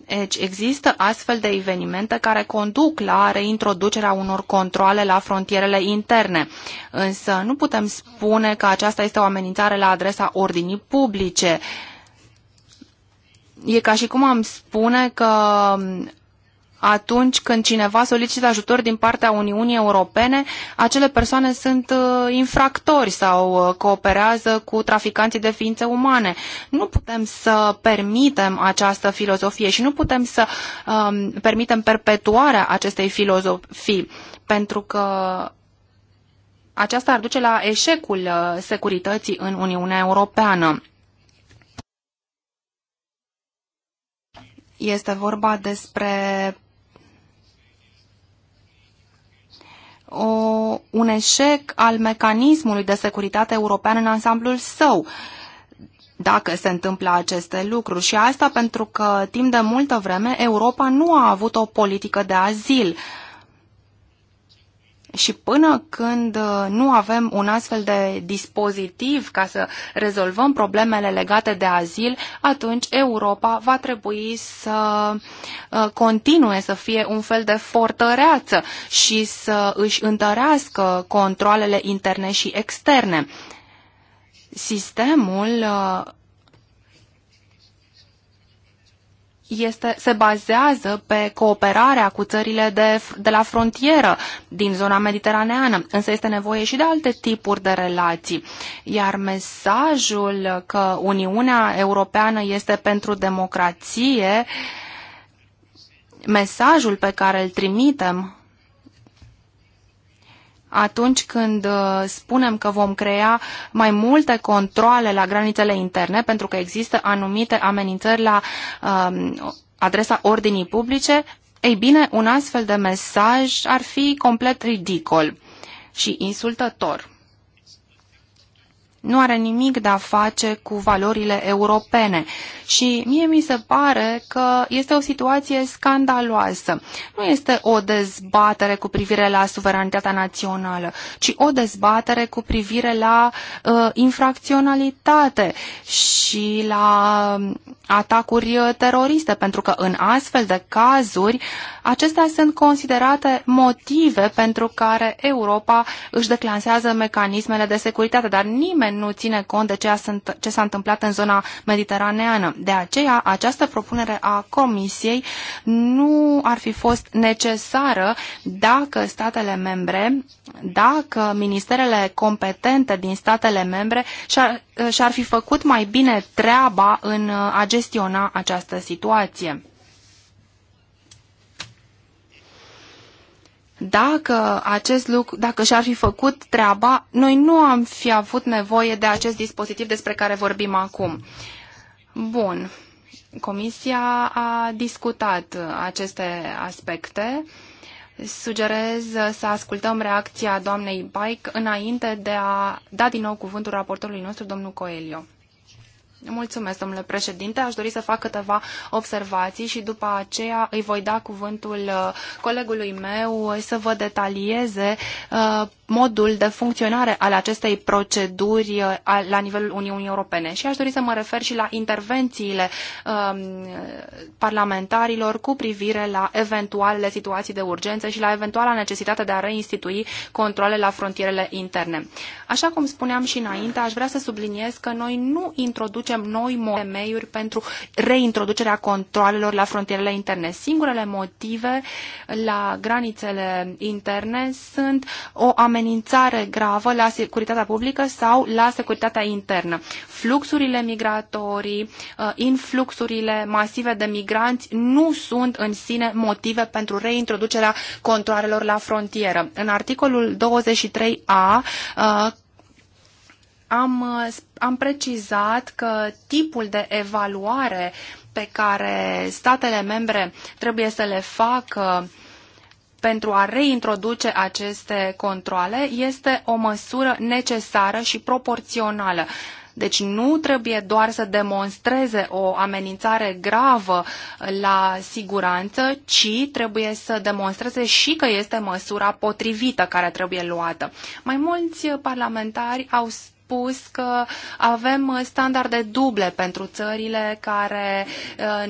deci există astfel de evenimente care conduc la reintroducerea unor controle la frontierele interne, însă nu putem spune că aceasta este o amenințare la adresa ordinii publice. E ca și cum am spune că atunci când cineva solicită ajutor din partea Uniunii Europene, acele persoane sunt uh, infractori sau uh, cooperează cu traficanții de ființe umane. Nu putem să permitem această filozofie și nu putem să um, permitem perpetuarea acestei filozofii, pentru că aceasta ar duce la eșecul uh, securității în Uniunea Europeană. Este vorba despre o, un eșec al mecanismului de securitate european în ansamblul său dacă se întâmplă aceste lucruri. Și asta pentru că timp de multă vreme Europa nu a avut o politică de azil. Uh, și până când uh, nu avem un astfel de dispozitiv ca să rezolvăm problemele legate de azil, atunci Europa va trebui să uh, continue să fie un fel de fortăreață și să își întărească controlele interne și externe. Sistemul uh, este, se bazează pe cooperarea cu țările de, de la frontieră din zona mediteraneană, însă este nevoie și de alte tipuri de relații. Iar mesajul că Uniunea Europeană este pentru democrație, mesajul pe care îl trimitem atunci când uh, spunem că vom crea mai multe controle la granițele interne, pentru că există anumite amenințări la um, adresa ordinii publice, ei bine, un astfel de mesaj ar fi complet ridicol și insultător nu are nimic de a face cu valorile europene. Și mie mi se pare că este o situație scandaloasă. Nu este o dezbatere cu privire la suveranitatea națională, ci o dezbatere cu privire la uh, infracționalitate și la um, atacuri teroriste, pentru că în astfel de cazuri acestea sunt considerate motive pentru care Europa își declansează mecanismele de securitate, dar nimeni nu ține cont de ce s-a întâmplat în zona mediteraneană. De aceea, această propunere a Comisiei nu ar fi fost necesară dacă statele membre, dacă ministerele competente din statele membre și-ar, și-ar fi făcut mai bine treaba în a gestiona această situație. Dacă acest lucru, dacă și-ar fi făcut treaba, noi nu am fi avut nevoie de acest dispozitiv despre care vorbim acum. Bun. Comisia a discutat aceste aspecte. Sugerez să ascultăm reacția doamnei Baic înainte de a da din nou cuvântul raportorului nostru, domnul Coelio. Mulțumesc, domnule președinte. Aș dori să fac câteva observații și după aceea îi voi da cuvântul uh, colegului meu să vă detalieze uh, modul de funcționare al acestei proceduri uh, la nivelul Uniunii Europene. Și aș dori să mă refer și la intervențiile um, parlamentarilor cu privire la eventualele situații de urgență și la eventuala necesitate de a reinstitui controle la frontierele interne. Așa cum spuneam și înainte, aș vrea să subliniez că noi nu introducem noi temeiuri pentru reintroducerea controlelor la frontierele interne. Singurele motive la granițele interne sunt o amenințare amenințare gravă la securitatea publică sau la securitatea internă. Fluxurile migratorii, uh, influxurile masive de migranți nu sunt în sine motive pentru reintroducerea controarelor la frontieră. În articolul 23a, uh, am, uh, am precizat că tipul de evaluare pe care statele membre trebuie să le facă pentru a reintroduce aceste controle este o măsură necesară și proporțională. Deci nu trebuie doar să demonstreze o amenințare gravă la siguranță, ci trebuie să demonstreze și că este măsura potrivită care trebuie luată. Mai mulți parlamentari au spus că avem standarde duble pentru țările care uh,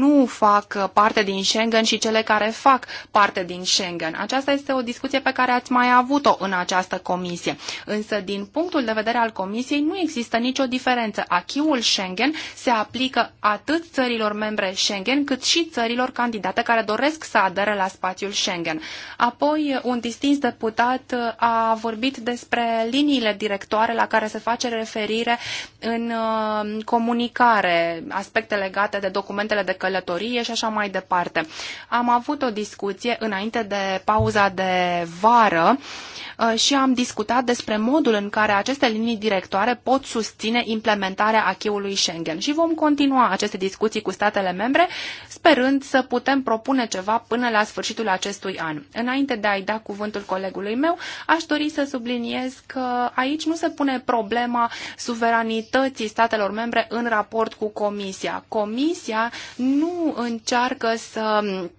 nu fac parte din Schengen și cele care fac parte din Schengen. Aceasta este o discuție pe care ați mai avut-o în această comisie. Însă, din punctul de vedere al comisiei, nu există nicio diferență. Achiul Schengen se aplică atât țărilor membre Schengen, cât și țărilor candidate care doresc să adere la spațiul Schengen. Apoi, un distins deputat uh, a vorbit despre liniile directoare la care se face referire în uh, comunicare, aspecte legate de documentele de călătorie și așa mai departe. Am avut o discuție înainte de pauza de vară uh, și am discutat despre modul în care aceste linii directoare pot susține implementarea acheului Schengen și vom continua aceste discuții cu statele membre, sperând să putem propune ceva până la sfârșitul acestui an. Înainte de a-i da cuvântul colegului meu, aș dori să subliniez că aici nu se pune pune problema suveranității statelor membre în raport cu Comisia. Comisia nu încearcă să um,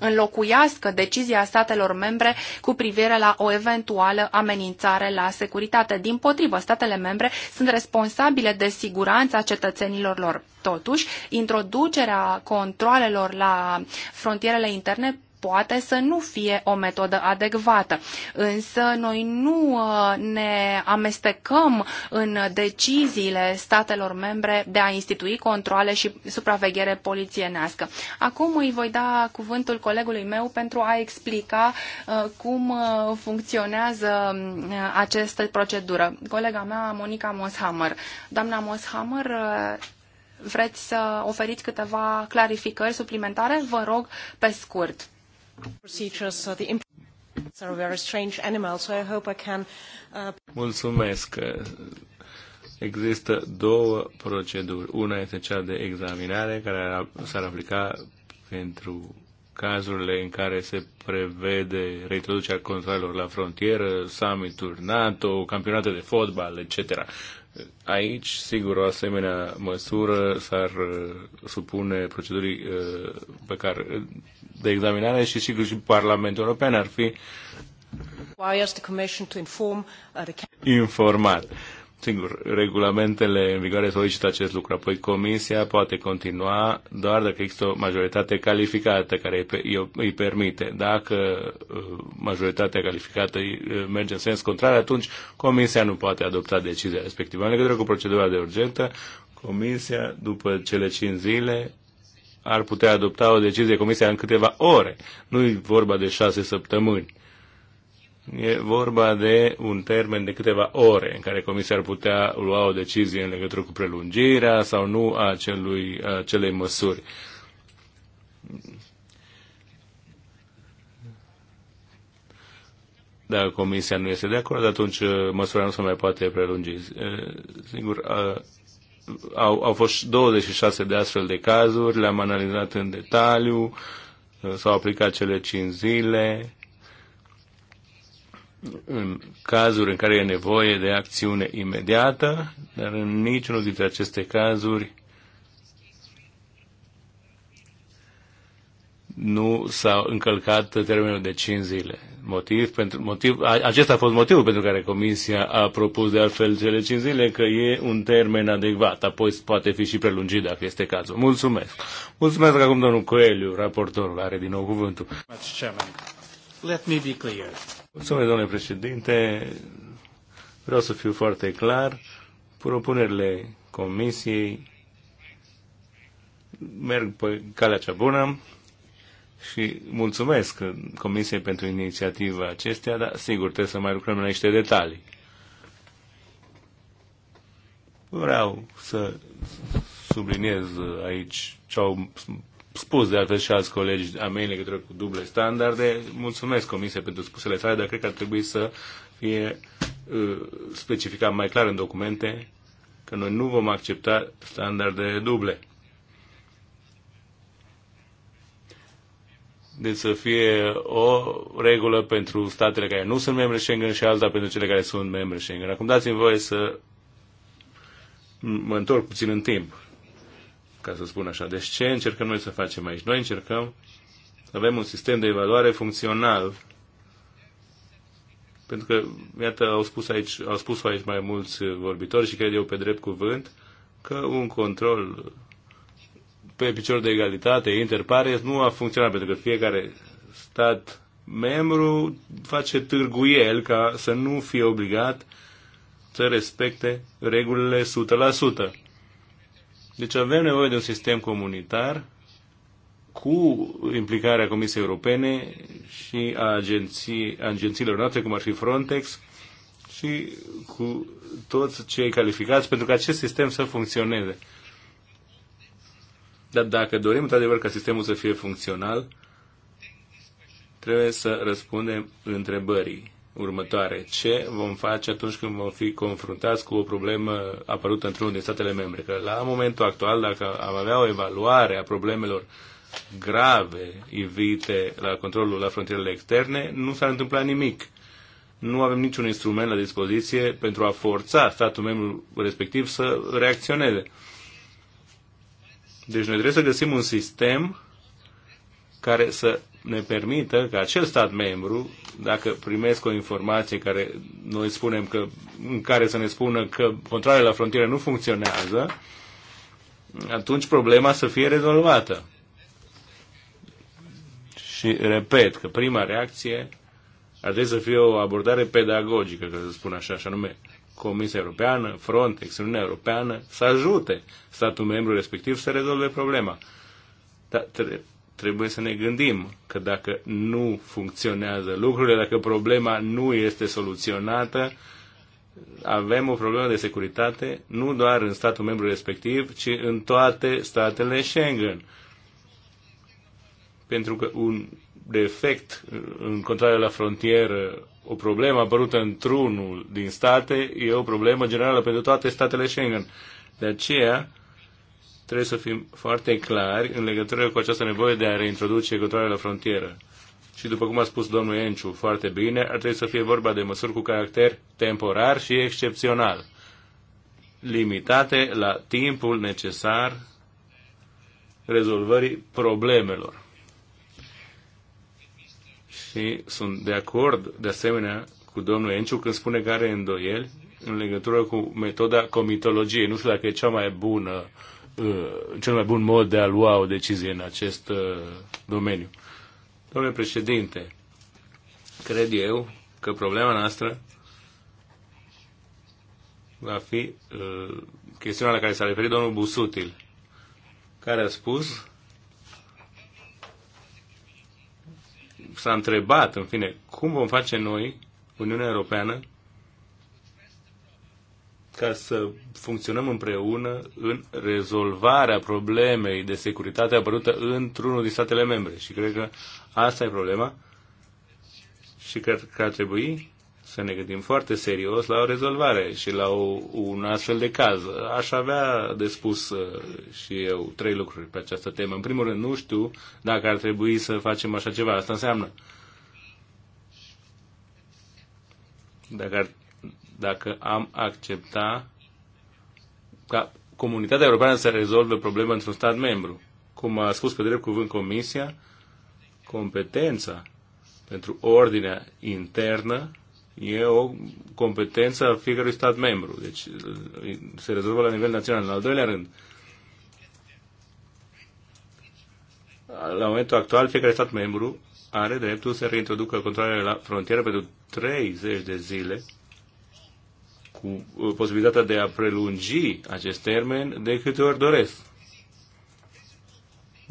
înlocuiască decizia statelor membre cu privire la o eventuală amenințare la securitate. Din potrivă, statele membre sunt responsabile de siguranța cetățenilor lor. Totuși, introducerea controlelor la frontierele interne poate să nu fie o metodă adecvată. Însă noi nu uh, ne amestecăm în deciziile statelor membre de a institui controle și supraveghere polițienească. Acum îi voi da cuvântul colegului meu pentru a explica uh, cum uh, funcționează această procedură. Colega mea, Monica Moshammer. Doamna Moshammer, vreți să oferiți câteva clarificări suplimentare? Vă rog, pe scurt. Mulțumesc. Există două proceduri. Una este cea de examinare care s-ar aplica pentru cazurile în care se prevede reintroducerea controlelor la frontieră, summituri NATO, campionate de fotbal, etc. Aici, sigur, o asemenea măsură s-ar uh, supune procedurii uh, pe care de examinare și sigur și Parlamentul European ar fi uh, informat. Sigur, regulamentele în vigoare solicită acest lucru. Apoi comisia poate continua doar dacă există o majoritate calificată care îi permite. Dacă uh, majoritatea calificată uh, merge în sens contrar, atunci comisia nu poate adopta decizia respectivă. În legătură cu procedura de urgentă, comisia, după cele 5 zile, ar putea adopta o decizie Comisia în câteva ore. Nu e vorba de șase săptămâni. E vorba de un termen de câteva ore în care Comisia ar putea lua o decizie în legătură cu prelungirea sau nu a, acelui, acelei măsuri. Dacă Comisia nu este de acord, atunci uh, măsura nu se mai poate prelungi. Uh, Singur. Uh, au, au fost 26 de astfel de cazuri, le-am analizat în detaliu, s-au aplicat cele 5 zile, în cazuri în care e nevoie de acțiune imediată, dar în niciunul dintre aceste cazuri nu s-a încălcat termenul de 5 zile motiv pentru, motiv, acesta a fost motivul pentru care Comisia a propus de altfel cele 5 zile, că e un termen adecvat, apoi poate fi și prelungit dacă este cazul. Mulțumesc! Mulțumesc acum domnul Coeliu, raportorul, are din nou cuvântul. Let me be clear. Mulțumesc, domnule președinte. Vreau să fiu foarte clar. Propunerile Comisiei merg pe calea cea bună și mulțumesc Comisiei pentru inițiativa acestea, dar sigur trebuie să mai lucrăm la niște detalii. Vreau să subliniez aici ce au spus de altfel și alți colegi a mei legătură cu duble standarde. Mulțumesc Comisiei pentru spusele sale, dar cred că ar trebui să fie uh, specificat mai clar în documente că noi nu vom accepta standarde duble. deci să fie o regulă pentru statele care nu sunt membre Schengen și alta pentru cele care sunt membre Schengen. Acum dați-mi voie să mă întorc puțin în timp, ca să spun așa. Deci ce încercăm noi să facem aici? Noi încercăm să avem un sistem de evaluare funcțional pentru că, iată, au spus aici, au spus aici mai mulți vorbitori și cred eu pe drept cuvânt că un control pe picior de egalitate, pares, nu a funcționat, pentru că fiecare stat membru face târguiel ca să nu fie obligat să respecte regulile 100%. Deci avem nevoie de un sistem comunitar cu implicarea Comisiei Europene și a agenții, agențiilor noastre, cum ar fi Frontex, și cu toți cei calificați pentru că acest sistem să funcționeze. Dar dacă dorim într-adevăr ca sistemul să fie funcțional, trebuie să răspundem întrebării următoare. Ce vom face atunci când vom fi confruntați cu o problemă apărută într-unul din statele membre? Că la momentul actual, dacă am avea o evaluare a problemelor grave evite la controlul la frontierele externe, nu s-ar întâmpla nimic. Nu avem niciun instrument la dispoziție pentru a forța statul membru respectiv să reacționeze. Deci noi trebuie să găsim un sistem care să ne permită că acel stat membru, dacă primesc o informație care noi spunem că, în care să ne spună că controlele la frontieră nu funcționează, atunci problema să fie rezolvată. Și repet că prima reacție ar trebui să fie o abordare pedagogică, ca să spun așa, și anume Comisia Europeană, Frontex, Uniunea Europeană să ajute statul membru respectiv să rezolve problema. Dar trebuie să ne gândim că dacă nu funcționează lucrurile, dacă problema nu este soluționată, avem o problemă de securitate nu doar în statul membru respectiv, ci în toate statele Schengen. Pentru că un de efect, în controlele la frontieră, o problemă apărută într-unul din state, e o problemă generală pentru toate statele Schengen. De aceea, trebuie să fim foarte clari în legătură cu această nevoie de a reintroduce controlele la frontieră. Și după cum a spus domnul Enciu foarte bine, ar trebui să fie vorba de măsuri cu caracter temporar și excepțional, limitate la timpul necesar rezolvării problemelor. Și sunt de acord, de asemenea, cu domnul Enciu când spune că are îndoieli în legătură cu metoda comitologiei. Nu știu dacă e cea mai bună, uh, cel mai bun mod de a lua o decizie în acest uh, domeniu. Domnule președinte, cred eu că problema noastră va fi uh, chestiunea la care s-a referit domnul Busutil, care a spus s-a întrebat, în fine, cum vom face noi, Uniunea Europeană, ca să funcționăm împreună în rezolvarea problemei de securitate apărută într-unul din statele membre. Și cred că asta e problema și cred că ar trebui să ne gândim foarte serios la o rezolvare și la o, un astfel de caz. Aș avea de spus uh, și eu trei lucruri pe această temă. În primul rând, nu știu dacă ar trebui să facem așa ceva. Asta înseamnă dacă, ar, dacă am accepta ca comunitatea europeană să rezolve problema într-un stat membru. Cum a spus pe drept cuvânt Comisia, competența pentru ordinea internă e o competență a fiecărui stat membru. Deci se rezolvă la nivel național. În al doilea rând, la momentul actual, fiecare stat membru are dreptul să reintroducă controlele la frontieră pentru 30 de zile cu uh, posibilitatea de a prelungi acest termen de câte ori doresc.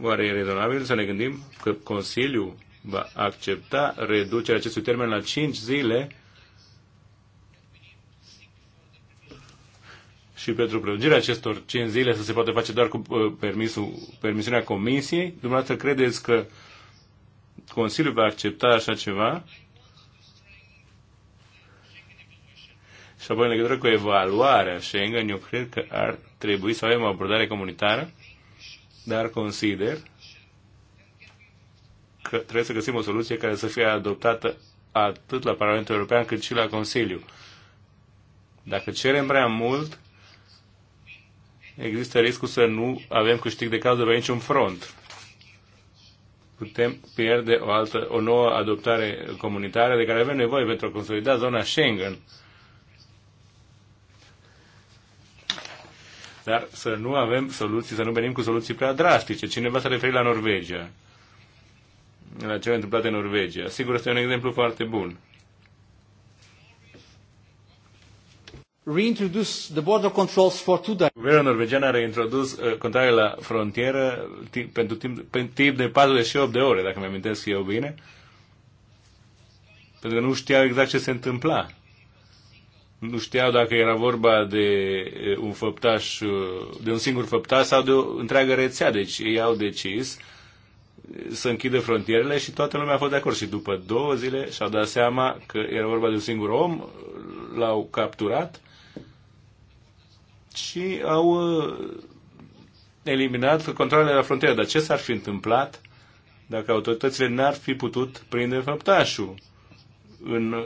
Oare e rezonabil să ne gândim că Consiliul va accepta reducerea acestui termen la 5 zile și pentru prelungirea acestor 5 zile să se poate face doar cu uh, permisul, permisiunea comisiei? Dumneavoastră credeți că Consiliul va accepta așa ceva? Și apoi în legătură cu evaluarea Schengen, eu cred că ar trebui să avem o abordare comunitară, dar consider că trebuie să găsim o soluție care să fie adoptată atât la Parlamentul European cât și la Consiliu. Dacă cerem prea mult, există riscul să nu avem câștig de cauză pe niciun front. Putem pierde o, altă, o nouă adoptare comunitară de care avem nevoie pentru a consolida zona Schengen. Dar să nu avem soluții, să nu venim cu soluții prea drastice. Cineva s-a referit la Norvegia, la ce a întâmplat în Norvegia. Sigur, este un exemplu foarte bun. reintroduce the border controls for two days. Guvernul norvegian a reintrodus uh, controlele la frontieră timp, pentru timp, pe, timp de 48 de ore, dacă mi amintesc eu bine, pentru că nu știau exact ce se întâmpla. Nu știau dacă era vorba de uh, un făptaș, uh, de un singur făptaș sau de o întreagă rețea. Deci ei au decis uh, să închidă frontierele și toată lumea a fost de acord. Și după două zile și-au dat seama că era vorba de un singur om, l-au capturat și au uh, eliminat controlele la frontieră. Dar ce s-ar fi întâmplat dacă autoritățile n-ar fi putut prinde făptașul în uh,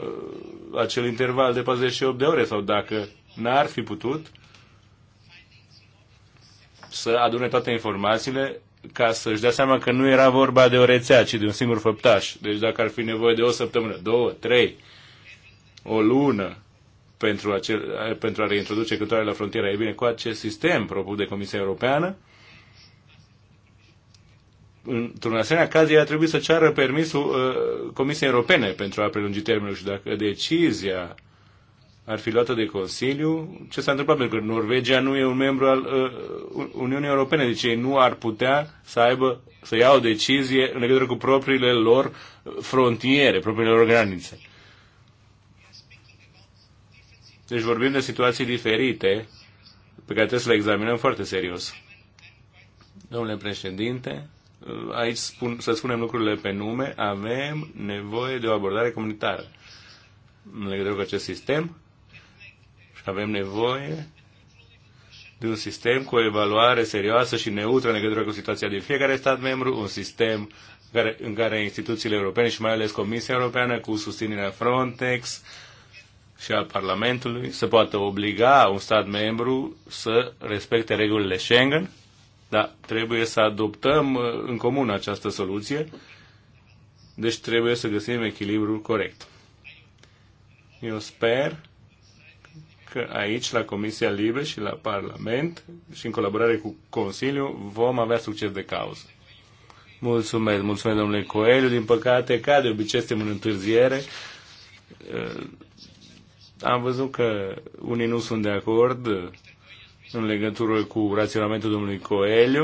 acel interval de 48 de ore sau dacă n-ar fi putut să adune toate informațiile ca să-și dea seama că nu era vorba de o rețea, ci de un singur făptaș. Deci dacă ar fi nevoie de o săptămână, două, trei, o lună, pentru, acel, pentru a reintroduce cântoare la frontieră. E bine, cu acest sistem propus de Comisia Europeană, într-un asemenea caz, ea trebuie să ceară permisul uh, Comisiei Europene pentru a prelungi termenul și dacă decizia ar fi luată de Consiliu, ce s-a întâmplat? Pentru că Norvegia nu e un membru al uh, Uniunii Europene, deci ei nu ar putea să aibă, să ia o decizie în legătură cu propriile lor frontiere, propriile lor granițe. Deci vorbim de situații diferite pe care trebuie să le examinăm foarte serios. Domnule președinte, aici spun, să spunem lucrurile pe nume, avem nevoie de o abordare comunitară în legătură cu acest sistem și avem nevoie de un sistem cu o evaluare serioasă și neutră în legătură cu situația din fiecare stat membru, un sistem care, în care instituțiile europene și mai ales Comisia Europeană cu susținerea Frontex, uh, și al Parlamentului să poată obliga un stat membru să respecte regulile Schengen, dar trebuie să adoptăm uh, în comun această soluție, deci trebuie să găsim echilibrul corect. Eu sper că aici, la Comisia Libe și la Parlament și în colaborare cu Consiliul, vom avea succes de cauză. Mulțumesc, mulțumesc domnule Coelho. Din păcate, ca de obicei, suntem în întârziere. Uh, am văzut că unii nu sunt de acord în legătură cu raționamentul domnului Coelho.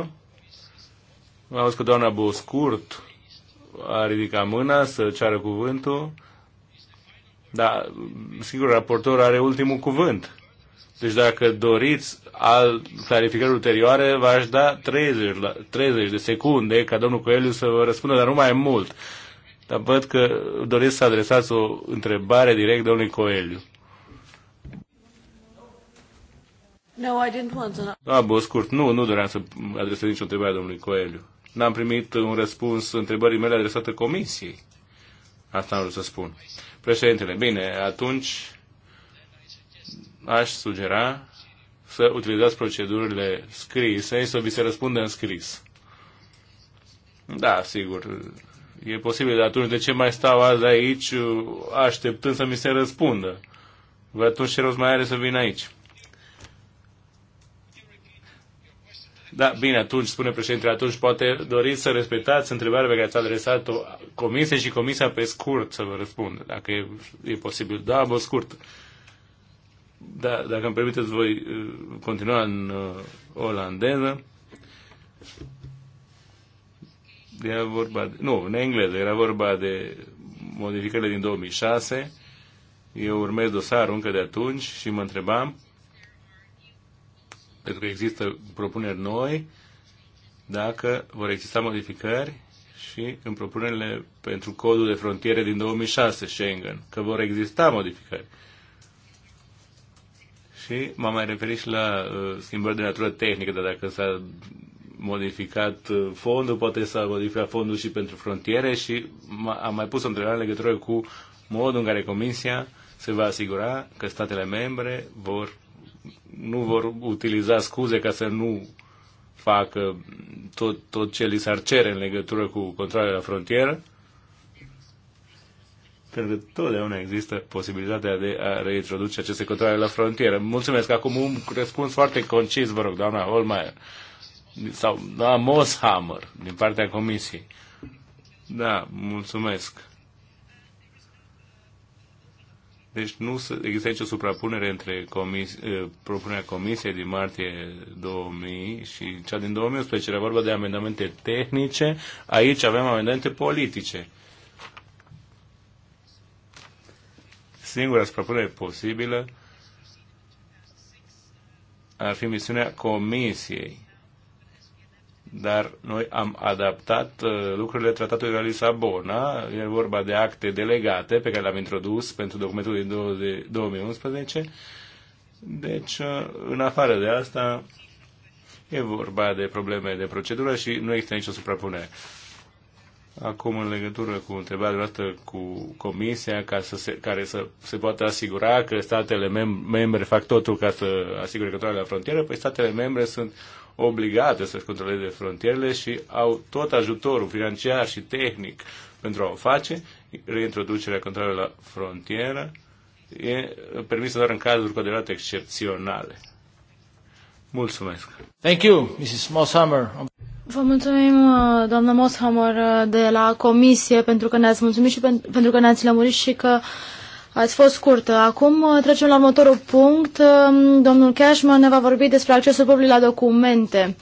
Am văzut că doamna Boscurt a ridicat mâna să ceară cuvântul, dar, sigur, raportorul are ultimul cuvânt. Deci dacă doriți al clarificări ulterioare, v-aș da 30, la, 30 de secunde ca domnul Coeliu să vă răspundă, dar nu mai mult. Dar văd că doriți să adresați o întrebare direct domnului Coeliu. Da, bă, scurt, nu, nu doream să adresez nicio întrebare domnului Coeliu. N-am primit un răspuns întrebării mele adresată comisiei. Asta am vrut să spun. Președintele, bine, atunci aș sugera să utilizați procedurile scrise și să vi se răspundă în scris. Da, sigur. E posibil, dar atunci de ce mai stau azi aici așteptând să mi se răspundă? Vă atunci ce rost mai are să vin aici? Da, bine, atunci, spune președintele, atunci poate doriți să respectați întrebarea pe care ați adresat-o comisiei și comisia pe scurt să vă răspund, dacă e, e posibil. Da, vă scurt. Da, dacă îmi permiteți, voi uh, continua în uh, olandeză. Era vorba de, nu, în engleză, era vorba de modificările din 2006. Eu urmez dosarul încă de atunci și mă întrebam pentru că există propuneri noi, dacă vor exista modificări și în propunerile pentru codul de frontiere din 2006 Schengen, că vor exista modificări. Și m-am mai referit și la uh, schimbări de natură tehnică, dar dacă s-a modificat uh, fondul, poate s-a modificat fondul și pentru frontiere și am mai pus o întrebare în legătură cu modul în care Comisia se va asigura că statele membre vor nu vor utiliza scuze ca să nu facă tot, tot ce li s-ar cere în legătură cu controlele la frontieră, pentru că totdeauna există posibilitatea de a reintroduce aceste controle la frontieră. Mulțumesc. Acum un răspuns foarte concis, vă rog, doamna Holmeier sau doamna Moshammer din partea Comisiei. Da, mulțumesc. Deci nu există o suprapunere între comis, eh, propunerea comisiei din martie 2000 și cea din 2011. Era vorba de amendamente tehnice, aici avem amendamente politice. Singura suprapunere posibilă ar fi misiunea comisiei dar noi am adaptat uh, lucrurile tratatului de la Lisabona, e vorba de acte delegate pe care le-am introdus pentru documentul din 2011, deci uh, în afară de asta e vorba de probleme de procedură și nu există nicio suprapunere. Acum, în legătură cu întrebarea noastră cu Comisia, ca să se, care să se poată asigura că statele mem- membre fac totul ca să asigure controlul la frontieră, păi statele membre sunt uh, obligate să-și controleze frontierele și au tot ajutorul financiar și tehnic pentru a o face. Reintroducerea controlului la frontieră e permisă doar în cazuri cu adevărat excepționale. Mulțumesc. Thank you, Mrs. Mosshammer. Vă mulțumim, uh, doamna Mosshammer, uh, de la comisie, pentru că ne-ați mulțumit și pentru că ne-ați lămurit și că uh, Ați fost scurtă. Acum uh, trecem la următorul punct. Uh, domnul Cashman ne va vorbi despre accesul public la documente.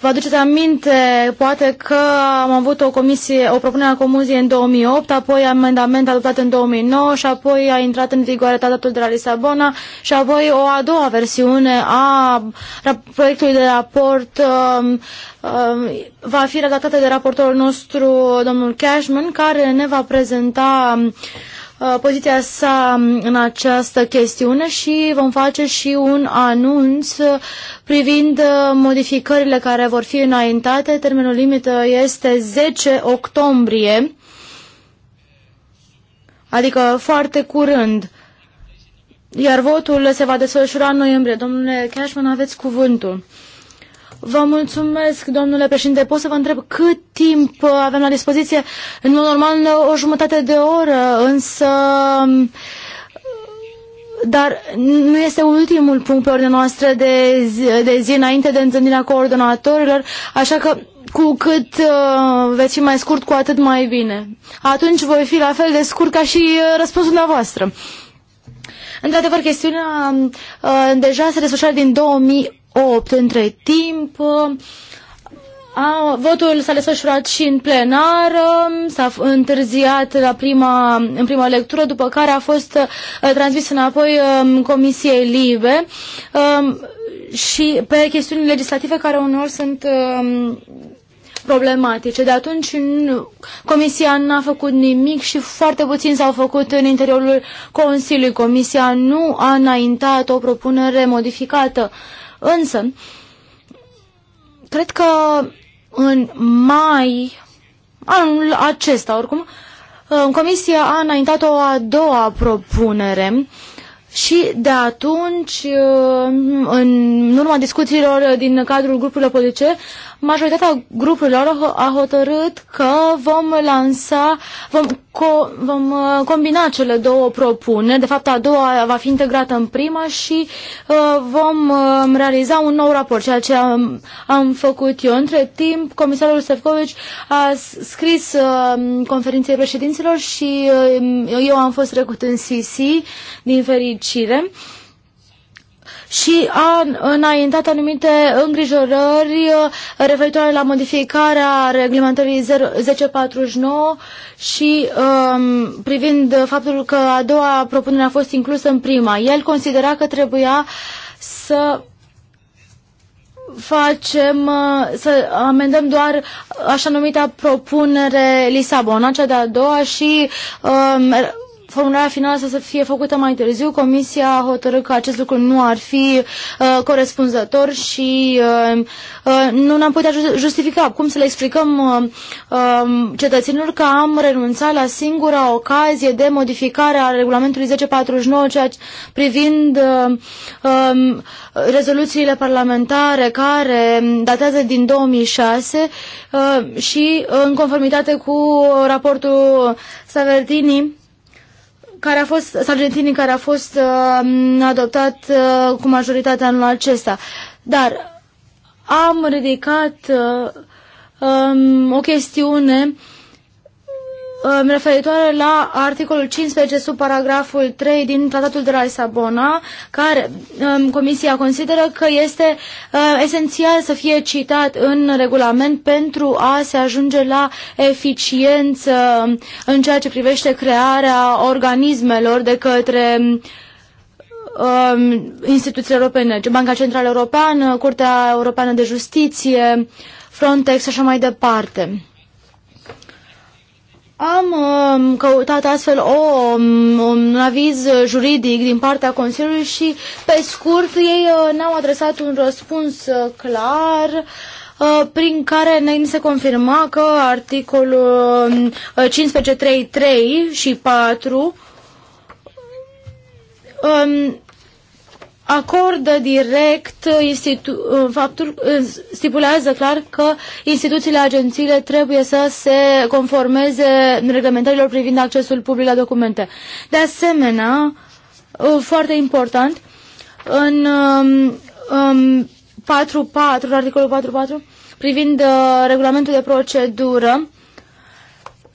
Vă aduceți aminte, poate că am avut o comisie, o propunere a comisiei în 2008, apoi amendament adoptat în 2009 și apoi a intrat în vigoare tratatul de la Lisabona și apoi o a doua versiune a proiectului de raport um, um, va fi redactată de raportorul nostru, domnul Cashman, care ne va prezenta um, Uh, poziția sa în această chestiune și vom face și un anunț privind uh, modificările care vor fi înaintate. Termenul limită este 10 octombrie, adică foarte curând. Iar votul se va desfășura în noiembrie. Domnule Cashman, aveți cuvântul. Vă mulțumesc, domnule președinte. Pot să vă întreb cât timp avem la dispoziție? În mod normal, o jumătate de oră, însă... Dar nu este ultimul punct pe ordinea noastră de zi, de zi înainte de întâlnirea coordonatorilor, așa că cu cât uh, veți fi mai scurt, cu atât mai bine. Atunci voi fi la fel de scurt ca și uh, răspunsul dumneavoastră. Într-adevăr, chestiunea uh, deja se desfășoară din 2000 8. Între timp, a, votul s-a desfășurat și în plenară, s-a întârziat la prima, în prima lectură, după care a fost uh, transmis înapoi în um, Comisiei Libe um, și pe chestiuni legislative care uneori sunt uh, problematice. De atunci nu, Comisia n-a făcut nimic și foarte puțin s-au făcut în interiorul Consiliului. Comisia nu a înaintat o propunere modificată uh, Însă, cred că în mai, anul acesta oricum, Comisia a înaintat o a doua propunere și de atunci, în urma discuțiilor din cadrul grupurilor politice, majoritatea grupurilor a hotărât că vom lansa, vom, co, vom uh, combina cele două propuneri. De fapt, a doua va fi integrată în prima și uh, vom uh, realiza un nou raport, ceea ce am, am făcut eu. Între timp, comisarul Sefcovici a scris conferinței președinților și eu am fost trecut în CC, din fericire. Uh, și a înaintat anumite îngrijorări uh, referitoare la modificarea reglementării 1049 și um, privind faptul că a doua propunere a fost inclusă în prima. El considera că trebuia să facem, uh, să amendăm doar așa numita propunere Lisabona, cea de-a doua și um, formularea finală să fie făcută mai târziu. Comisia a hotărât că acest lucru nu ar fi uh, corespunzător și uh, uh, nu ne-am putea justifica. Cum să le explicăm uh, uh, cetățenilor că am renunțat la singura ocazie de modificare a regulamentului 1049 ceea ce, privind uh, uh, rezoluțiile parlamentare care datează din 2006 uh, și în conformitate cu raportul Savertini care a fost, Sargentini, care a fost uh, adoptat uh, cu majoritatea anul acesta. Dar am ridicat uh, um, o chestiune uh, referitoare la articolul 15 sub paragraful 3 din Tratatul de la Lisabona, care um, Comisia consideră că este uh, esențial să fie citat în regulament pentru a se ajunge la eficiență în ceea ce privește crearea organismelor de către um, instituțiile europene, Banca Centrală Europeană, Curtea Europeană de Justiție, Frontex și așa mai departe. Am um, căutat astfel o, um, un aviz juridic din partea Consiliului și, pe scurt, ei uh, ne-au adresat un răspuns uh, clar uh, prin care ne se confirma că articolul 15.3.3 um, și 4 acordă direct, uh, uh, faptul, uh, stipulează clar că instituțiile, agențiile trebuie să se conformeze reglementărilor privind accesul public la documente. De asemenea, foarte important, în um, 4.4, articolul 4.4, privind regulamentul de procedură,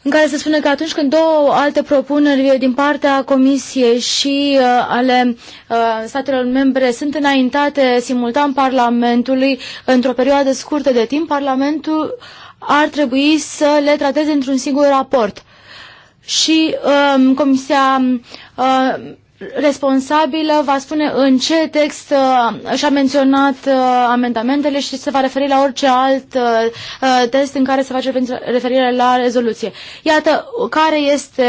în care se spune că atunci când două alte propuneri din partea Comisiei și uh, ale uh, statelor membre sunt înaintate simultan Parlamentului într-o perioadă scurtă de timp, Parlamentul ar trebui să le trateze într-un singur raport. Și um, Comisia uh, responsabilă va spune în ce text uh, și-a menționat uh, amendamentele și se va referi la orice alt uh, uh test în care se face referire la rezoluție. Iată care este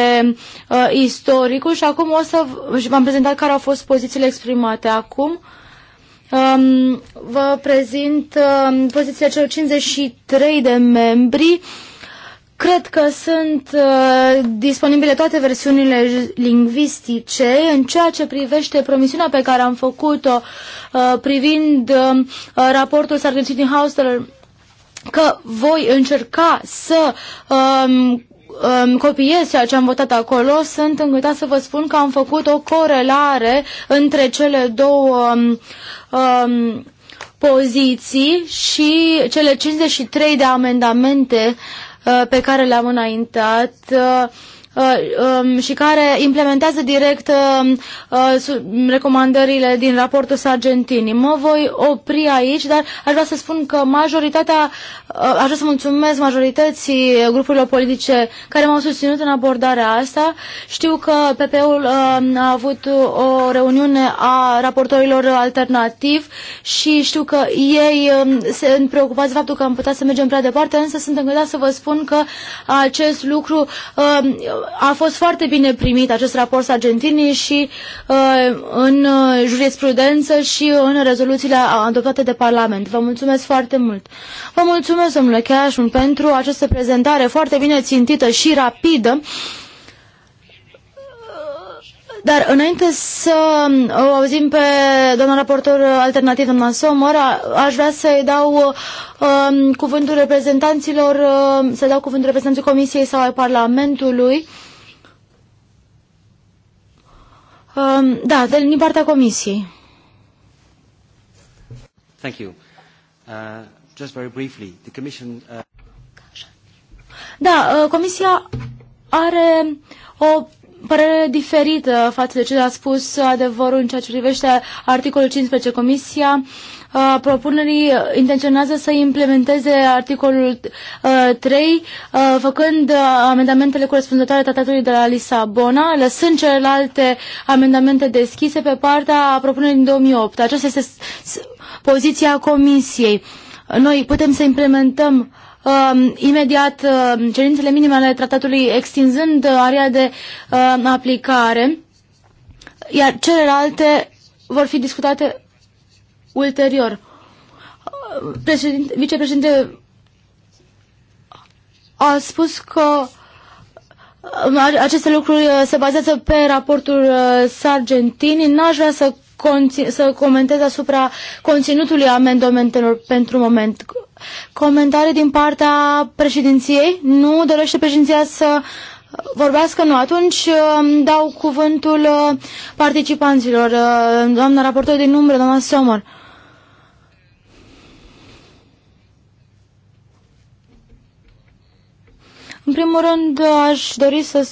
uh, istoricul și acum o să v-am prezentat care au fost pozițiile exprimate acum. Um, vă prezint uh, poziția celor 53 de membri uh, Cred că sunt uh, disponibile toate versiunile lingvistice în ceea ce privește promisiunea pe care am făcut-o uh, privind uh, raportul sargentini House că voi încerca să um, um, copiez ceea ce am votat acolo, sunt îngâtat să vă spun că am făcut o corelare între cele două um, um, poziții și cele 53 de amendamente uh, pe care le-am înaintat uh, Uh, um, și care implementează direct um, uh, recomandările din raportul Sargentini. Mă voi opri aici, dar aș vrea să spun că majoritatea, uh, aș vrea să mulțumesc majorității grupurilor politice care m-au susținut în abordarea asta. Știu că PP-ul a avut o reuniune a raportorilor alternativ și știu că ei um, se preocupați de faptul că am putea să mergem prea departe, însă sunt încântat să vă spun că acest lucru a fost foarte bine primit acest raport Sargentini și uh, în uh, jurisprudență și în rezoluțiile adoptate de Parlament. Vă mulțumesc foarte mult. Vă mulțumesc, domnule Cheașun, pentru această prezentare foarte bine țintită și rapidă dar înainte să uh, o auzim pe doamna raportor alternativ, doamna Somor, aș vrea să-i dau um, cuvântul reprezentanților, um, să dau cuvântul reprezentanților Comisiei sau al Parlamentului. Um, da, de, din partea Comisiei. Thank you. Uh, just very briefly, the Commission... Uh... Da, uh, Comisia are o părere diferită față de ce a spus adevărul în ceea ce privește articolul 15. Comisia uh, propunerii intenționează să implementeze articolul 3, uh, uh, făcând amendamentele corespunzătoare tratatului de la Lisabona, lăsând celelalte amendamente deschise pe partea propunerii din 2008. Aceasta este poziția Comisiei. Noi putem să implementăm uh, uh, imediat uh, cerințele minime ale tratatului, extinzând uh, area de uh, aplicare, iar celelalte vor fi discutate ulterior. Uh, vicepreședinte a spus că aceste lucruri uh, se bazează pe raportul uh, Sargentini. N-aș vrea să să comentez asupra conținutului amendamentelor pentru moment. Comentare din partea președinției? Nu dorește președinția să vorbească? Nu. Atunci um, dau cuvântul uh, participanților. Uh, doamna raportor din umbră, doamna Sommer. În primul rând, aș dori să,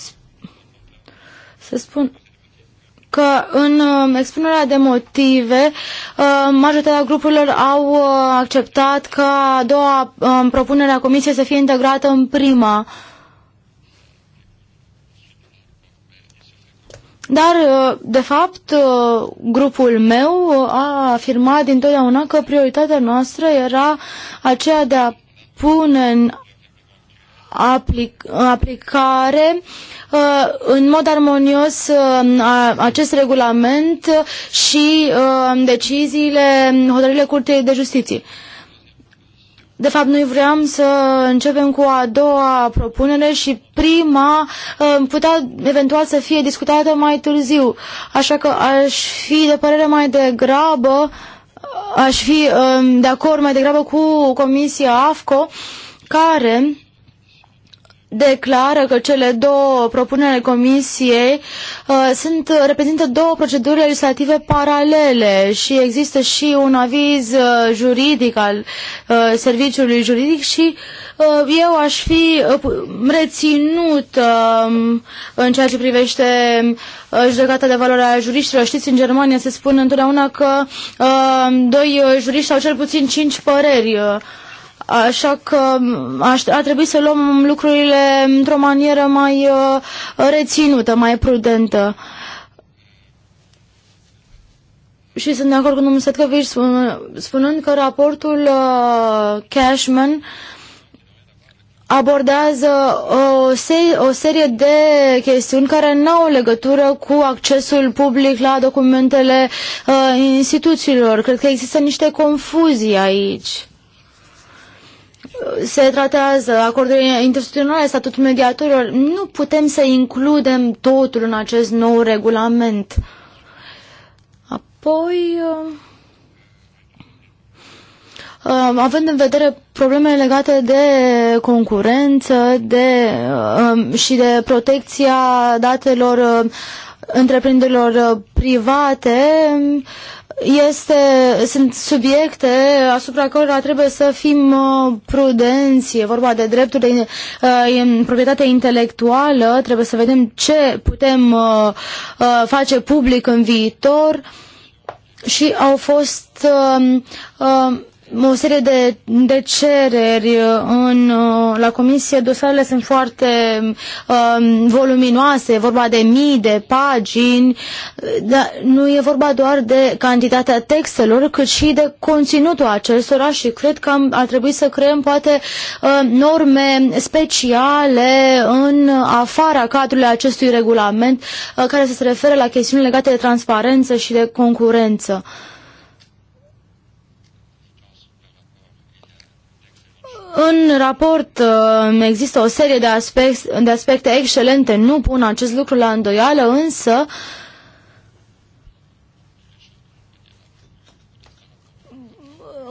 să spun că în uh, expunerea de motive uh, majoritatea grupurilor au uh, acceptat ca a doua um, propunere a comisiei să fie integrată în prima. Dar, de fapt, grupul meu a afirmat dintotdeauna că prioritatea noastră era aceea de a pune în aplic, aplicare uh, în mod armonios uh, acest regulament și uh, deciziile, hotărârile Curtei de Justiție. De fapt, noi vreau să începem cu a doua propunere și prima putea eventual să fie discutată mai târziu. Așa că aș fi de părere mai degrabă, aș fi de acord mai degrabă cu Comisia AFCO, care declară că cele două propuneri ale Comisiei uh, sunt, reprezintă două proceduri legislative paralele și există și un aviz uh, juridic al uh, serviciului juridic și uh, eu aș fi uh, reținut uh, în ceea ce privește uh, judecata de valoare a juriștilor. Știți, în Germania se spune întotdeauna că uh, doi uh, juriști au cel puțin cinci păreri. Uh, Așa că a trebuit să luăm lucrurile într-o manieră mai uh, reținută, mai prudentă. Și sunt de acord cu domnul Setcăviș spun, spunând că raportul uh, Cashman abordează o, uh, se o serie de chestiuni care nu au legătură cu accesul public la documentele uh, instituțiilor. Cred că există niște confuzii aici se tratează acordurile instituționale, statutul mediatorilor. Nu putem să includem totul în acest nou regulament. Apoi, uh, uh, având în vedere problemele legate de concurență de, uh, și de protecția datelor întreprinderilor private, este, sunt subiecte asupra cărora trebuie să fim uh, prudenți. E vorba de drepturi de uh, proprietate intelectuală. Trebuie să vedem ce putem uh, face public în viitor. Și au fost uh, uh, o serie de, de cereri uh, în, uh, la comisie, dosarele sunt foarte um, voluminoase, e vorba de mii de pagini, uh, dar nu e vorba doar de cantitatea textelor, cât și de conținutul acestora și cred că ar trebui să creăm poate norme speciale în afara cadrului acestui regulament care să se referă la chestiuni legate de transparență și de concurență. Uh, În raport uh, există o serie de, de aspecte excelente, nu pun acest lucru la îndoială, însă uh,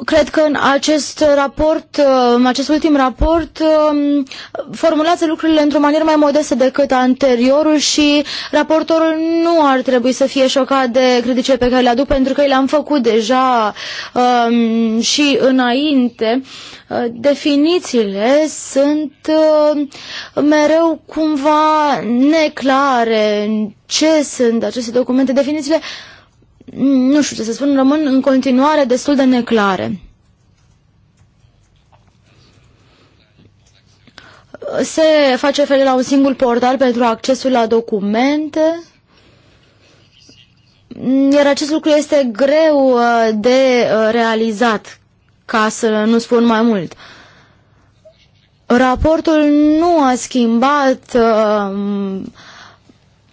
Cred că în acest raport, uh, în acest ultim raport, um, formulează lucrurile într-o manieră mai modestă decât anteriorul și raportorul nu ar trebui să fie șocat de criticile pe care le aduc, pentru că le-am făcut deja um, și înainte. Uh, definițiile sunt uh, mereu cumva neclare ce sunt aceste documente. Definițiile uh, nu știu ce să spun, rămân în continuare destul de neclare. Se face referire la un singur portal pentru accesul la documente, iar acest lucru este greu uh, de uh, realizat, ca să nu spun mai mult. Raportul nu a schimbat uh,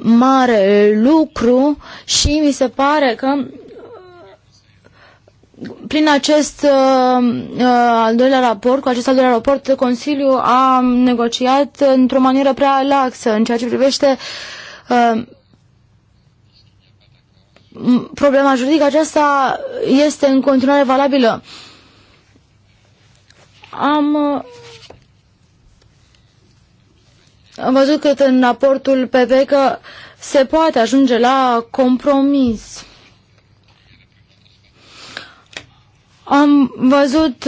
mare lucru și mi se pare că uh, prin acest uh, uh, al doilea raport, cu acest al doilea raport, Consiliul a negociat într-o manieră prea laxă în ceea ce privește uh, problema juridică. Aceasta este în continuare valabilă. Am uh, am văzut că în raportul PP că se poate ajunge la compromis. Am văzut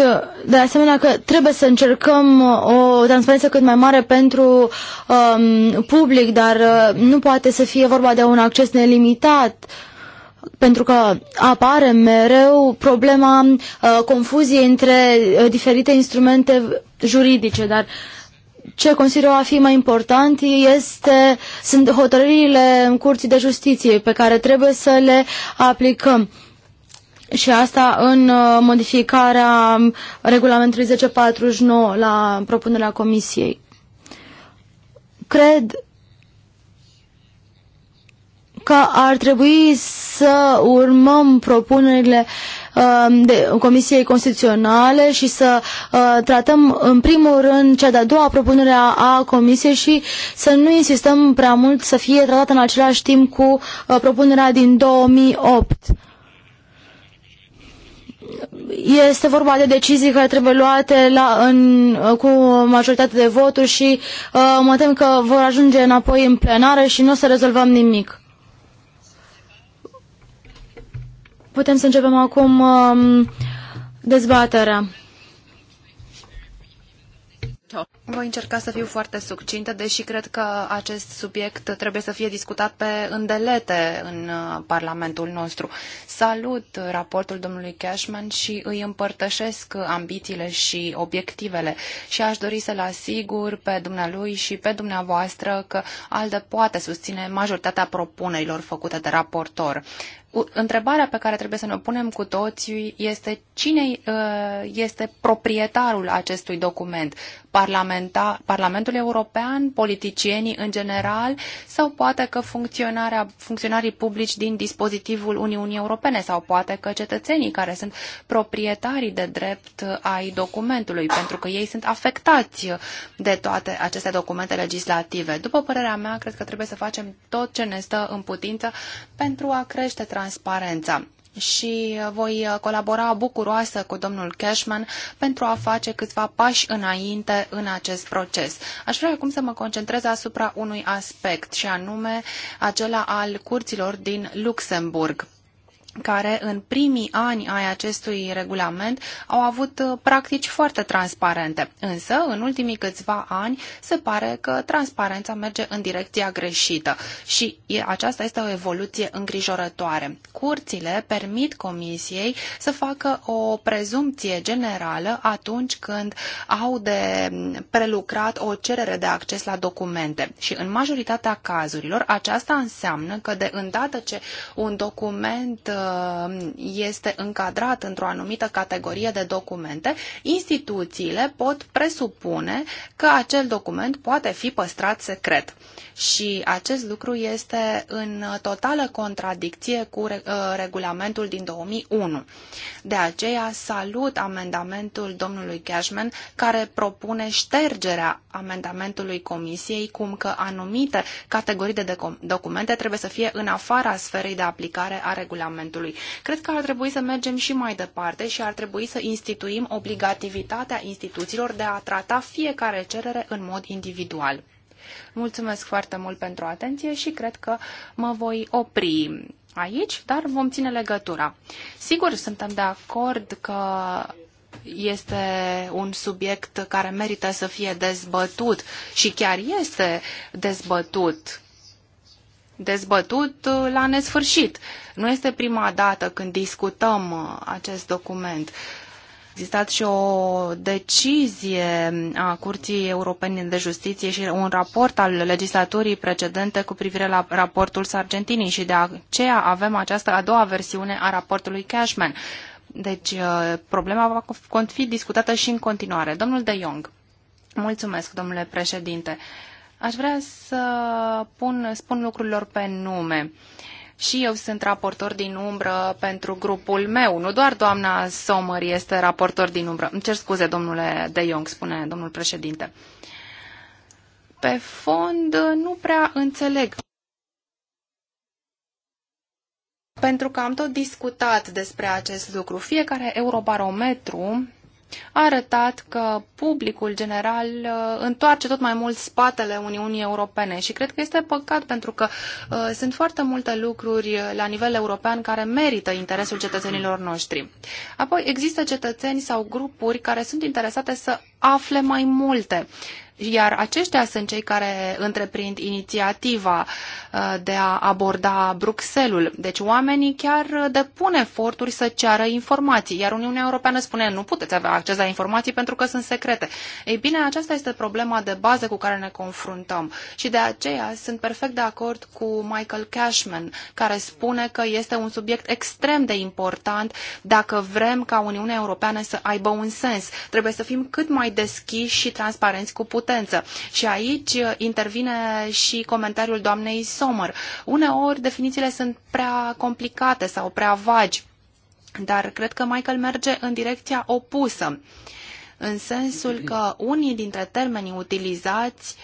de asemenea că trebuie să încercăm uh, o transparență cât mai mare pentru um, public, dar uh, nu poate să fie vorba de un acces nelimitat, pentru că apare mereu problema uh, confuziei între uh, diferite instrumente juridice, dar uh, ce consider a fi mai important este, sunt hotărârile în curții de justiție pe care trebuie să le aplicăm. Și asta în uh, modificarea regulamentului 1049 la propunerea comisiei. Cred că ar trebui să urmăm propunerile uh, Uh, de, Comisiei Constituționale și să uh, tratăm în primul rând cea de-a doua propunere a Comisiei și să nu insistăm prea mult să fie tratată în același timp cu uh, propunerea din 2008 este vorba de decizii care trebuie luate la, în, cu majoritate de voturi și uh, mă tem că vor ajunge înapoi în plenară și nu o să rezolvăm nimic. Putem să începem acum um, dezbaterea. Voi încerca să fiu foarte succintă, deși cred că acest subiect trebuie să fie discutat pe îndelete în uh, Parlamentul nostru. Salut raportul domnului Cashman și îi împărtășesc ambițiile și obiectivele și aș dori să-l asigur pe dumnealui și pe dumneavoastră că ALDE poate susține majoritatea propunerilor făcute de raportor întrebarea pe care trebuie să ne punem cu toții este cine uh, este proprietarul acestui document? Parlamentul European, politicienii în general sau poate că funcționarea, funcționarii publici din dispozitivul Uniunii Europene sau poate că cetățenii care sunt proprietarii de drept ai documentului pentru că ei sunt afectați de toate aceste documente legislative. După părerea mea, cred că trebuie să facem tot ce ne stă în putință pentru a crește transparența transparența și uh, voi uh, colabora bucuroasă cu domnul Cashman pentru a face câțiva pași înainte în acest proces. Aș vrea acum să mă concentrez asupra unui aspect și anume acela al curților din Luxemburg care în primii ani ai acestui regulament au avut uh, practici foarte transparente. Însă, în ultimii câțiva ani, se pare că transparența merge în direcția greșită și aceasta este o evoluție îngrijorătoare. Curțile permit comisiei să facă o prezumție generală atunci când au de mm, prelucrat o cerere de acces la documente și în majoritatea cazurilor aceasta înseamnă că de îndată ce un document uh, Uh, este încadrat într-o anumită categorie de documente, instituțiile pot presupune că acel document poate fi păstrat secret. Și acest lucru este în totală contradicție cu uh, regulamentul din 2001. De aceea salut amendamentul domnului Cashman care propune ștergerea amendamentului Comisiei cum că anumite categorii de documente trebuie să fie în afara sferei de aplicare a regulamentului Parlamentului. Cred că ar trebui să mergem și mai departe și ar trebui să instituim obligativitatea instituțiilor de a trata fiecare cerere în mod individual. Mulțumesc foarte mult pentru atenție și cred că mă voi opri aici, dar vom ține legătura. Sigur, suntem de acord că este un subiect care merită să fie dezbătut și chiar este dezbătut dezbătut uh, la nesfârșit. Nu este prima dată când discutăm uh, acest document. A existat și o decizie a Curții Europene de Justiție și un raport al legislaturii precedente cu privire la raportul Sargentini și de aceea avem această a doua versiune a raportului Cashman. Deci uh, problema va fi discutată și în continuare. Domnul De Jong. Mulțumesc, domnule președinte. Aș vrea să pun, spun lucrurilor pe nume. Și eu sunt raportor din umbră pentru grupul meu. Nu doar doamna Sommer este raportor din umbră. Îmi cer scuze, domnule De Jong, spune domnul președinte. Pe fond, nu prea înțeleg. Pentru că am tot discutat despre acest lucru. Fiecare eurobarometru a arătat că publicul general uh, întoarce tot mai mult spatele Uniunii Europene și cred că este păcat pentru că uh, sunt foarte multe lucruri uh, la nivel european care merită interesul cetățenilor noștri. Apoi există cetățeni sau grupuri care sunt interesate să afle mai multe. Iar aceștia sunt cei care întreprind inițiativa uh, de a aborda Bruxelul. Deci oamenii chiar depun eforturi să ceară informații, iar Uniunea Europeană spune nu puteți avea acces la informații pentru că sunt secrete. Ei bine, aceasta este problema de bază cu care ne confruntăm și de aceea sunt perfect de acord cu Michael Cashman, care spune că este un subiect extrem de important dacă vrem ca Uniunea Europeană să aibă un sens. Trebuie să fim cât mai deschiși și transparenți cu putență. Și aici intervine și comentariul doamnei Sommer. Uneori definițiile sunt prea complicate sau prea vagi, dar cred că Michael merge în direcția opusă, în sensul că unii dintre termenii utilizați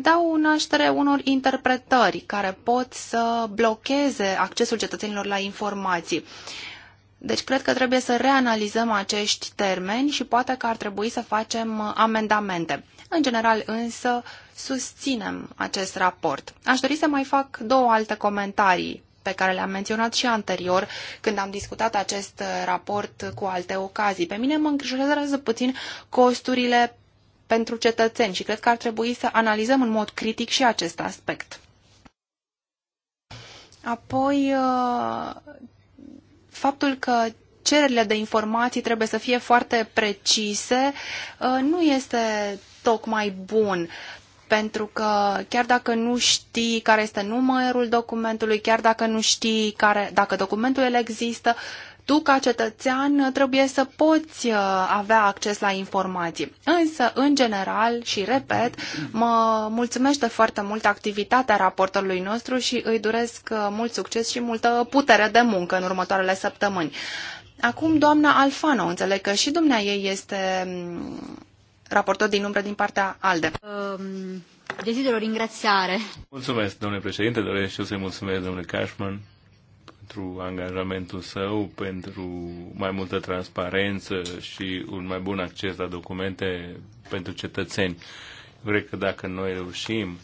dau naștere unor interpretări care pot să blocheze accesul cetățenilor la informații. Deci cred că trebuie să reanalizăm acești termeni și poate că ar trebui să facem uh, amendamente. În general însă susținem acest raport. Aș dori să mai fac două alte comentarii pe care le-am menționat și anterior când am discutat acest uh, raport cu alte ocazii. Pe mine mă îngrijorează puțin costurile pentru cetățeni și cred că ar trebui să analizăm în mod critic și acest aspect. Apoi, uh, faptul că cererile de informații trebuie să fie foarte precise uh, nu este tocmai bun pentru că chiar dacă nu știi care este numărul documentului, chiar dacă nu știi care, dacă documentul el există, tu, ca cetățean, trebuie să poți uh, avea acces la informații. Însă, în general, și repet, mă mulțumește foarte mult activitatea raportorului nostru și îi doresc uh, mult succes și multă putere de muncă în următoarele săptămâni. Acum, doamna Alfano, înțeleg că și dumnea ei este mm, raportor din umbră din partea ALDE. Um, o ringraziare. Mulțumesc, domnule președinte, doresc și eu să-i mulțumesc, domnule Cashman, pentru angajamentul său, pentru mai multă transparență și un mai bun acces la documente pentru cetățeni. Cred că dacă noi reușim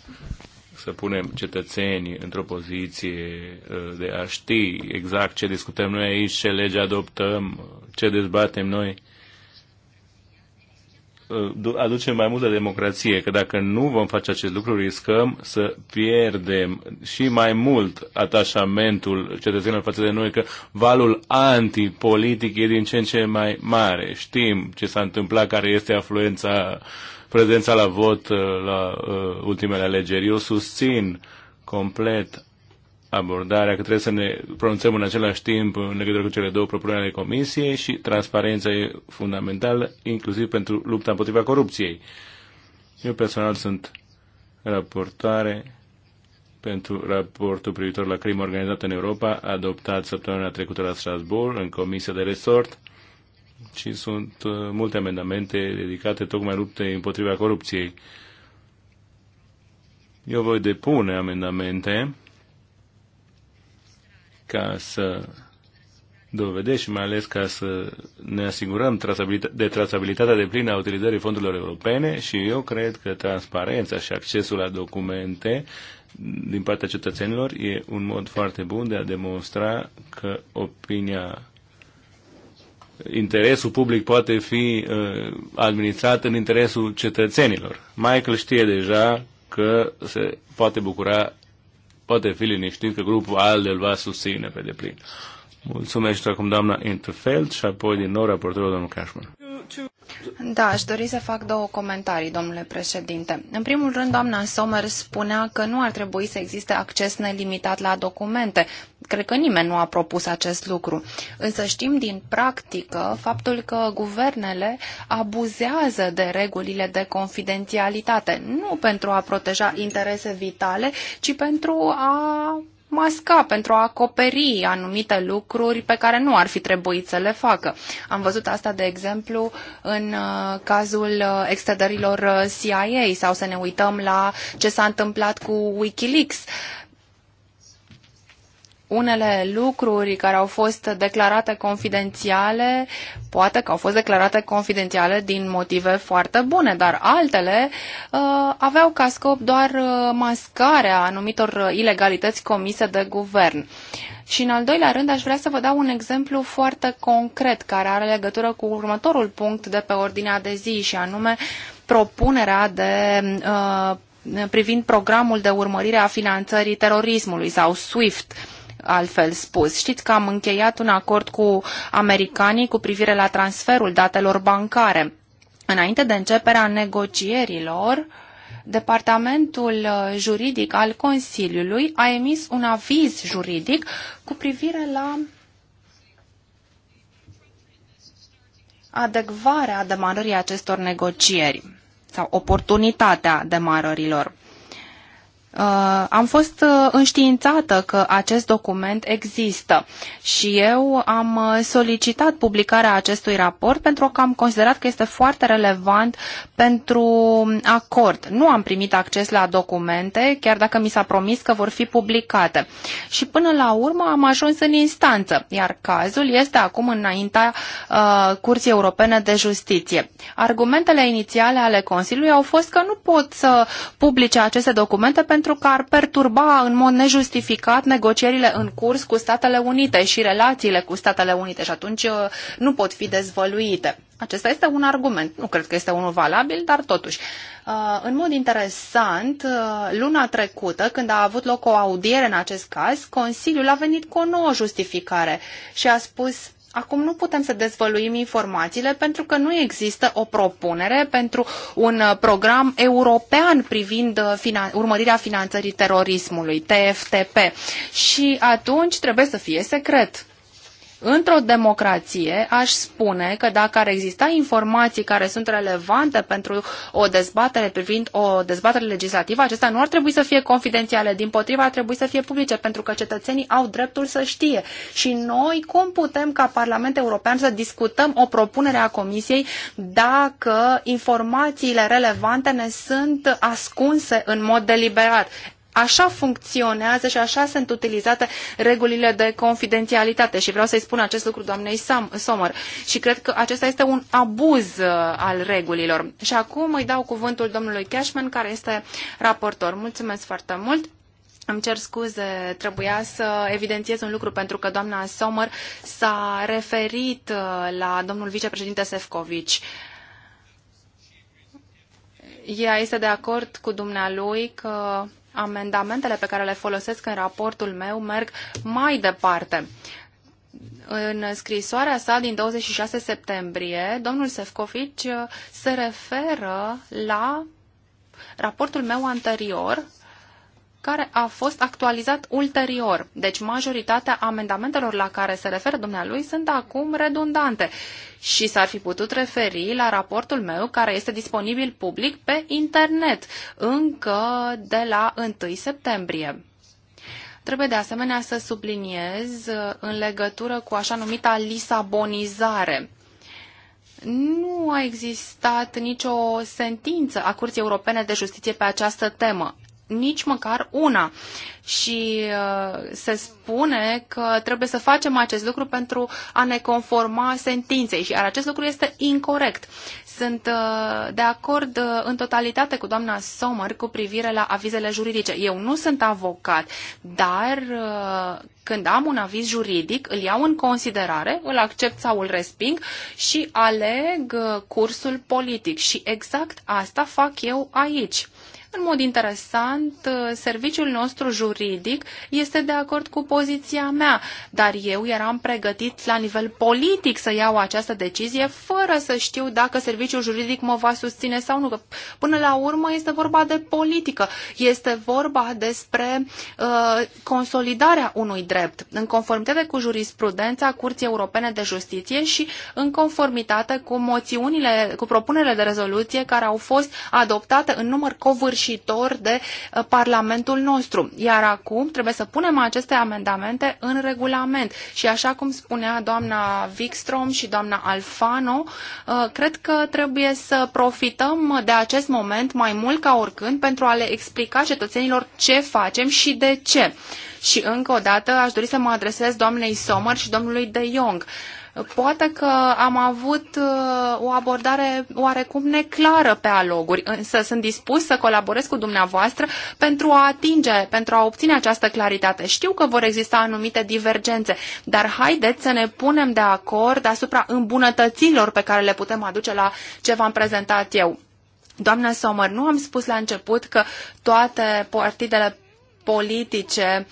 să punem cetățenii într-o poziție uh, de a ști exact ce discutăm noi aici, ce lege adoptăm, ce dezbatem noi, aducem mai multă democrație, că dacă nu vom face acest lucru, riscăm să pierdem și mai mult atașamentul cetățenilor față de noi, că valul antipolitic e din ce în ce mai mare. Știm ce s-a întâmplat, care este afluența, prezența la vot uh, la uh, ultimele alegeri. Eu susțin complet abordarea, că trebuie să ne pronunțăm în același timp în legătură cu cele două propuneri ale Comisiei și transparența e fundamentală, inclusiv pentru lupta împotriva corupției. Eu personal sunt raportare pentru raportul privitor la crimă organizată în Europa, adoptat săptămâna trecută la Strasbourg, în Comisia de Resort, și sunt uh, multe amendamente dedicate tocmai luptei împotriva corupției. Eu voi depune amendamente ca să dovedești mai ales ca să ne asigurăm de trasabilitatea de plină a utilizării fondurilor europene și eu cred că transparența și accesul la documente din partea cetățenilor e un mod foarte bun de a demonstra că opinia interesul public poate fi uh, administrat în interesul cetățenilor. Michael știe deja că se poate bucura poate fi liniștit că grupul ALDE îl va susține pe deplin. Mulțumesc acum doamna Interfeld și apoi din nou raportorul domnul Cashman. Da, aș dori să fac două comentarii, domnule președinte. În primul rând, doamna Sommer spunea că nu ar trebui să existe acces nelimitat la documente. Cred că nimeni nu a propus acest lucru. Însă știm din practică faptul că guvernele abuzează de regulile de confidențialitate, nu pentru a proteja interese vitale, ci pentru a masca, pentru a acoperi anumite lucruri pe care nu ar fi trebuit să le facă. Am văzut asta, de exemplu, în uh, cazul uh, extădărilor uh, CIA sau să ne uităm la ce s-a întâmplat cu Wikileaks unele lucruri care au fost declarate confidențiale, poate că au fost declarate confidențiale din motive foarte bune, dar altele uh, aveau ca scop doar uh, mascarea anumitor ilegalități comise de guvern. Și în al doilea rând aș vrea să vă dau un exemplu foarte concret care are legătură cu următorul punct de pe ordinea de zi și anume propunerea de uh, privind programul de urmărire a finanțării terorismului sau SWIFT altfel spus. Știți că am încheiat un acord cu americanii cu privire la transferul datelor bancare. Înainte de începerea negocierilor, Departamentul uh, juridic al Consiliului a emis un aviz juridic cu privire la adecvarea demarării acestor negocieri sau oportunitatea demarărilor. Uh, am fost uh, înștiințată că acest document există și eu am uh, solicitat publicarea acestui raport pentru că am considerat că este foarte relevant pentru um, acord. Nu am primit acces la documente, chiar dacă mi s-a promis că vor fi publicate. Și până la urmă am ajuns în instanță, iar cazul este acum înaintea uh, Curții Europene de Justiție. Argumentele inițiale ale Consiliului au fost că nu pot să publice aceste documente pentru pentru că ar perturba în mod nejustificat negocierile în curs cu Statele Unite și relațiile cu Statele Unite și atunci uh, nu pot fi dezvăluite. Acesta este un argument, nu cred că este unul valabil, dar totuși. Uh, în mod interesant, uh, luna trecută, când a avut loc o audiere în acest caz, Consiliul a venit cu o nouă justificare și a spus Acum nu putem să dezvăluim informațiile pentru că nu există o propunere pentru un uh, program european privind uh, finan- urmărirea finanțării terorismului, TFTP. Și atunci trebuie să fie secret. Într-o democrație aș spune că dacă ar exista informații care sunt relevante pentru o dezbatere privind o dezbatere legislativă, acestea nu ar trebui să fie confidențiale, din potriva ar trebui să fie publice, pentru că cetățenii au dreptul să știe. Și noi cum putem ca Parlament European să discutăm o propunere a Comisiei dacă informațiile relevante ne sunt ascunse în mod deliberat? Așa funcționează și așa sunt utilizate regulile de confidențialitate și vreau să-i spun acest lucru doamnei Sam, Sommer și cred că acesta este un abuz uh, al regulilor. Și acum îi dau cuvântul domnului Cashman care este raportor. Mulțumesc foarte mult! Îmi cer scuze, trebuia să evidențiez un lucru pentru că doamna Sommer s-a referit uh, la domnul vicepreședinte Sefcovici ea este de acord cu dumnealui că amendamentele pe care le folosesc în raportul meu merg mai departe. În scrisoarea sa din 26 septembrie, domnul Sefcovici uh, se referă la raportul meu anterior care a fost actualizat ulterior. Deci majoritatea amendamentelor la care se referă dumnealui sunt acum redundante și s-ar fi putut referi la raportul meu care este disponibil public pe internet încă de la 1 septembrie. Trebuie de asemenea să subliniez uh, în legătură cu așa numita lisabonizare nu a existat nicio sentință a Curții Europene de Justiție pe această temă nici măcar una. Și uh, se spune că trebuie să facem acest lucru pentru a ne conforma sentinței, iar acest lucru este incorrect. Sunt uh, de acord uh, în totalitate cu doamna Sommer cu privire la avizele juridice. Eu nu sunt avocat, dar când am un aviz juridic, îl iau în considerare, îl accept sau îl resping și aleg cursul politic. Și exact asta fac eu aici. În mod interesant, uh, serviciul nostru juridic este de acord cu poziția mea, dar eu eram pregătit la nivel politic să iau această decizie fără să știu dacă serviciul juridic mă va susține sau nu. Până la urmă este vorba de politică, este vorba despre uh, consolidarea unui drept în conformitate cu jurisprudența Curții Europene de Justiție și în conformitate cu moțiunile, cu propunerile de rezoluție care au fost adoptate în număr covârșit copleșitor de uh, Parlamentul nostru. Iar acum trebuie să punem aceste amendamente în regulament. Și așa cum spunea doamna Wikstrom și doamna Alfano, uh, cred că trebuie să profităm de acest moment mai mult ca oricând pentru a le explica cetățenilor ce facem și de ce. Și încă o dată aș dori să mă adresez doamnei Sommer și domnului De Jong. Poate că am avut uh, o abordare oarecum neclară pe aloguri, însă sunt dispus să colaborez cu dumneavoastră pentru a atinge, pentru a obține această claritate. Știu că vor exista anumite divergențe, dar haideți să ne punem de acord asupra îmbunătăților pe care le putem aduce la ce v-am prezentat eu. Doamna Sommer, nu am spus la început că toate partidele politice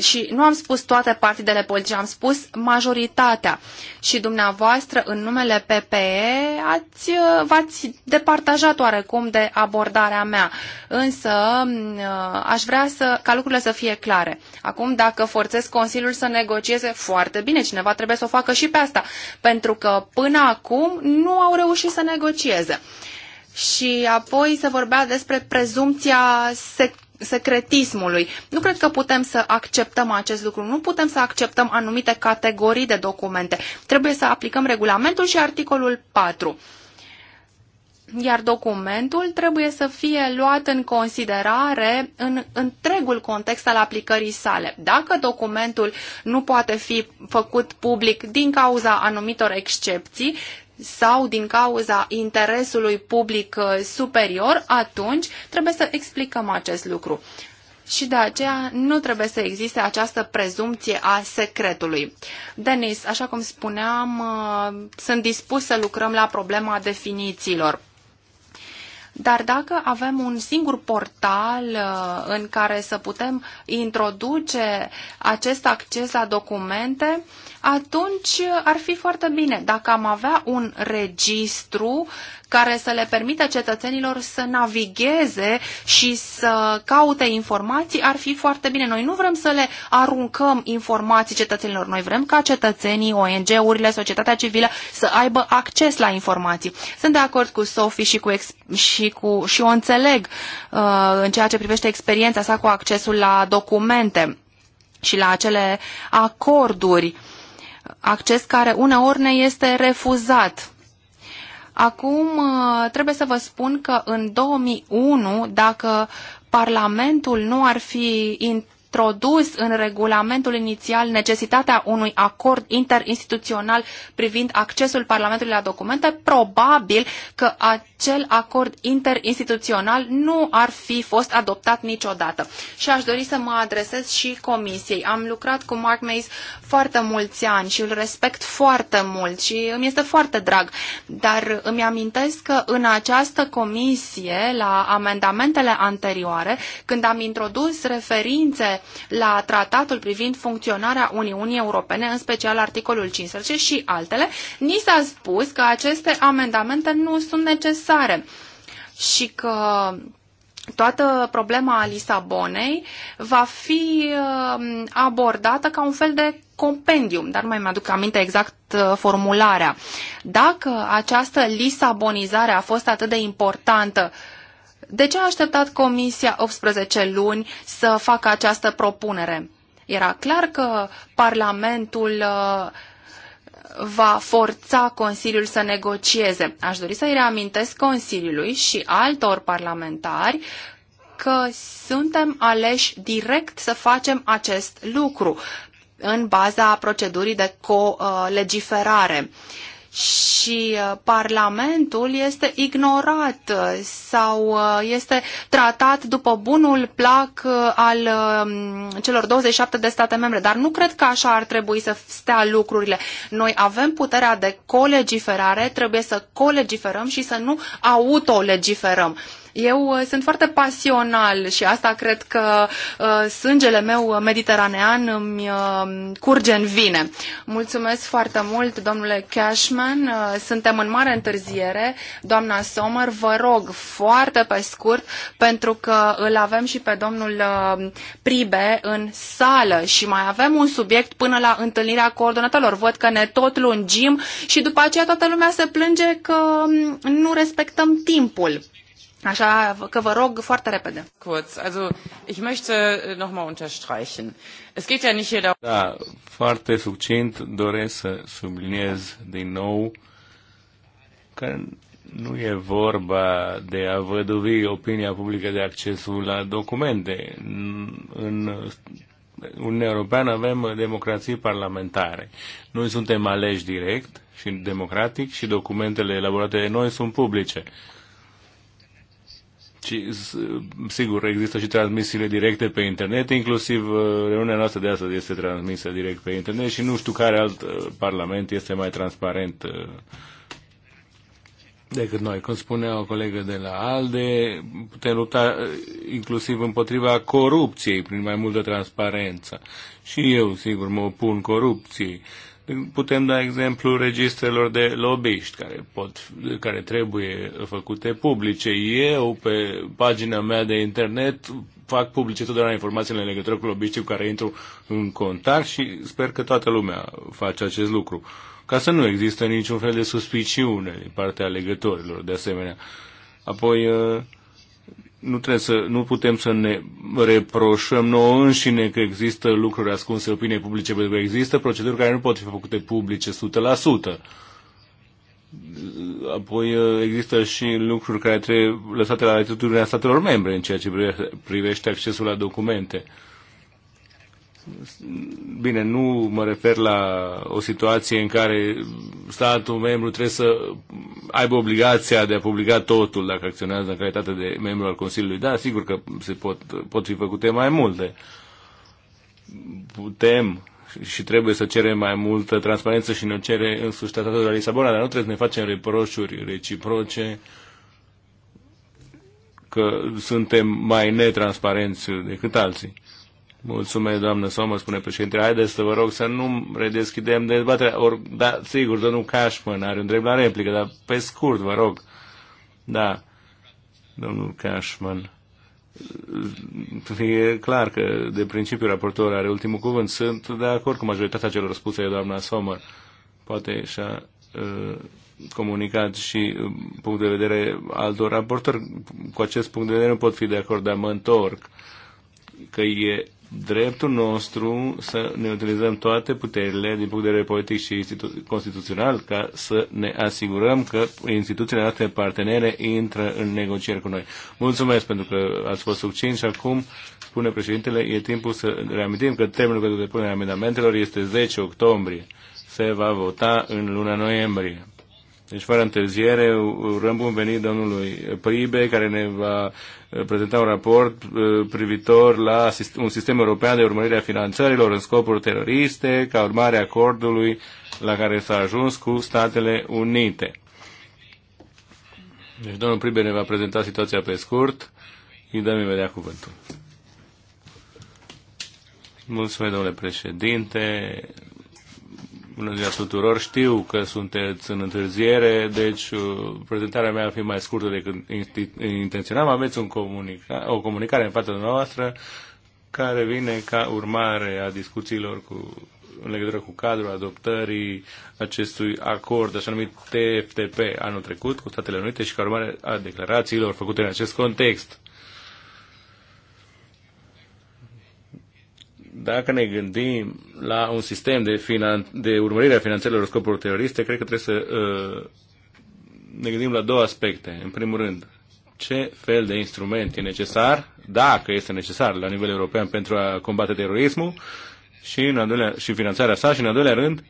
și nu am spus toate partidele politice, am spus majoritatea. Și dumneavoastră, în numele PPE, ați, uh, v-ați departajat oarecum de abordarea mea. Însă, mm, uh, aș vrea să, ca lucrurile să fie clare. Acum, dacă forțez Consiliul să negocieze, foarte bine, cineva trebuie să o facă și pe asta, pentru că până acum nu au reușit să negocieze. Și apoi se vorbea despre prezumția sec secretismului. Nu cred că putem să acceptăm acest lucru. Nu putem să acceptăm anumite categorii de documente. Trebuie să aplicăm regulamentul și articolul 4 iar documentul trebuie să fie luat în considerare în întregul context al aplicării sale. Dacă documentul nu poate fi făcut public din cauza anumitor excepții, sau din cauza interesului public uh, superior, atunci trebuie să explicăm acest lucru. Și de aceea nu trebuie să existe această prezumție a secretului. Denis, așa cum spuneam, uh, sunt dispus să lucrăm la problema definițiilor dar dacă avem un singur portal uh, în care să putem introduce acest acces la documente, atunci ar fi foarte bine. Dacă am avea un registru care să le permită cetățenilor să navigheze și să caute informații ar fi foarte bine. Noi nu vrem să le aruncăm informații cetățenilor. Noi vrem ca cetățenii, ONG-urile, societatea civilă să aibă acces la informații. Sunt de acord cu Sofie și cu, și cu și o înțeleg uh, în ceea ce privește experiența sa cu accesul la documente și la acele acorduri, acces care uneori ne este refuzat. Acum uh, trebuie să vă spun că în 2001, dacă Parlamentul nu ar fi introdus în regulamentul inițial necesitatea unui acord interinstituțional privind accesul Parlamentului la documente, probabil că acel acord interinstituțional nu ar fi fost adoptat niciodată. Și aș dori să mă adresez și Comisiei. Am lucrat cu Mark Mays foarte mulți ani și îl respect foarte mult și îmi este foarte drag, dar îmi amintesc că în această comisie, la amendamentele anterioare, când am introdus referințe la tratatul privind funcționarea Uniunii Europene, în special articolul 15 și altele, ni s-a spus că aceste amendamente nu sunt necesare și că toată problema Lisabonei va fi um, abordată ca un fel de compendium, dar nu mai mi-aduc aminte exact uh, formularea. Dacă această lisabonizare a fost atât de importantă, de ce a așteptat Comisia 18 luni să facă această propunere? Era clar că Parlamentul uh, va forța Consiliul să negocieze. Aș dori să-i reamintesc Consiliului și altor parlamentari că suntem aleși direct să facem acest lucru în baza procedurii de co-legiferare. Și uh, Parlamentul este ignorat uh, sau uh, este tratat după bunul plac al um, celor 27 de state membre. Dar nu cred că așa ar trebui să stea lucrurile. Noi avem puterea de colegiferare, trebuie să colegiferăm și să nu autolegiferăm. Eu uh, sunt foarte pasional și asta cred că uh, sângele meu mediteranean îmi uh, curge în vine. Mulțumesc foarte mult, domnule Cashman. Suntem în mare întârziere. Doamna Sommer, vă rog foarte pe scurt, pentru că îl avem și pe domnul Pribe în sală și mai avem un subiect până la întâlnirea coordonatorilor. Văd că ne tot lungim și după aceea toată lumea se plânge că mm, nu respectăm timpul. Așa că vă rog foarte repede. Kurz, also ich möchte äh, mal unterstreichen. Es geht ja nicht hier da-, da, foarte succint doresc să subliniez din nou că nu e vorba de a văduvi opinia publică de accesul la documente. În Uniunea Europeană avem democrații parlamentare. Noi suntem aleși direct și democratic și documentele elaborate de noi sunt publice. Și, sigur, există și transmisiile directe pe internet, inclusiv uh, reuniunea noastră de astăzi este transmisă direct pe internet și nu știu care alt uh, parlament este mai transparent uh, decât noi. Cum spunea o colegă de la ALDE, putem lupta inclusiv împotriva corupției prin mai multă transparență. Și eu, sigur, mă opun corupției. Uh, Putem da exemplu registrelor de lobbyști care, pot, care trebuie făcute publice. Eu, pe pagina mea de internet, fac publice totdeauna informațiile în legătură cu lobbyștii cu care intru în contact și sper că toată lumea face acest lucru. Ca să nu există niciun fel de suspiciune din partea legătorilor, de asemenea. Apoi, uh, nu, trebuie să, nu putem să ne reproșăm nouă înșine că există lucruri ascunse opinie publice, pentru că există proceduri care nu pot fi făcute publice 100%. Apoi uh, există și lucruri care trebuie lăsate la latitudinea statelor membre în ceea ce privește accesul la documente. Uh, Bine, nu mă refer la o situație în care statul membru trebuie să aibă obligația de a publica totul dacă acționează în calitate de membru al Consiliului. Da, sigur că se pot, pot fi făcute mai multe. Putem și trebuie să cerem mai multă transparență și ne cere însuși tratatul de la Lisabona, dar nu trebuie să ne facem reproșuri reciproce că suntem mai netransparenți decât alții. Mulțumesc, doamnă Somă, spune președinte. Haideți să vă rog să nu redeschidem dezbaterea. Or, da, sigur, domnul Cashman are un drept la replică, dar pe scurt, vă rog. Da, domnul Cashman. E clar că, de principiu, raportorul are ultimul cuvânt. Sunt de acord cu majoritatea celor spuse de doamna Sommer. Poate și-a uh, comunicat și punct de vedere altor raportori. Cu acest punct de vedere nu pot fi de acord, dar mă întorc că e dreptul nostru să ne utilizăm toate puterile din punct de vedere politic și constituțional ca să ne asigurăm că instituțiile noastre partenere intră în negocieri cu noi. Mulțumesc pentru că ați fost succint și acum, spune președintele, e timpul să reamintim că termenul pentru depunerea amendamentelor este 10 octombrie. Se va vota în luna noiembrie. Deci, fără întârziere, urăm bun venit domnului Pribe, care ne va prezenta un raport uh, privitor la un sistem european de urmărire a finanțărilor în scopuri teroriste ca urmare a acordului la care s-a ajuns cu Statele Unite. Deci domnul Priber ne va prezenta situația pe scurt. Îi dăm imediat cuvântul. Mulțumesc, domnule președinte. Bună ziua tuturor, știu că sunteți în întârziere, deci uh, prezentarea mea va fi mai scurtă decât intenționam. Aveți un comunica- o comunicare în fața noastră care vine ca urmare a discuțiilor cu, în legătură cu cadrul adoptării acestui acord, așa numit TFTP, anul trecut cu Statele Unite și ca urmare a declarațiilor făcute în acest context. dacă ne gândim la un sistem de, finan- de urmărire a finanțelor scopuri teroriste, cred că trebuie să uh, ne gândim la două aspecte. În primul rând, ce fel de instrument e necesar, dacă este necesar la nivel european pentru a combate terorismul și, în al doilea, și finanțarea sa și, în al doilea rând,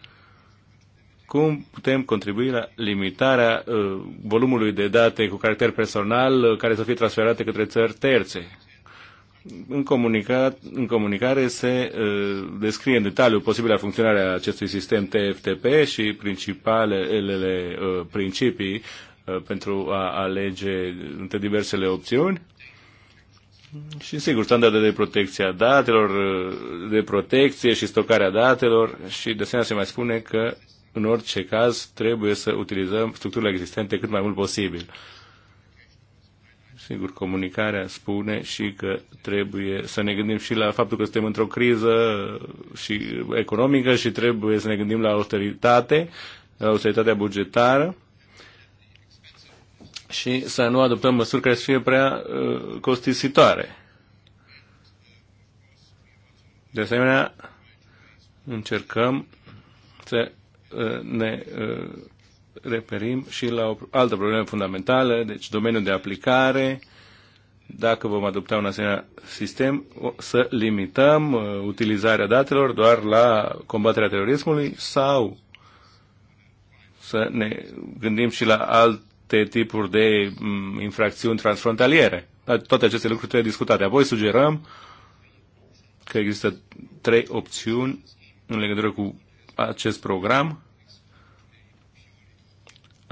cum putem contribui la limitarea uh, volumului de date cu caracter personal uh, care să fie transferate către țări terțe în, comunicat, în comunicare se uh, descrie în detaliu posibilă funcționarea acestui sistem TFTP și principalele uh, principii uh, pentru a alege între diversele opțiuni. Și sigur, standarde de protecție a datelor, uh, de protecție și stocarea datelor și de asemenea se mai spune că în orice caz trebuie să utilizăm structurile existente cât mai mult posibil. Sigur, comunicarea spune și că trebuie să ne gândim și la faptul că suntem într-o criză și economică și trebuie să ne gândim la austeritate, la austeritatea bugetară și să nu adoptăm măsuri care să fie prea uh, costisitoare. De asemenea, încercăm să uh, ne uh, referim și la o altă problemă fundamentală, deci domeniul de aplicare, dacă vom adopta un asemenea sistem, să limităm uh, utilizarea datelor doar la combaterea terorismului sau să ne gândim și la alte tipuri de mm, infracțiuni transfrontaliere. Toate aceste lucruri trebuie discutate. Apoi sugerăm că există trei opțiuni în legătură cu acest program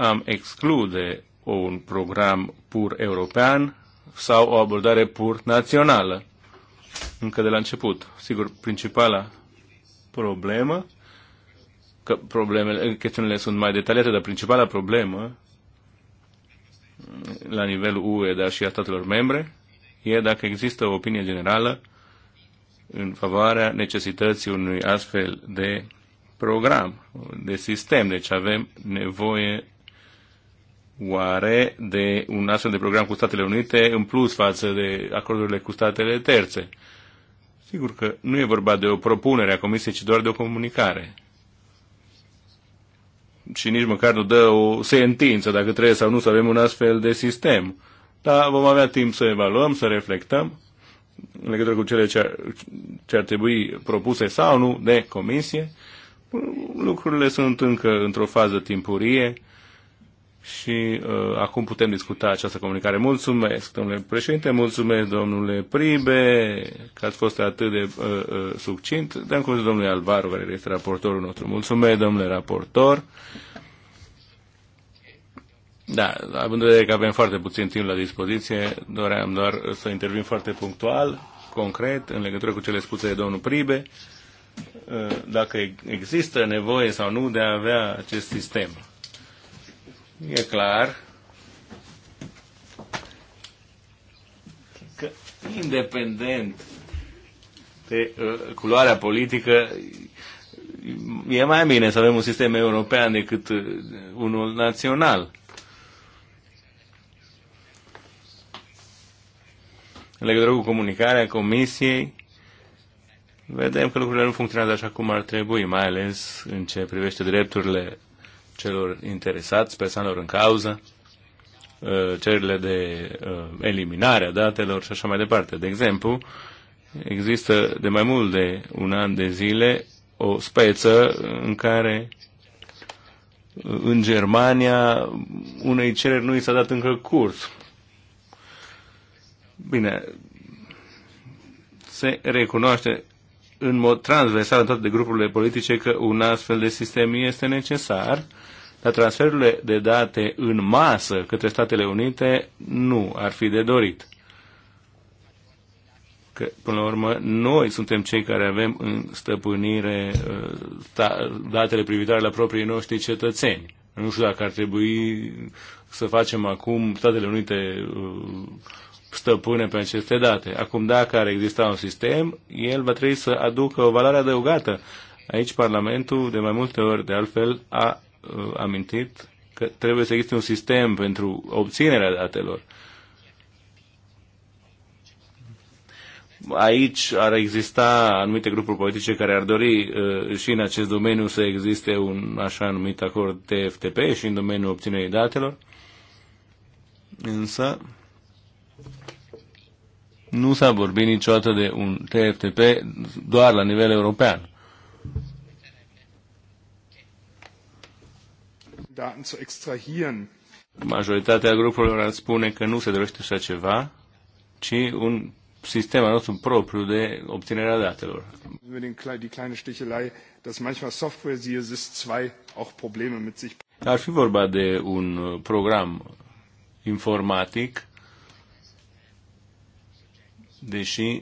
am exclude un program pur european sau o abordare pur națională. Încă de la început. Sigur, principala problemă, că problemele, chestiunile sunt mai detaliate, dar principala problemă mm, la nivelul UE, dar și a statelor membre, e dacă există o opinie generală în favoarea necesității unui astfel de program, de sistem. Deci avem nevoie oare de un astfel de program cu Statele Unite în plus față de acordurile cu statele terțe. Sigur că nu e vorba de o propunere a Comisiei, ci doar de o comunicare. Și nici măcar nu dă o sentință dacă trebuie sau nu să avem un astfel de sistem. Dar vom avea timp să evaluăm, să reflectăm în legătură cu cele ce ar, ce ar trebui propuse sau nu de comisie. Lucrurile sunt încă într-o fază timpurie și uh, acum putem discuta această comunicare. Mulțumesc, domnule președinte, mulțumesc, domnule Pribe, că ați fost atât de uh, uh, succint. Dăm cuvântul domnului Alvaro, care este raportorul nostru. Mulțumesc, domnule raportor. Da, având în vedere că avem foarte puțin timp la dispoziție, doream doar să intervin foarte punctual, concret, în legătură cu cele spuse de domnul Pribe, uh, dacă există nevoie sau nu de a avea acest sistem E clar că independent de uh, culoarea politică, e mai bine să avem un sistem european decât uh, unul național. În legătură cu comunicarea Comisiei, vedem că lucrurile nu funcționează așa cum ar trebui, mai ales în ce privește drepturile celor interesați, persoanelor în cauză, uh, cererile de uh, eliminare a datelor și așa mai departe. De exemplu, există de mai mult de un an de zile o speță în care uh, în Germania unei cereri nu i s-a dat încă curs. Bine, se recunoaște în mod transversal în toate grupurile politice că un astfel de sistem este necesar, dar transferurile de date în masă către Statele Unite nu ar fi de dorit. Că, până la urmă, noi suntem cei care avem în stăpânire uh, da, datele privitoare la proprii noștri cetățeni. Nu știu dacă ar trebui să facem acum Statele Unite uh, stăpâne pe aceste date. Acum, dacă ar exista un sistem, el va trebui să aducă o valoare adăugată. Aici Parlamentul, de mai multe ori, de altfel, a uh, amintit că trebuie să existe un sistem pentru obținerea datelor. Aici ar exista anumite grupuri politice care ar dori uh, și în acest domeniu să existe un așa numit acord TFTP și în domeniul obținerii datelor. Însă, nu s-a vorbit niciodată de un TFTP doar la nivel european. Majoritatea grupurilor ar spune că nu se dorește așa ceva, ci un sistem al nostru propriu de obținerea datelor. Ar fi vorba de un program informatic deși,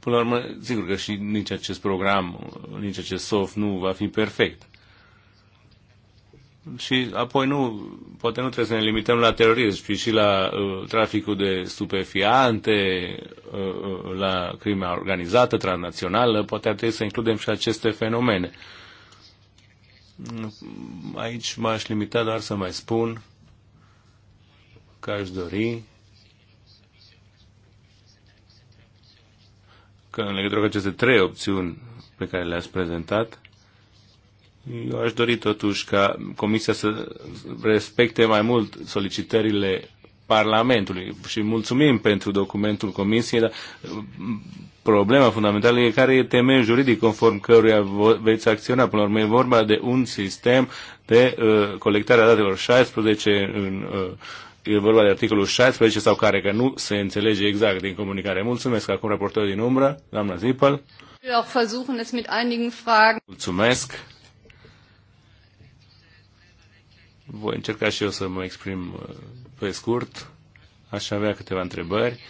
până la urmă, sigur că și nici acest program, nici acest soft nu va fi perfect. Și apoi nu, poate nu trebuie să ne limităm la terorism, ci și la uh, traficul de stupefiante, uh, uh la crima organizată, transnațională, poate ar trebui să includem și aceste fenomene. Aici m-aș limita doar să mai spun că aș dori că în legătură cu aceste trei opțiuni pe care le-ați prezentat, eu aș dori totuși ca Comisia să respecte mai mult solicitările Parlamentului și mulțumim pentru documentul Comisiei, dar problema fundamentală e care e temeiul juridic conform căruia veți acționa. Până la urmă e vorba de un sistem de uh, colectare a datelor 16 în uh, e vorba de articolul 16 sau care, că nu se înțelege exact din comunicare. Mulțumesc acum raportorul din umbră, doamna Zipăl. Mulțumesc. Voi încerca și eu să mă exprim uh, pe scurt. Aș avea câteva întrebări.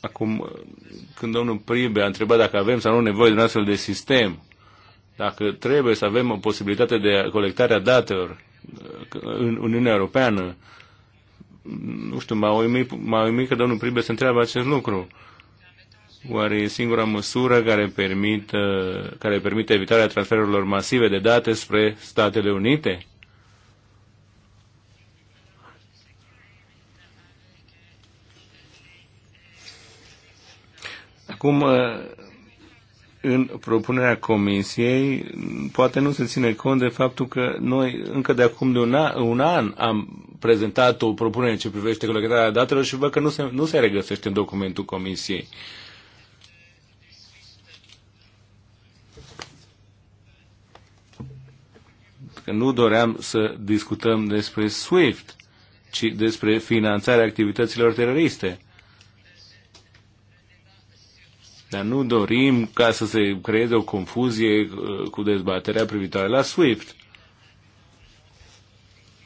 Acum, uh, când domnul Pribe a întrebat dacă avem sau nu nevoie de un astfel de sistem, dacă trebuie să avem o posibilitate de colectare a datelor, în Uniunea Europeană. Nu știu, m-a uimit, m-a uimit că domnul Pribe se întreabă acest lucru. Oare e singura măsură care, permite care permite evitarea transferurilor masive de date spre Statele Unite? Acum, în propunerea comisiei poate nu se ține cont de faptul că noi încă de acum de un an, un an am prezentat o propunere ce privește colectarea datelor și văd că nu se, nu se regăsește în documentul comisiei. Că nu doream să discutăm despre SWIFT, ci despre finanțarea activităților teroriste. Dar nu dorim ca să se creeze o confuzie uh, cu dezbaterea privitoare la SWIFT.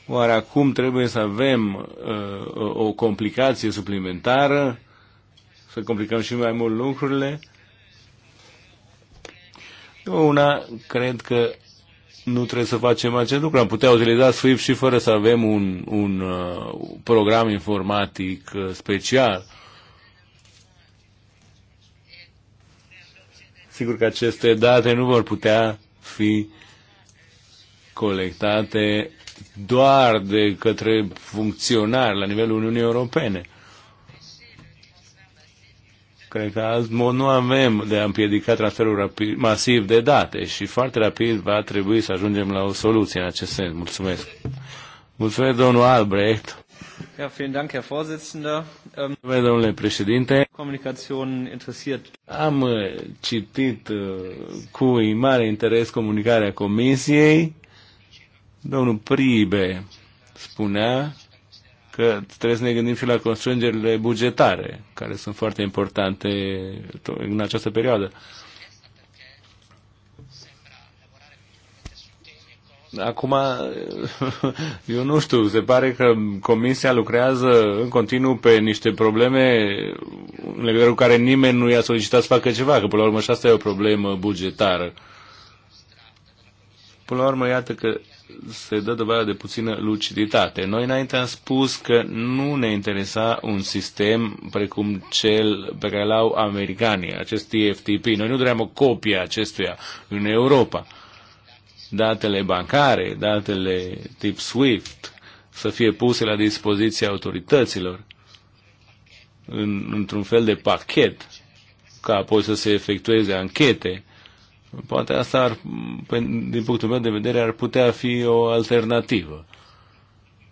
Oare acum trebuie să avem uh, o complicație suplimentară? Să complicăm și mai mult lucrurile? Eu una, cred că nu trebuie să facem acest lucru. Am putea utiliza SWIFT și fără să avem un, un uh, program informatic uh, special. Uh, Sigur că aceste date nu vor putea fi colectate doar de către funcționari la nivelul Uniunii Europene. Cred că altmod nu avem de a împiedica transferul rapid, masiv de date și foarte rapid va trebui să ajungem la o soluție în acest sens. Mulțumesc. Mulțumesc, domnul Albrecht. Ja, vielen Dank, Herr Vorsitzender. Ähm, domnule președinte. Comunicațion interesiert. Am uh, citit uh, cu mare interes comunicarea Comisiei. Domnul Pribe spunea că trebuie să ne gândim și la constrângerile bugetare, care sunt foarte importante în această perioadă. Acum, eu nu știu, se pare că Comisia lucrează în continuu pe niște probleme în legătură cu care nimeni nu i-a solicitat să facă ceva, că până la urmă și asta e o problemă bugetară. Până la urmă, iată că se dă dovadă de puțină luciditate. Noi înainte am spus că nu ne interesa un sistem precum cel pe care l-au americanii, acest TFTP. Noi nu doream o copie a acestuia în Europa datele bancare, datele tip SWIFT, să fie puse la dispoziția autorităților în, într-un fel de pachet ca apoi să se efectueze anchete. Poate asta, ar, din punctul meu de vedere, ar putea fi o alternativă.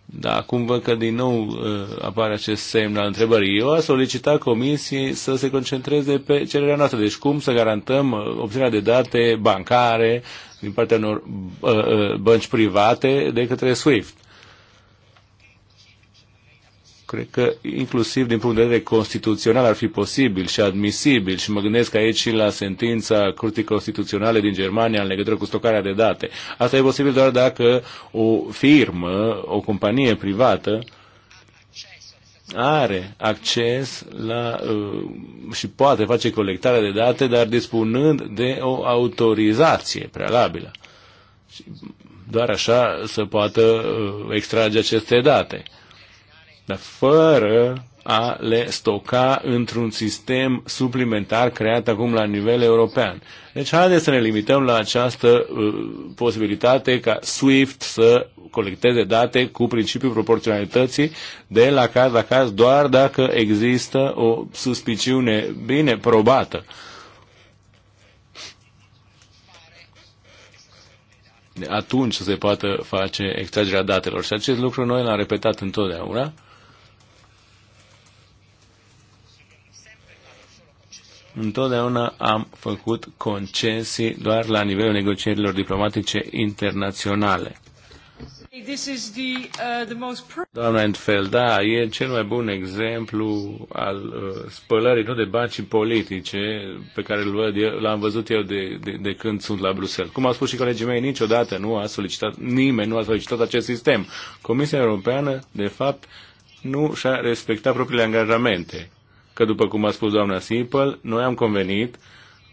Dar acum văd că din nou uh, apare acest semn al întrebării. Eu a solicitat comisiei să se concentreze pe cererea noastră. Deci cum să garantăm uh, obținerea de date bancare, din partea unor bănci private de către SWIFT. Cred că inclusiv din punct de vedere constituțional ar fi posibil și admisibil și mă gândesc aici și la sentința Curții Constituționale din Germania în legătură cu stocarea de date. Asta e posibil doar dacă o firmă, o companie privată, uh, are acces la uh, și poate face colectarea de date, dar dispunând de o autorizație prealabilă. Doar așa se poate uh, extrage aceste date. Dar fără a le stoca într-un sistem suplimentar creat acum la nivel european. Deci haideți să ne limităm la această uh, posibilitate ca SWIFT să colecteze date cu principiul proporționalității de la caz la caz doar dacă există o suspiciune bine probată. Atunci se poate face extragerea datelor și acest lucru noi l-am repetat întotdeauna întotdeauna am făcut concesii doar la nivelul negocierilor diplomatice internaționale. Uh, Doamna Entfeld, da, e cel mai bun exemplu al uh, spălării, nu de bani, politice, pe care l-am văzut eu de, de, de când sunt la Bruxelles. Cum au spus și colegii mei, niciodată nu a solicitat, nimeni nu a solicitat acest sistem. Comisia Europeană, de fapt, nu și-a respectat propriile angajamente că, după cum a spus doamna Sipel, noi am convenit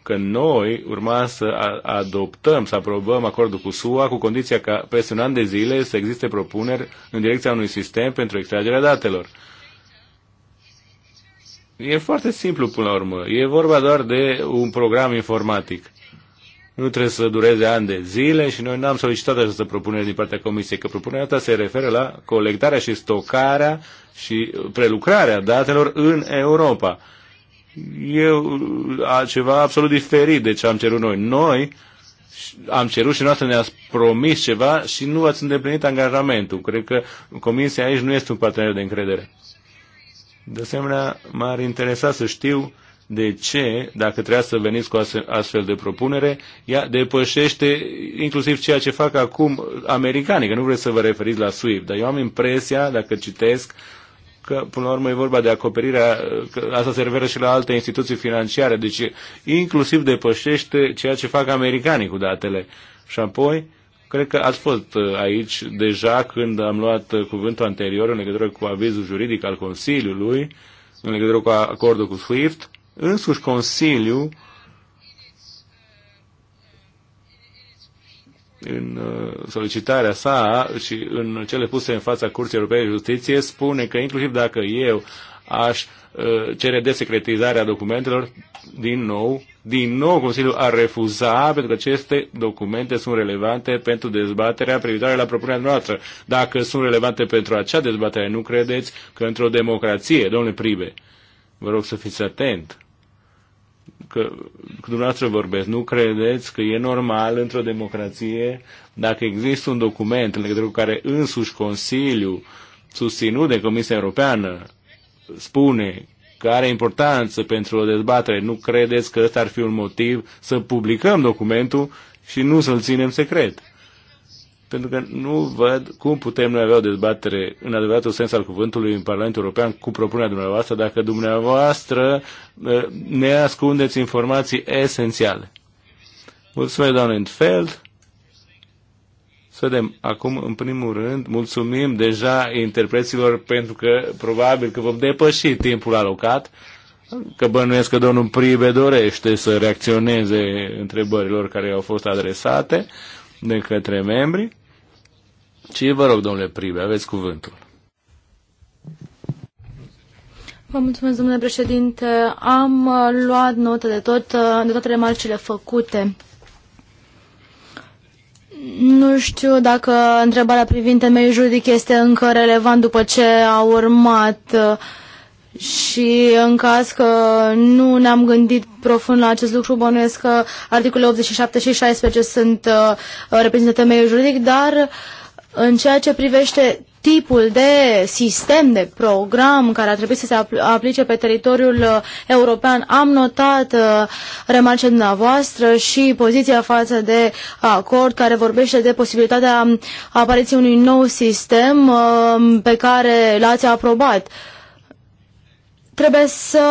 că noi urma să adoptăm, să aprobăm acordul cu SUA cu condiția ca peste un an de zile să existe propuneri în direcția unui sistem pentru extragerea datelor. E foarte simplu până la urmă. E vorba doar de un program informatic. Nu trebuie să dureze ani de zile și noi n-am solicitat această propunere din partea Comisiei, că propunerea asta se referă la colectarea și stocarea și prelucrarea datelor în Europa. E ceva absolut diferit de ce am cerut noi. Noi am cerut și noastră ne-ați promis ceva și nu ați îndeplinit angajamentul. Cred că Comisia aici nu este un partener de încredere. De asemenea, m-ar interesa să știu de ce, dacă trebuia să veniți cu astfel de propunere, ea depășește inclusiv ceea ce fac acum americanii, că nu vreți să vă referiți la SWIFT, dar eu am impresia, dacă citesc că până la urmă e vorba de acoperirea, că asta se referă și la alte instituții financiare, deci inclusiv depășește ceea ce fac americanii cu datele. Și apoi, cred că ați fost uh, aici deja când am luat uh, cuvântul anterior în legătură cu avizul juridic al Consiliului, în legătură cu acordul cu SWIFT, însuși Consiliul în uh, solicitarea sa și în cele puse în fața Curții Europene de Justiție, spune că inclusiv dacă eu aș uh, cere desecretizarea documentelor, din nou, din nou Consiliul ar refuza pentru că aceste documente sunt relevante pentru dezbaterea privitoare la propunerea noastră. Dacă sunt relevante pentru acea dezbatere, nu credeți că într-o democrație, domnule Pribe, vă rog să fiți atent că, că dumneavoastră vorbesc, nu credeți că e normal într-o democrație dacă există un document în legătură cu care însuși Consiliu, susținut de Comisia Europeană, spune că are importanță pentru o dezbatere, nu credeți că ăsta ar fi un motiv să publicăm documentul și nu să-l ținem secret? pentru că nu văd cum putem noi avea o dezbatere în adevăratul sens al cuvântului în Parlamentul European cu propunerea dumneavoastră dacă dumneavoastră ă, ne ascundeți informații esențiale. Mulțumesc, doamne Entfeld. Să vedem. Acum, în primul rând, mulțumim deja interpreților pentru că probabil că vom depăși timpul alocat, că bănuiesc că domnul Pribe dorește să reacționeze întrebărilor care au fost adresate de către membri. Ce vă rog, domnule Pribe, aveți cuvântul. Vă mulțumesc, domnule președinte. Am uh, luat notă de, tot, uh, de toate remarcile făcute. Nu știu dacă întrebarea privind temeiul juridic este încă relevant după ce a urmat uh, și în caz că nu ne-am gândit profund la acest lucru, bănuiesc că articolele 87 și 16 sunt reprezintă temeiul juridic, dar uh, în ceea ce privește tipul de sistem, de program care ar trebui să se aplice pe teritoriul uh, european. Am notat uh, remarce dumneavoastră și poziția față de acord care vorbește de posibilitatea apariției unui nou sistem uh, pe care l-ați aprobat trebuie să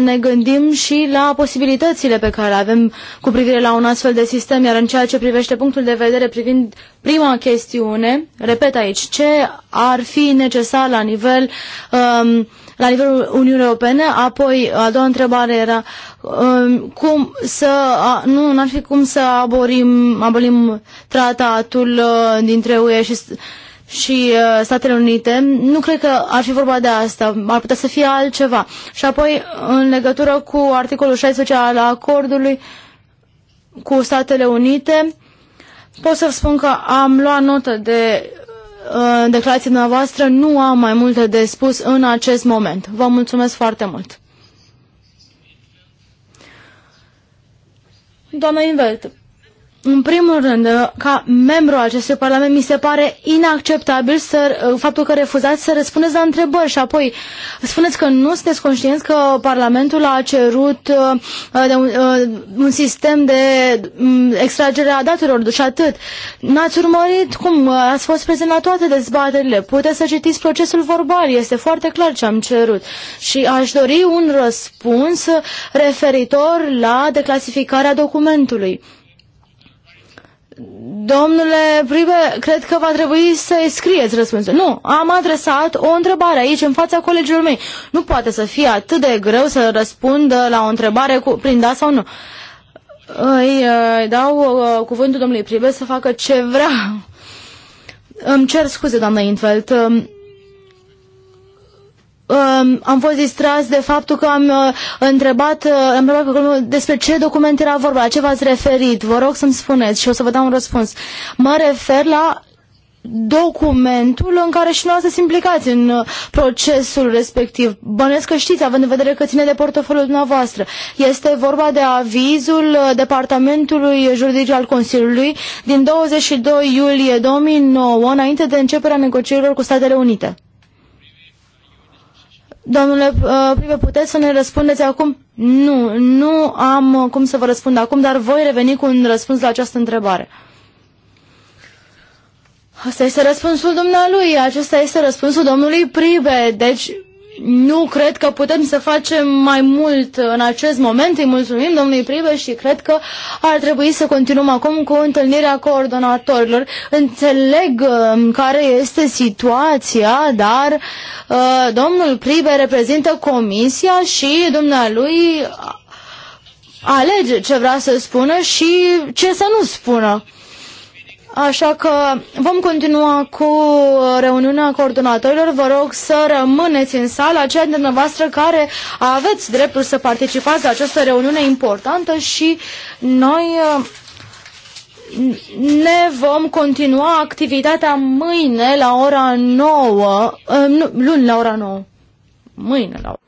ne gândim și la posibilitățile pe care le avem cu privire la un astfel de sistem, iar în ceea ce privește punctul de vedere privind prima chestiune, repet aici, ce ar fi necesar la nivel um, la nivelul Uniunii Europene, apoi a doua întrebare era um, cum să, a, nu, n-ar fi cum să aborim, abolim tratatul uh, dintre UE și și uh, Statele Unite, nu cred că ar fi vorba de asta, ar putea să fie altceva. Și apoi, în legătură cu articolul 16 al acordului cu Statele Unite, pot să spun că am luat notă de uh, declarația dumneavoastră, nu am mai multe de spus în acest moment. Vă mulțumesc foarte mult. Doamna Invelt, în primul rând, ca membru al acestui parlament, mi se pare inacceptabil să, uh, faptul că refuzați să răspundeți la întrebări și apoi spuneți că nu sunteți conștienți că Parlamentul a cerut uh, de un, uh, un sistem de um, extragere a datelor și deci atât. N-ați urmărit cum uh, ați fost prezent la toate dezbaterile. Puteți să citiți procesul verbal, este foarte clar ce am cerut. Și aș dori un răspuns referitor la declasificarea documentului. Domnule Pribe, cred că va trebui să-i scrieți răspunsul. Nu, am adresat o întrebare aici în fața colegilor mei. Nu poate să fie atât de greu să răspundă la o întrebare cu, prin da sau nu. Îi, îi dau uh, cuvântul domnului Pribe să facă ce vrea. Îmi cer scuze, doamnă Infeld. Um, um, am fost distras de faptul că am uh, întrebat, uh, am întrebat despre ce document era vorba, la ce v-ați referit. Vă rog să-mi spuneți și o să vă dau un răspuns. Mă refer la documentul în care și să se implicați în uh, procesul respectiv. Bănesc că știți, având în vedere că ține de portofoliul dumneavoastră. Este vorba de avizul uh, Departamentului Juridic al Consiliului din 22 iulie 2009, înainte de începerea negocierilor cu Statele Unite. Domnule uh, Prive, puteți să ne răspundeți acum? Nu, nu am uh, cum să vă răspund acum, dar voi reveni cu un răspuns la această întrebare. Asta este răspunsul dumnealui, acesta este răspunsul domnului Pribe, Deci, nu cred că putem să facem mai mult în acest moment. Îi mulțumim domnului Prive și cred că ar trebui să continuăm acum cu întâlnirea coordonatorilor. Înțeleg um, care este situația, dar uh, domnul Prive reprezintă comisia și dumnealui alege ce vrea să spună și ce să nu spună. Așa că vom continua cu uh, reuniunea coordonatorilor. Vă rog să rămâneți în sală aceia dintre noastre care aveți dreptul să participați la această reuniune importantă și noi uh, ne vom continua activitatea mâine la ora 9, uh, nu, luni la ora 9, mâine la ora